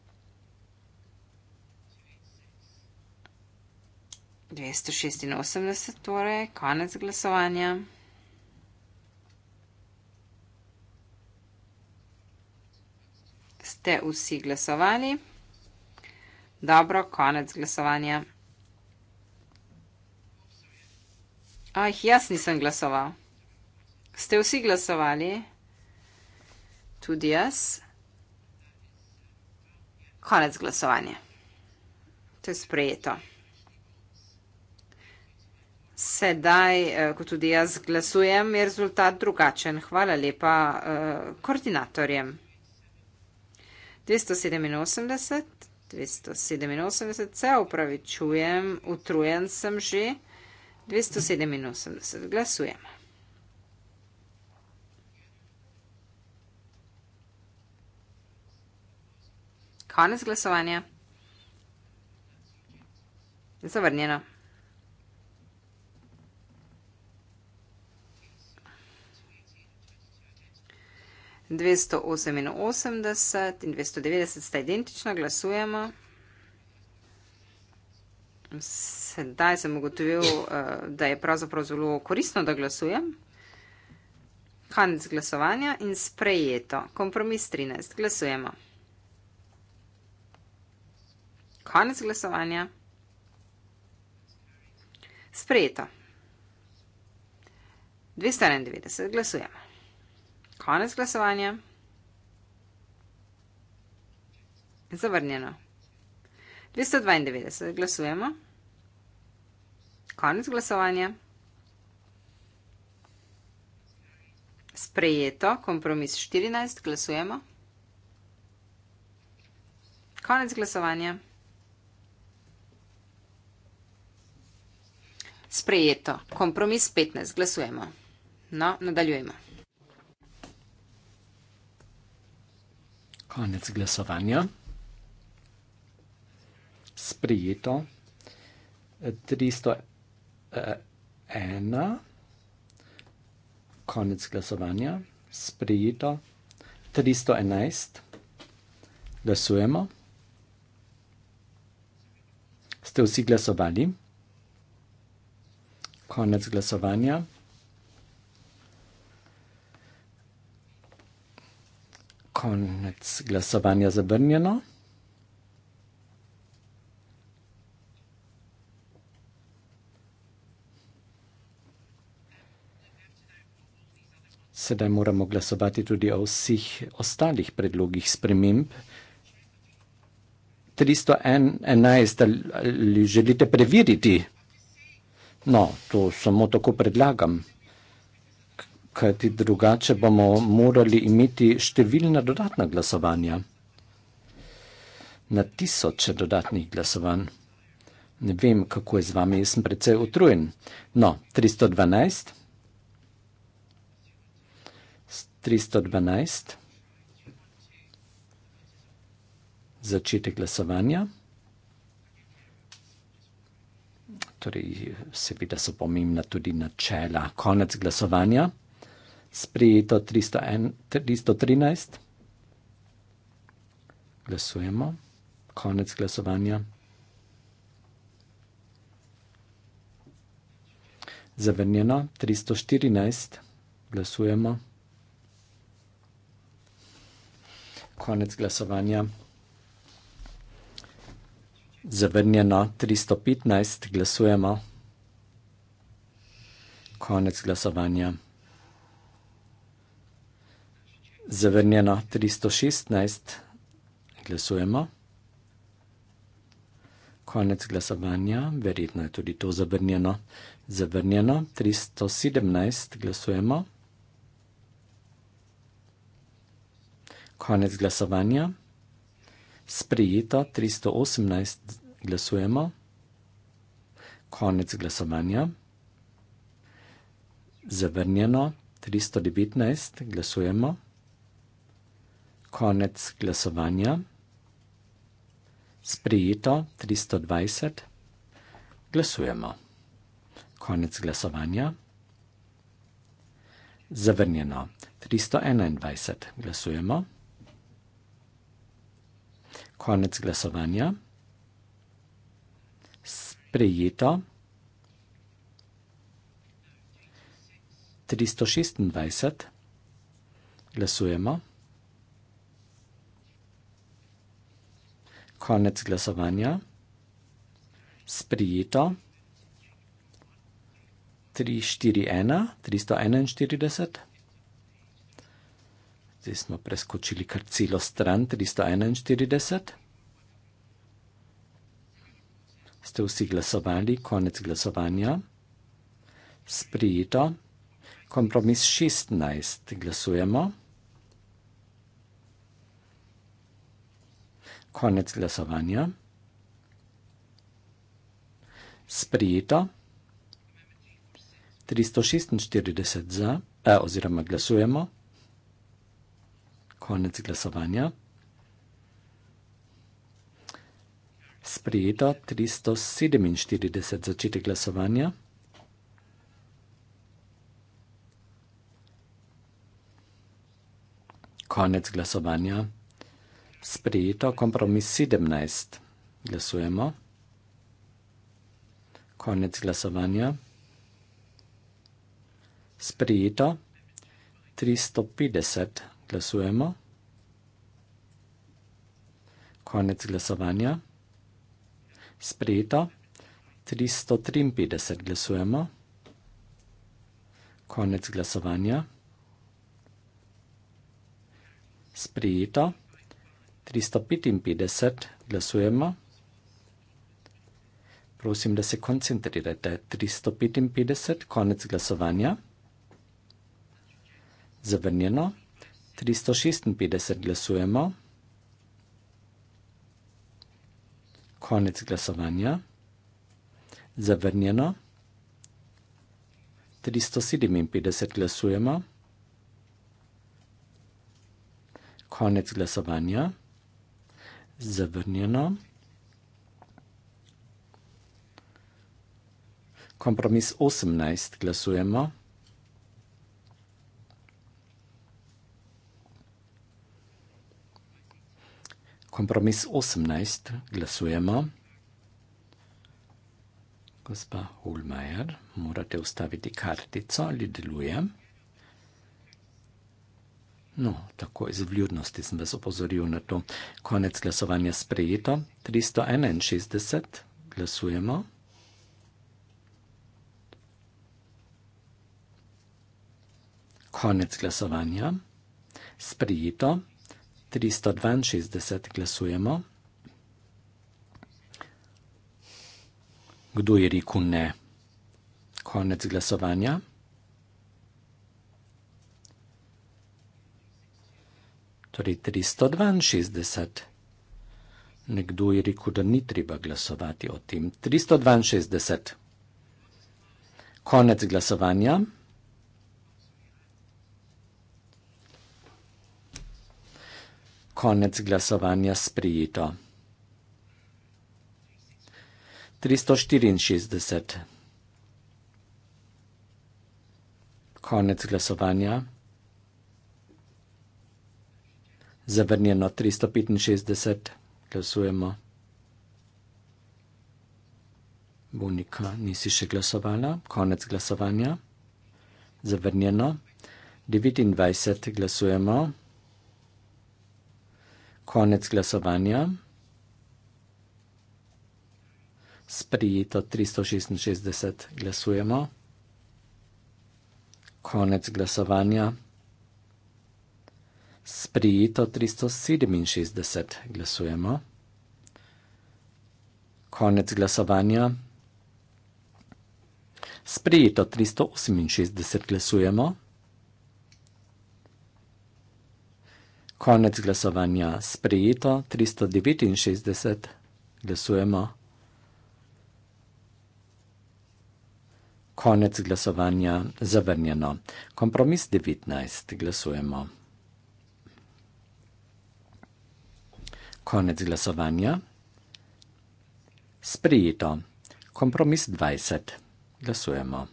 286, torej konec glasovanja. Ste vsi glasovali? Dobro, konec glasovanja. Ah, jaz nisem glasoval. Ste vsi glasovali? Tudi jaz. Konec glasovanja. To je sprejeto. Sedaj, eh, ko tudi jaz glasujem, je rezultat drugačen. Hvala lepa eh, koordinatorjem. 287, 287, se upravičujem, utrujen sem že. 287, glasujem. Konec glasovanja. Zavrnjeno. 288 in 290 sta identična, glasujemo. Sedaj sem ugotovil, eh, da je pravzaprav zelo koristno, da glasujem. Hanc glasovanja in sprejeto. Kompromis 13. Glasujemo. Konec glasovanja. Sprejeto. 291. Glasujemo. Konec glasovanja. Zavrnjeno. 292 glasujemo. Konec glasovanja. Sprejeto. Kompromis 14. Glasujemo. Konec glasovanja. Sprejeto. Kompromis 15. Glasujemo. No, nadaljujemo. Konec glasovanja. Sprijeto 301. Konec glasovanja. Sprijeto 311. Glasujemo. Ste vsi glasovali? Konec glasovanja. 311. konec glasovanja zabrnjeno. Sedaj moramo glasovati tudi o vseh ostalih predlogih sprememb. 311 ali želite preveriti? No, to samo tako predlagam kajti drugače bomo morali imeti številna dodatna glasovanja. Na tisoče dodatnih glasovanj. Ne vem, kako je z vami, jaz sem precej utrujen. No, 312. 312. Začetek glasovanja. Torej, seveda so pomembna tudi načela. Konec glasovanja. 313 sprijeto 313. Glasujemo. Konec glasovanja. Zavrnjeno 314. Glasujemo. Konec glasovanja. Zavrnjeno 315. Glasujemo. Konec glasovanja. Zavrnjeno 316, glasujemo. Konec glasovanja, verjetno je tudi to zavrnjeno. Zavrnjeno 317, glasujemo. Konec glasovanja, sprijeto 318, glasujemo. Konec glasovanja, zavrnjeno 319, glasujemo konec glasovanja. Sprejeto 320. Glasujemo. Konec glasovanja. Zavrnjeno 321. Glasujemo. Konec glasovanja. Sprejeto 326. Glasujemo. Konec glasovanja. Sprijeto. 341, 341. Zdaj smo preskočili kar celo stran 341. Ste vsi glasovali, konec glasovanja. Sprijeto. Kompromis 16. Glasujemo. Konec glasovanja. Sprijeto. 346 za, eh, oziroma glasujemo. Konec glasovanja. Sprijeto 347 začetek glasovanja. Konec glasovanja sprejeto kompromis 17. Glasujemo. Konec glasovanja. Sprejeto 350. Glasujemo. Konec glasovanja. Sprejeto 353. Glasujemo. Konec glasovanja. Sprejeto 353. 355 glasujemo. Prosim, da se koncentrirate. 355, konec glasovanja. Zavrnjeno. 356 glasujemo. Konec glasovanja. Zavrnjeno. 357 glasujemo. Konec glasovanja zavrnjeno. Kompromis 18 glasujemo. Kompromis 18 glasujemo. Gospa Hulmajer, morate ustaviti kartico ali deluje. No, tako iz vljudnosti sem vas opozoril na to. Konec glasovanja sprejeto. 361 glasujemo. Konec glasovanja. Sprejeto. 362 glasujemo. Kdo je rekel ne? Konec glasovanja. torej 362. Nekdo je rekel, da ni treba glasovati o tem. 362. Konec glasovanja. Konec glasovanja sprijeto. 364. Konec glasovanja. zavrnjeno 365. Glasujemo. Bunika, nisi še glasovala. Konec glasovanja. Zavrnjeno. 29. Glasujemo. Konec glasovanja. Sprijeto 366. Glasujemo. Konec glasovanja sprijeto 367, glasujemo. Konec glasovanja. Sprijeto 368, glasujemo. Konec glasovanja. Sprijeto 369, glasujemo. Konec glasovanja zavrnjeno. Kompromis 19. Glasujemo. Konec glasovanja. Sprijeto. Kompromis 20. Glasujemo.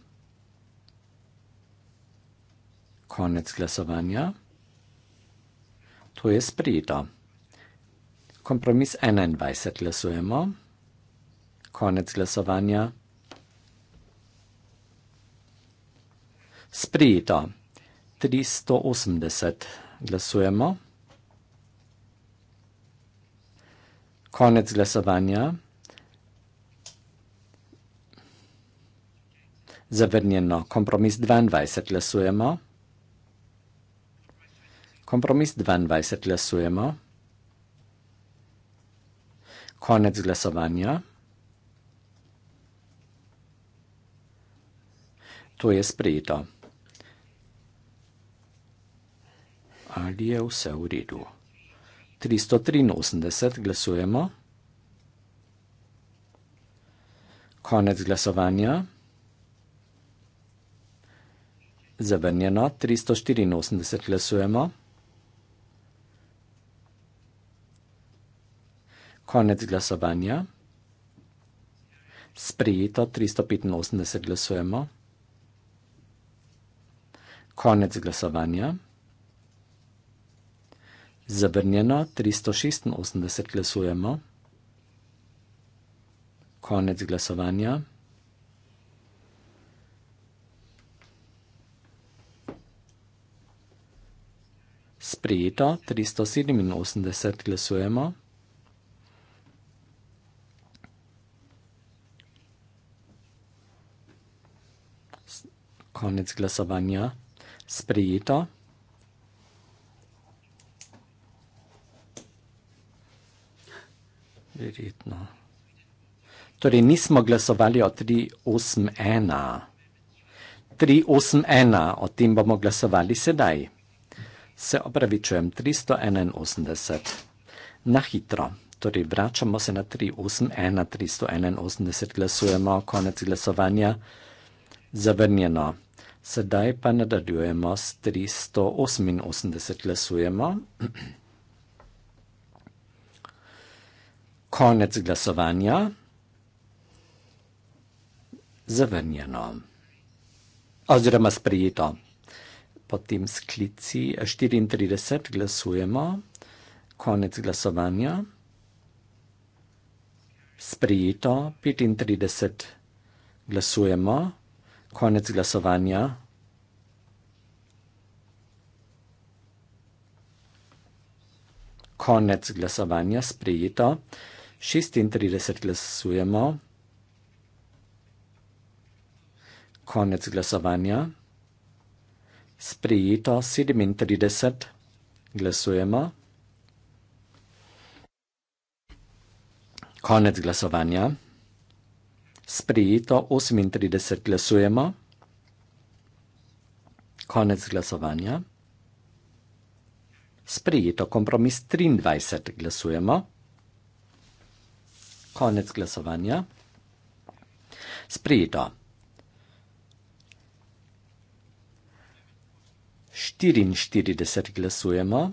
Konec glasovanja. To je sprijeto. Kompromis 21. Glasujemo. Konec glasovanja. Sprijeto. 380. Glasujemo. konec glasovanja. Zavrnjeno kompromis 22 glasujemo. Kompromis 22 glasujemo. Konec glasovanja. To je sprejeto. Ali je vse v redu? 383 glasujemo. Konec glasovanja. Zavrnjeno 384 glasujemo. Konec glasovanja. Sprijeto 385 glasujemo. Konec glasovanja. Zavrnjeno 386 glasujemo. Konec glasovanja. Sprejeto 387 glasujemo. Konec glasovanja. Sprejeto. Verjetno. Torej, nismo glasovali o 3.8.1. 3.8.1, o tem bomo glasovali sedaj. Se opravičujem, 381. Na hitro. Torej, vračamo se na 3.8.1, 381 glasujemo, konec glasovanja. Zavrnjeno. Sedaj pa nadaljujemo s 388 glasujemo. Konec glasovanja. Zavrnjeno. Oziroma sprejeto. Potem sklici 34 glasujemo. Konec glasovanja. Sprejeto. 35 glasujemo. Konec glasovanja. Konec glasovanja. Sprejeto. 36 glasujemo. Konec glasovanja. Sprijeto 37 glasujemo. Konec glasovanja. Sprijeto 38 glasujemo. Konec glasovanja. Sprijeto kompromis 23 glasujemo. Konec glasovanja. Sprejeto. 44 glasujemo.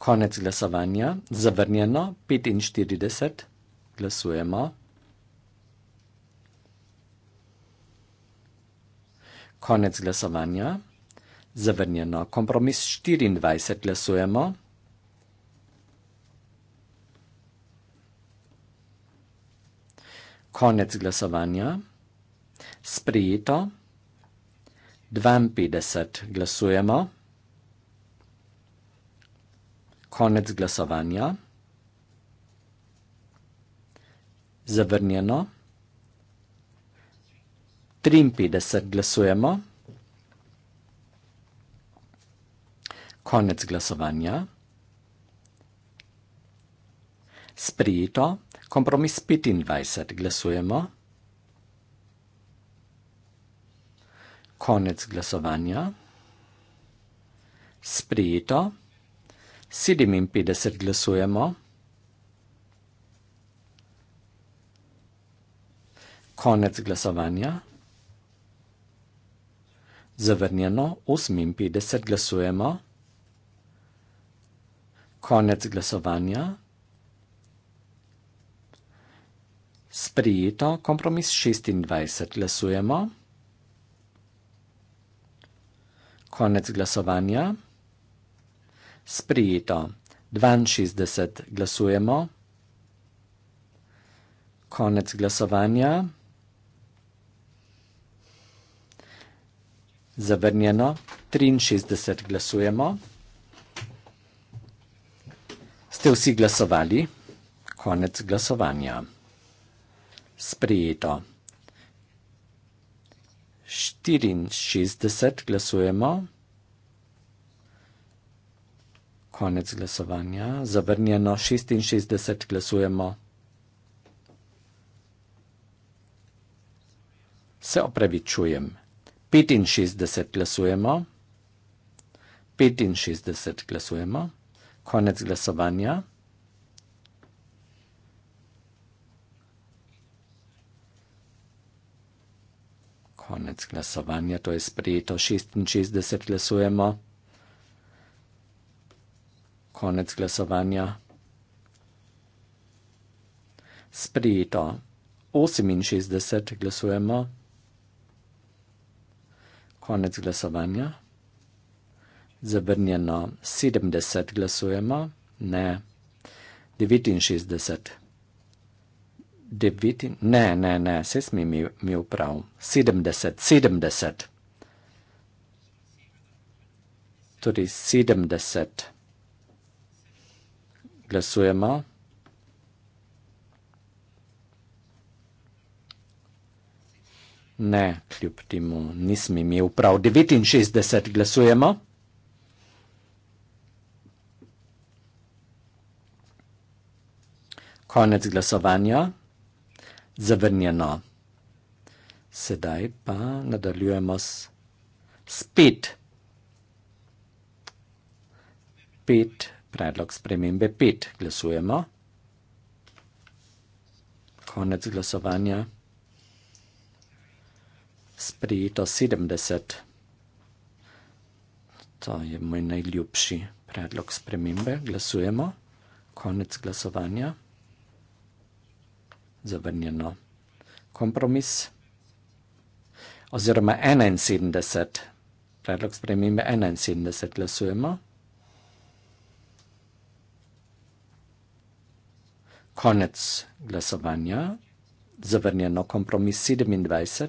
Konec glasovanja. Zavrnjeno. 45 glasujemo. Konec glasovanja zavrnjeno. Kompromis 24 glasujemo. Konec glasovanja. Sprijeto. 52 glasujemo. Konec glasovanja. Zavrnjeno. 53 glasujemo. Konec glasovanja. Sprijeto. Kompromis 25. Glasujemo. Konec glasovanja. Sprijeto. 57. Glasujemo. Konec glasovanja. Zavrnjeno. 58. Glasujemo. Konec glasovanja. Konec glasovanja. Sprijeto kompromis 26. Glasujemo. Konec glasovanja. Sprijeto 62. Glasujemo. Konec glasovanja. Zavrnjeno 63. Glasujemo. Ste vsi glasovali? Konec glasovanja. Sprejeto. 64 glasujemo. Konec glasovanja. Zavrnjeno. 66 glasujemo. Se opravičujem. 65 glasujemo. 65 glasujemo konec glasovanja. Konec glasovanja, to je sprejeto, 66 glasujemo. Konec glasovanja. Sprejeto, 68 glasujemo. Konec glasovanja zavrnjeno 70 glasujemo, ne 69. Devet, ne, ne, ne, se smi mi, mi prav. 70, 70. Tudi 70 glasujemo. Ne, kljub temu nismo imeli prav 69 glasujemo. Konec glasovanja. Zavrnjeno. Sedaj pa nadaljujemo s spet. Pet, predlog spremembe pet. Glasujemo. Konec glasovanja. Sprejeto 70. To je moj najljubši predlog spremembe. Glasujemo. Konec glasovanja zavrnjeno. Kompromis oziroma 71, predlog spremembe 71 glasujemo. Konec glasovanja, zavrnjeno kompromis 27.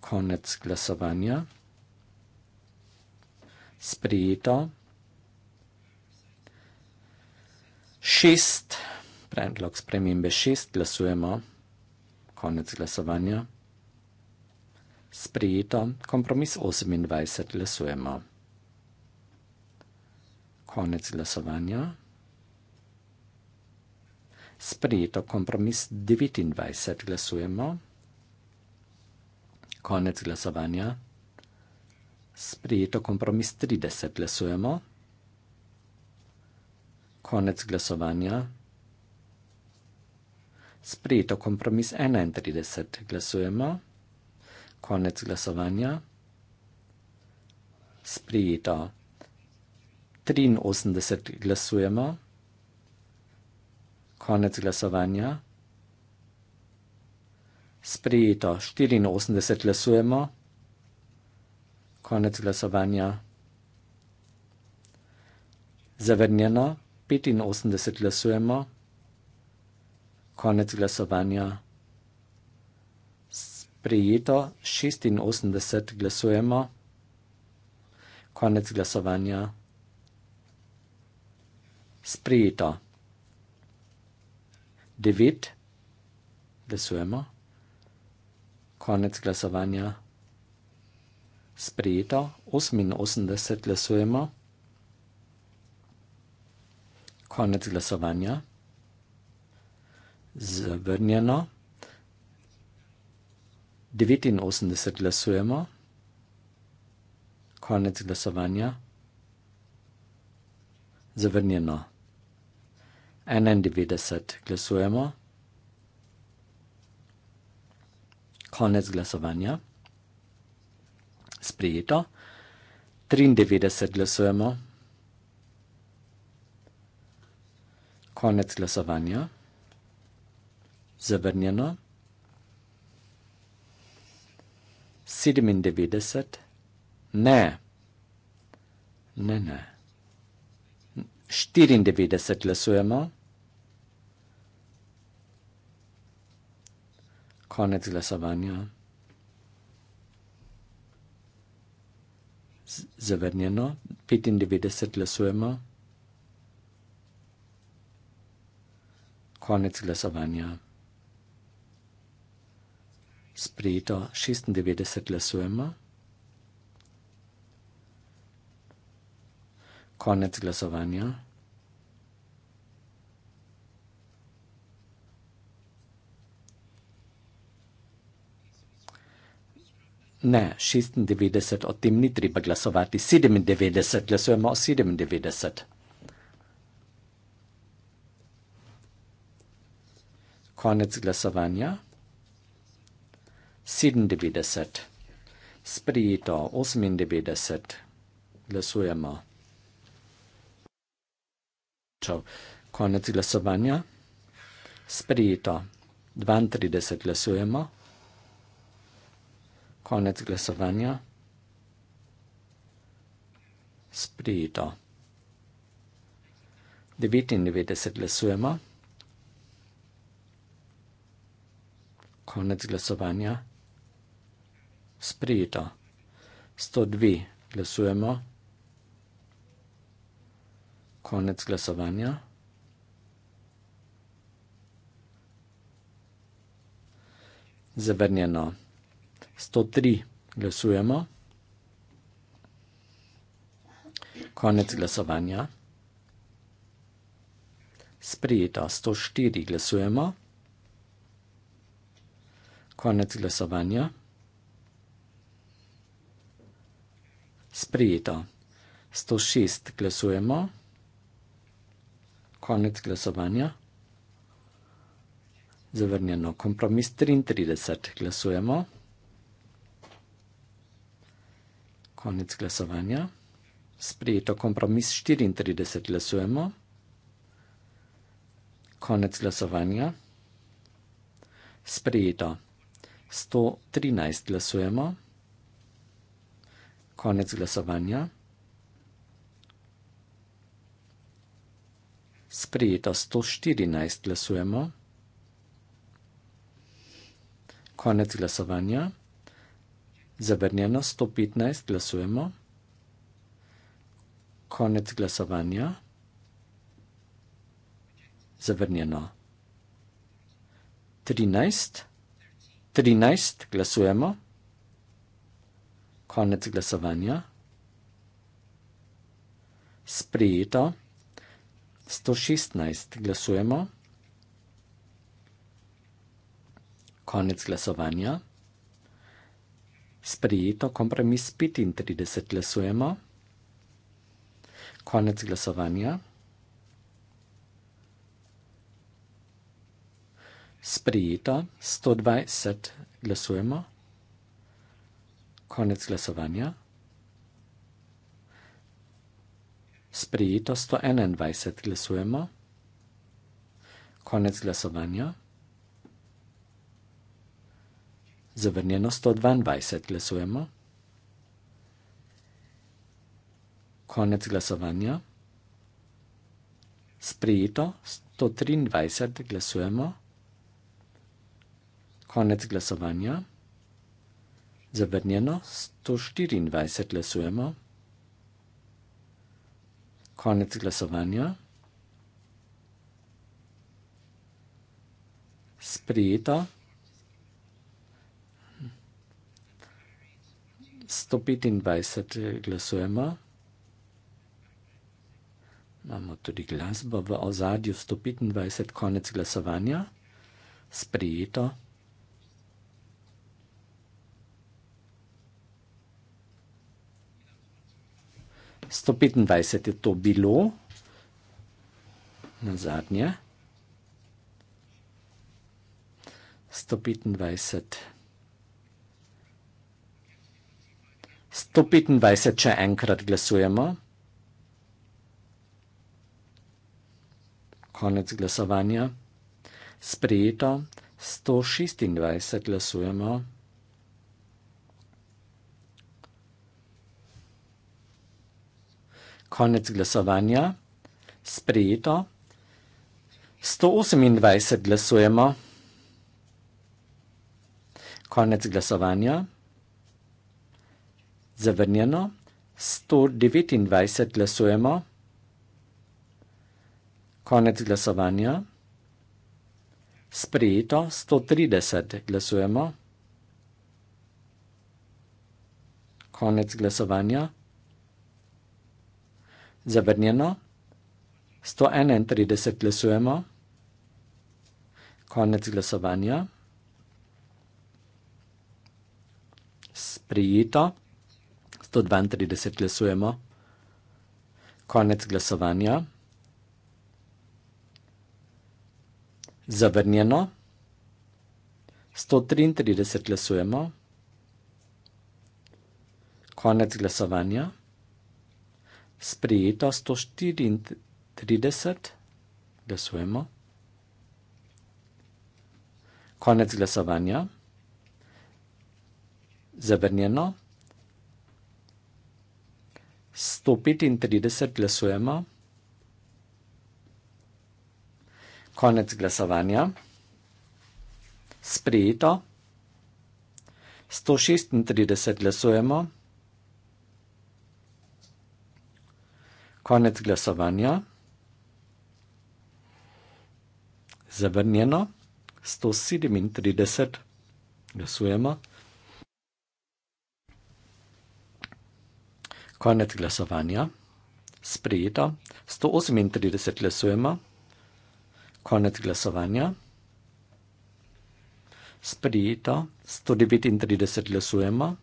Konec glasovanja, sprijeto glasovanje. šest, predlog spremembe šest, glasujemo, konec glasovanja. Sprijeto, kompromis 28, glasujemo. Konec glasovanja. Sprijeto, kompromis 29, glasujemo. Konec glasovanja. Sprijeto, kompromis 30, glasujemo. Konec glasovanja. Sprejeto kompromis 31. Glasujemo. Konec glasovanja. Sprejeto 83. Glasujemo. Konec glasovanja. Sprejeto 84. Glasujemo. Konec glasovanja. Zavrnjeno. 85 glasujemo. Konec glasovanja. Prijeto 86 glasujemo. Konec glasovanja. Sprijeto. 9 glasujemo. Konec glasovanja. Sprijeto 88 glasujemo. Konec glasovanja. Zavrnjeno. 89 glasujemo. Konec glasovanja. Zavrnjeno. 91 glasujemo. Konec glasovanja. Sprijeto. 93 glasujemo. konec glasovanja. Zavrnjeno. 97. Ne. Ne, ne. 94 glasujemo. Konec glasovanja. Z zavrnjeno. 95 glasujemo. Konec glasovanja. Sprejeto 96 glasujemo. Konec glasovanja. Ne, 96, o tem ni treba glasovati. 97, glasujemo o 97. konec glasovanja. 97, sprijeto 98, glasujemo. Konec glasovanja, sprijeto 32, glasujemo. Konec glasovanja, sprijeto 99, glasujemo. Konec glasovanja. Sprijeto. 102 glasujemo. Konec glasovanja. Zavrnjeno. 103 glasujemo. Konec glasovanja. Sprijeto. 104 glasujemo. Sprijeto. Konec glasovanja. Sprijeto. 106 glasujemo. Konec glasovanja. Zavrnjeno kompromis 33 glasujemo. Konec glasovanja. Sprijeto kompromis 34 glasujemo. Konec glasovanja. Sprijeto kompromis 34 glasujemo. 113 glasujemo. Konec glasovanja. Sprejeto 114 glasujemo. Konec glasovanja. Zavrnjeno 115 glasujemo. Konec glasovanja. Zavrnjeno 13 glasujemo. 13 glasujemo. Konec glasovanja. Sprijeto. 116 glasujemo. Konec glasovanja. Sprijeto. Kompromis 35 glasujemo. Konec glasovanja. sprejeta, 120 glasujemo, konec glasovanja, sprejeto, 121 glasujemo, konec glasovanja, zavrnjeno, 122 glasujemo, konec glasovanja, sprejeto, 123 glasujemo, konec glasovanja, Konec glasovanja. Zavrnjeno 124 glasujemo. Konec glasovanja. Sprijeto. 125 glasujemo. Imamo tudi glasbo v ozadju 125, konec glasovanja. Sprijeto. 125 je to bilo, na zadnje. 125. 125, če enkrat glasujemo. Konec glasovanja. Sprejeto. 126 glasujemo. Konec glasovanja. Sprejeto. 128 glasujemo. Konec glasovanja. Zavrnjeno. 129 glasujemo. Konec glasovanja. Sprejeto. 130 glasujemo. Konec glasovanja zavrnjeno, 131 glasujemo, konec glasovanja, sprijeto, 132 glasujemo, konec glasovanja, zavrnjeno, 133 glasujemo, konec glasovanja, sprejeta 134, glasujemo. Konec glasovanja. Zavrnjeno. 135 glasujemo. Konec glasovanja. Sprejeto. 136 glasujemo. Konec glasovanja. Zavrnjeno 137. Glasujemo. Konec glasovanja. Sprejeto 138. Glasujemo. Konec glasovanja. Sprejeto 139. Glasujemo.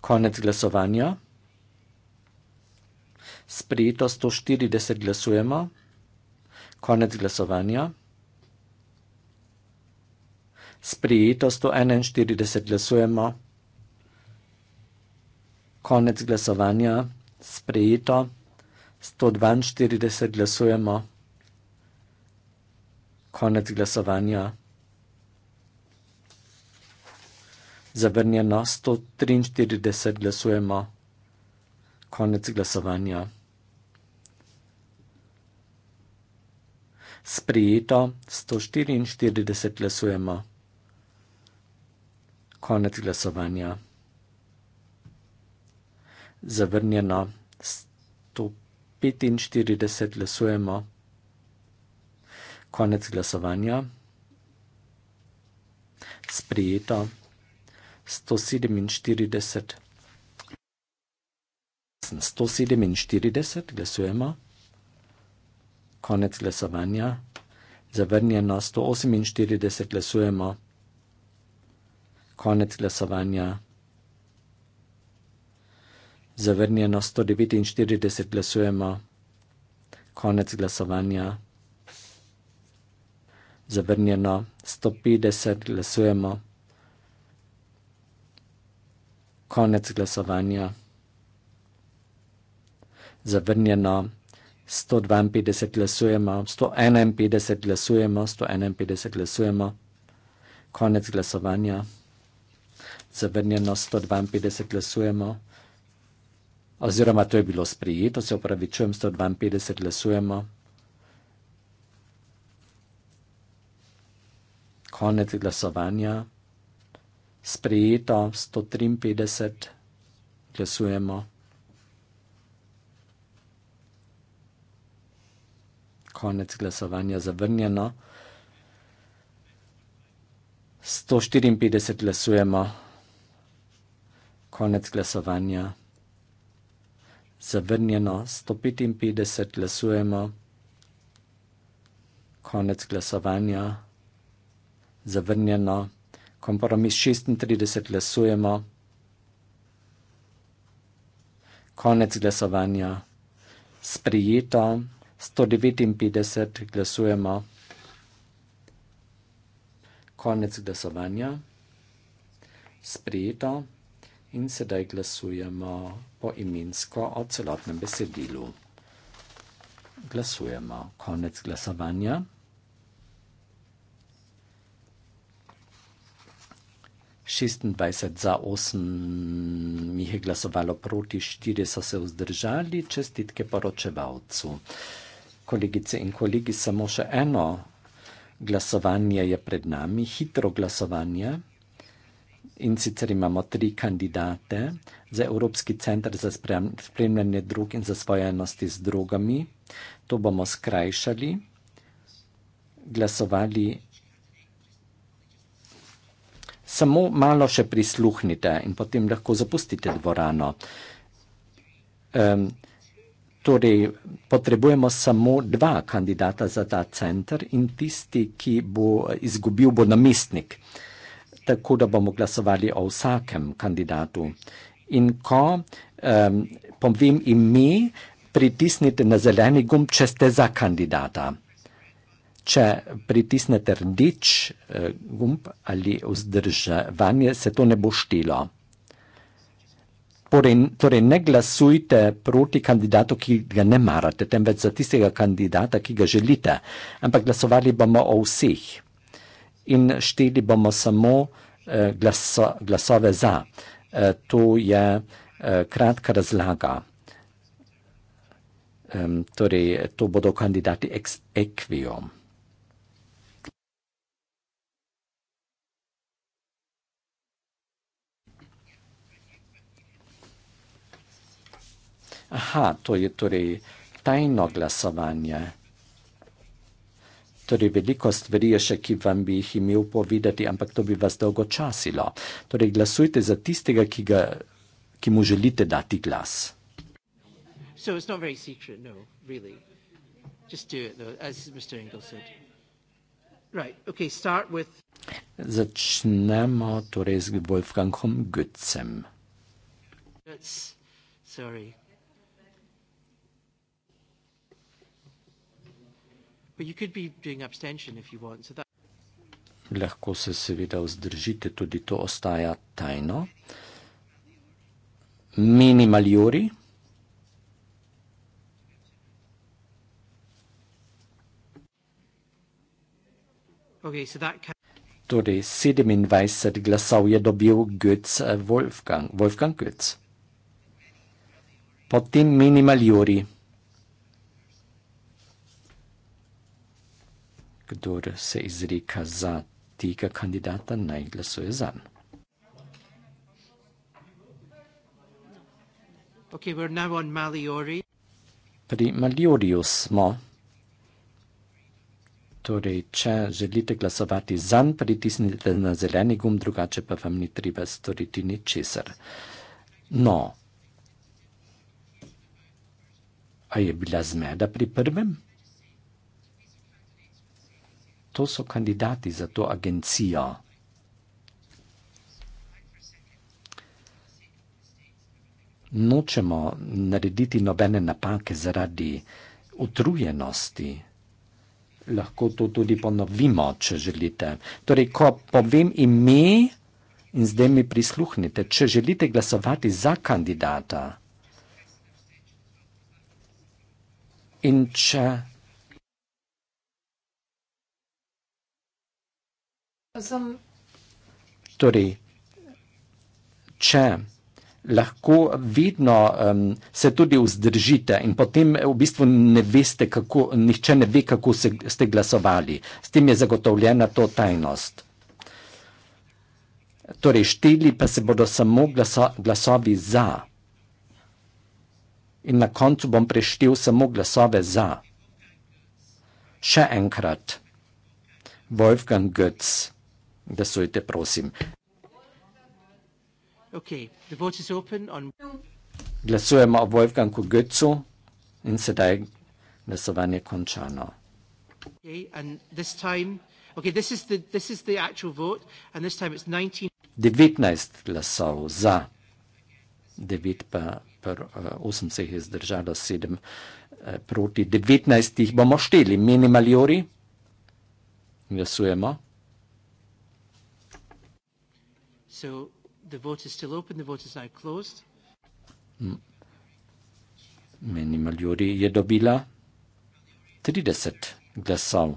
Konec glasovanja sprejeto 140 glasujemo. Konec glasovanja. Sprejeto 141 glasujemo. Konec glasovanja. Sprejeto 142 glasujemo. Konec glasovanja. Zavrnjeno 143 glasujemo. Konec glasovanja. sprejeto, 144 glasujemo. Konec glasovanja. Zavrnjeno, 145 glasujemo. Konec glasovanja. Sprejeto, 147. 147 glasujemo konec glasovanja. Zavrnjeno 148 glasujemo. Konec glasovanja. Zavrnjeno 149 glasujemo. Konec glasovanja. Zavrnjeno 150 glasujemo. Konec glasovanja. Zavrnjeno 152 glasujemo, 151 glasujemo, 151 glasujemo. Konec glasovanja. Zavrnjeno 152 glasujemo. Oziroma to je bilo sprijeto, se upravičujem, 152 glasujemo. Konec glasovanja. Sprijeto 153 glasujemo. konec glasovanja zavrnjeno. 154 glasujemo, konec glasovanja zavrnjeno. 155 glasujemo, konec glasovanja zavrnjeno. Kompromis 36 glasujemo, konec glasovanja sprijeto. 159 glasujemo. Konec glasovanja. Sprijeto. In sedaj glasujemo po imensko o celotnem besedilu. Glasujemo. Konec glasovanja. Šestindvajset za osem jih je glasovalo proti, štiri so se vzdržali, čestitke poročevalcu kolegice in kolegi, samo še eno glasovanje je pred nami, hitro glasovanje. In sicer imamo tri kandidate za Evropski center za spremljanje drug in za spojenosti z drugami. To bomo skrajšali. Glasovali. Samo malo še prisluhnite in potem lahko zapustite dvorano. Um, Torej, potrebujemo samo dva kandidata za ta center in tisti, ki bo izgubil, bo namestnik. Tako da bomo glasovali o vsakem kandidatu. In ko um, povem ime, pritisnite na zeleni gumb, če ste za kandidata. Če pritisnete rdeč eh, gumb ali vzdrževanje, se to ne bo štelo. Torej, torej, ne glasujte proti kandidatu, ki ga ne marate, temveč za tistega kandidata, ki ga želite. Ampak glasovali bomo o vseh in šteli bomo samo eh, glaso, glasove za. Eh, to je eh, kratka razlaga. Eh, torej, to bodo kandidati ex equio. Aha, to je torej tajno glasovanje. Torej, veliko stvari je še, ki vam bi jih imel povedati, ampak to bi vas dolgo časilo. Torej, glasujte za tistega, ki, ga, ki mu želite dati glas. So it's not very secret, no, really. Just do it, though, as Mr. Engel said. Right, okay, start with. Začnemo torej z Wolfgangom Götzem. That's, sorry, Lahko se seveda vzdržite, tudi to ostaja tajno. Minimaljori. Torej, 27 glasov je dobil Götz eh, Wolfgang, Wolfgang Götz. Potem minimaljori. kdor se izreka za tega kandidata, naj glasuje za. Okay, Pri Maliorju smo. Torej, če želite glasovati za, pritisnite na zeleni gum, drugače pa vam ni treba storiti ničesar. No, a je bila zmeda pri prvem? to so kandidati za to agencijo. Nočemo narediti nobene napake zaradi utrujenosti. Lahko to tudi ponovimo, če želite. Torej, ko povem ime, in zdaj mi prisluhnite, če želite glasovati za kandidata in če Sem... Torej, če lahko vidno um, se tudi vzdržite in potem v bistvu ne veste, kako, nihče ne ve, kako se, ste glasovali. S tem je zagotovljena to tajnost. Torej, šteli pa se bodo samo glaso, glasovi za. In na koncu bom preštel samo glasove za. Še enkrat. Wolfgang Götz. Glasujte, prosim. Glasujemo o Wolfgangu Götzu in sedaj glasovanje končano. Devetnajst glasov za, devet pa, eh, osem se jih je zdržalo, sedem eh, proti, devetnajst jih bomo šteli. Minimaliori, glasujemo. So the vote is still open. The vote is now closed. Meni Maljori je dobila 30 glasov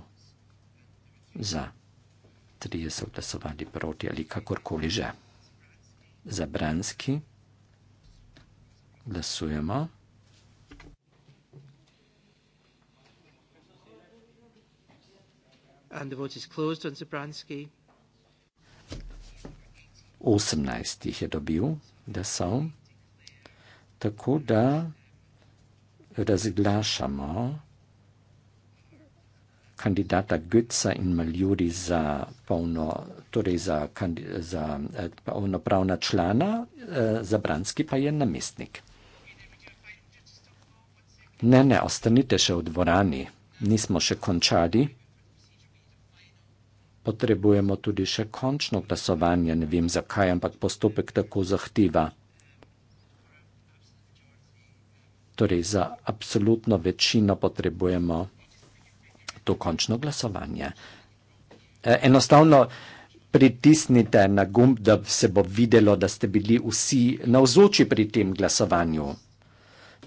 za, 30 so glasovali proti ali kakorkoli že. Za Branski glasujemo. And the vote is closed on Zabranski. 18 jih je dobil, da so, tako da razglašamo kandidata Götza in Maljuri za, polno, torej za, za eh, polnopravna člana, eh, Zabranski pa je namestnik. Ne, ne, ostanite še v dvorani, nismo še končali. Potrebujemo tudi še končno glasovanje, ne vem zakaj, ampak postopek tako zahteva. Torej, za absolutno večino potrebujemo to končno glasovanje. E, enostavno pritisnite na gumb, da se bo videlo, da ste bili vsi navzoči pri tem glasovanju.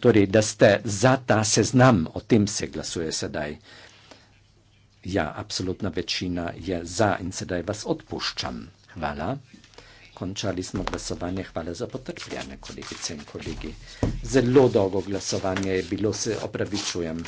Torej, da ste za ta seznam, o tem se glasuje sedaj ja, absolutna večina je za in sedaj vas odpuščam. Hvala. Končali smo glasovanje, hvala za potrpljanje, kolegice in kolegi. Zelo dolgo glasovanje je bilo, se opravičujem.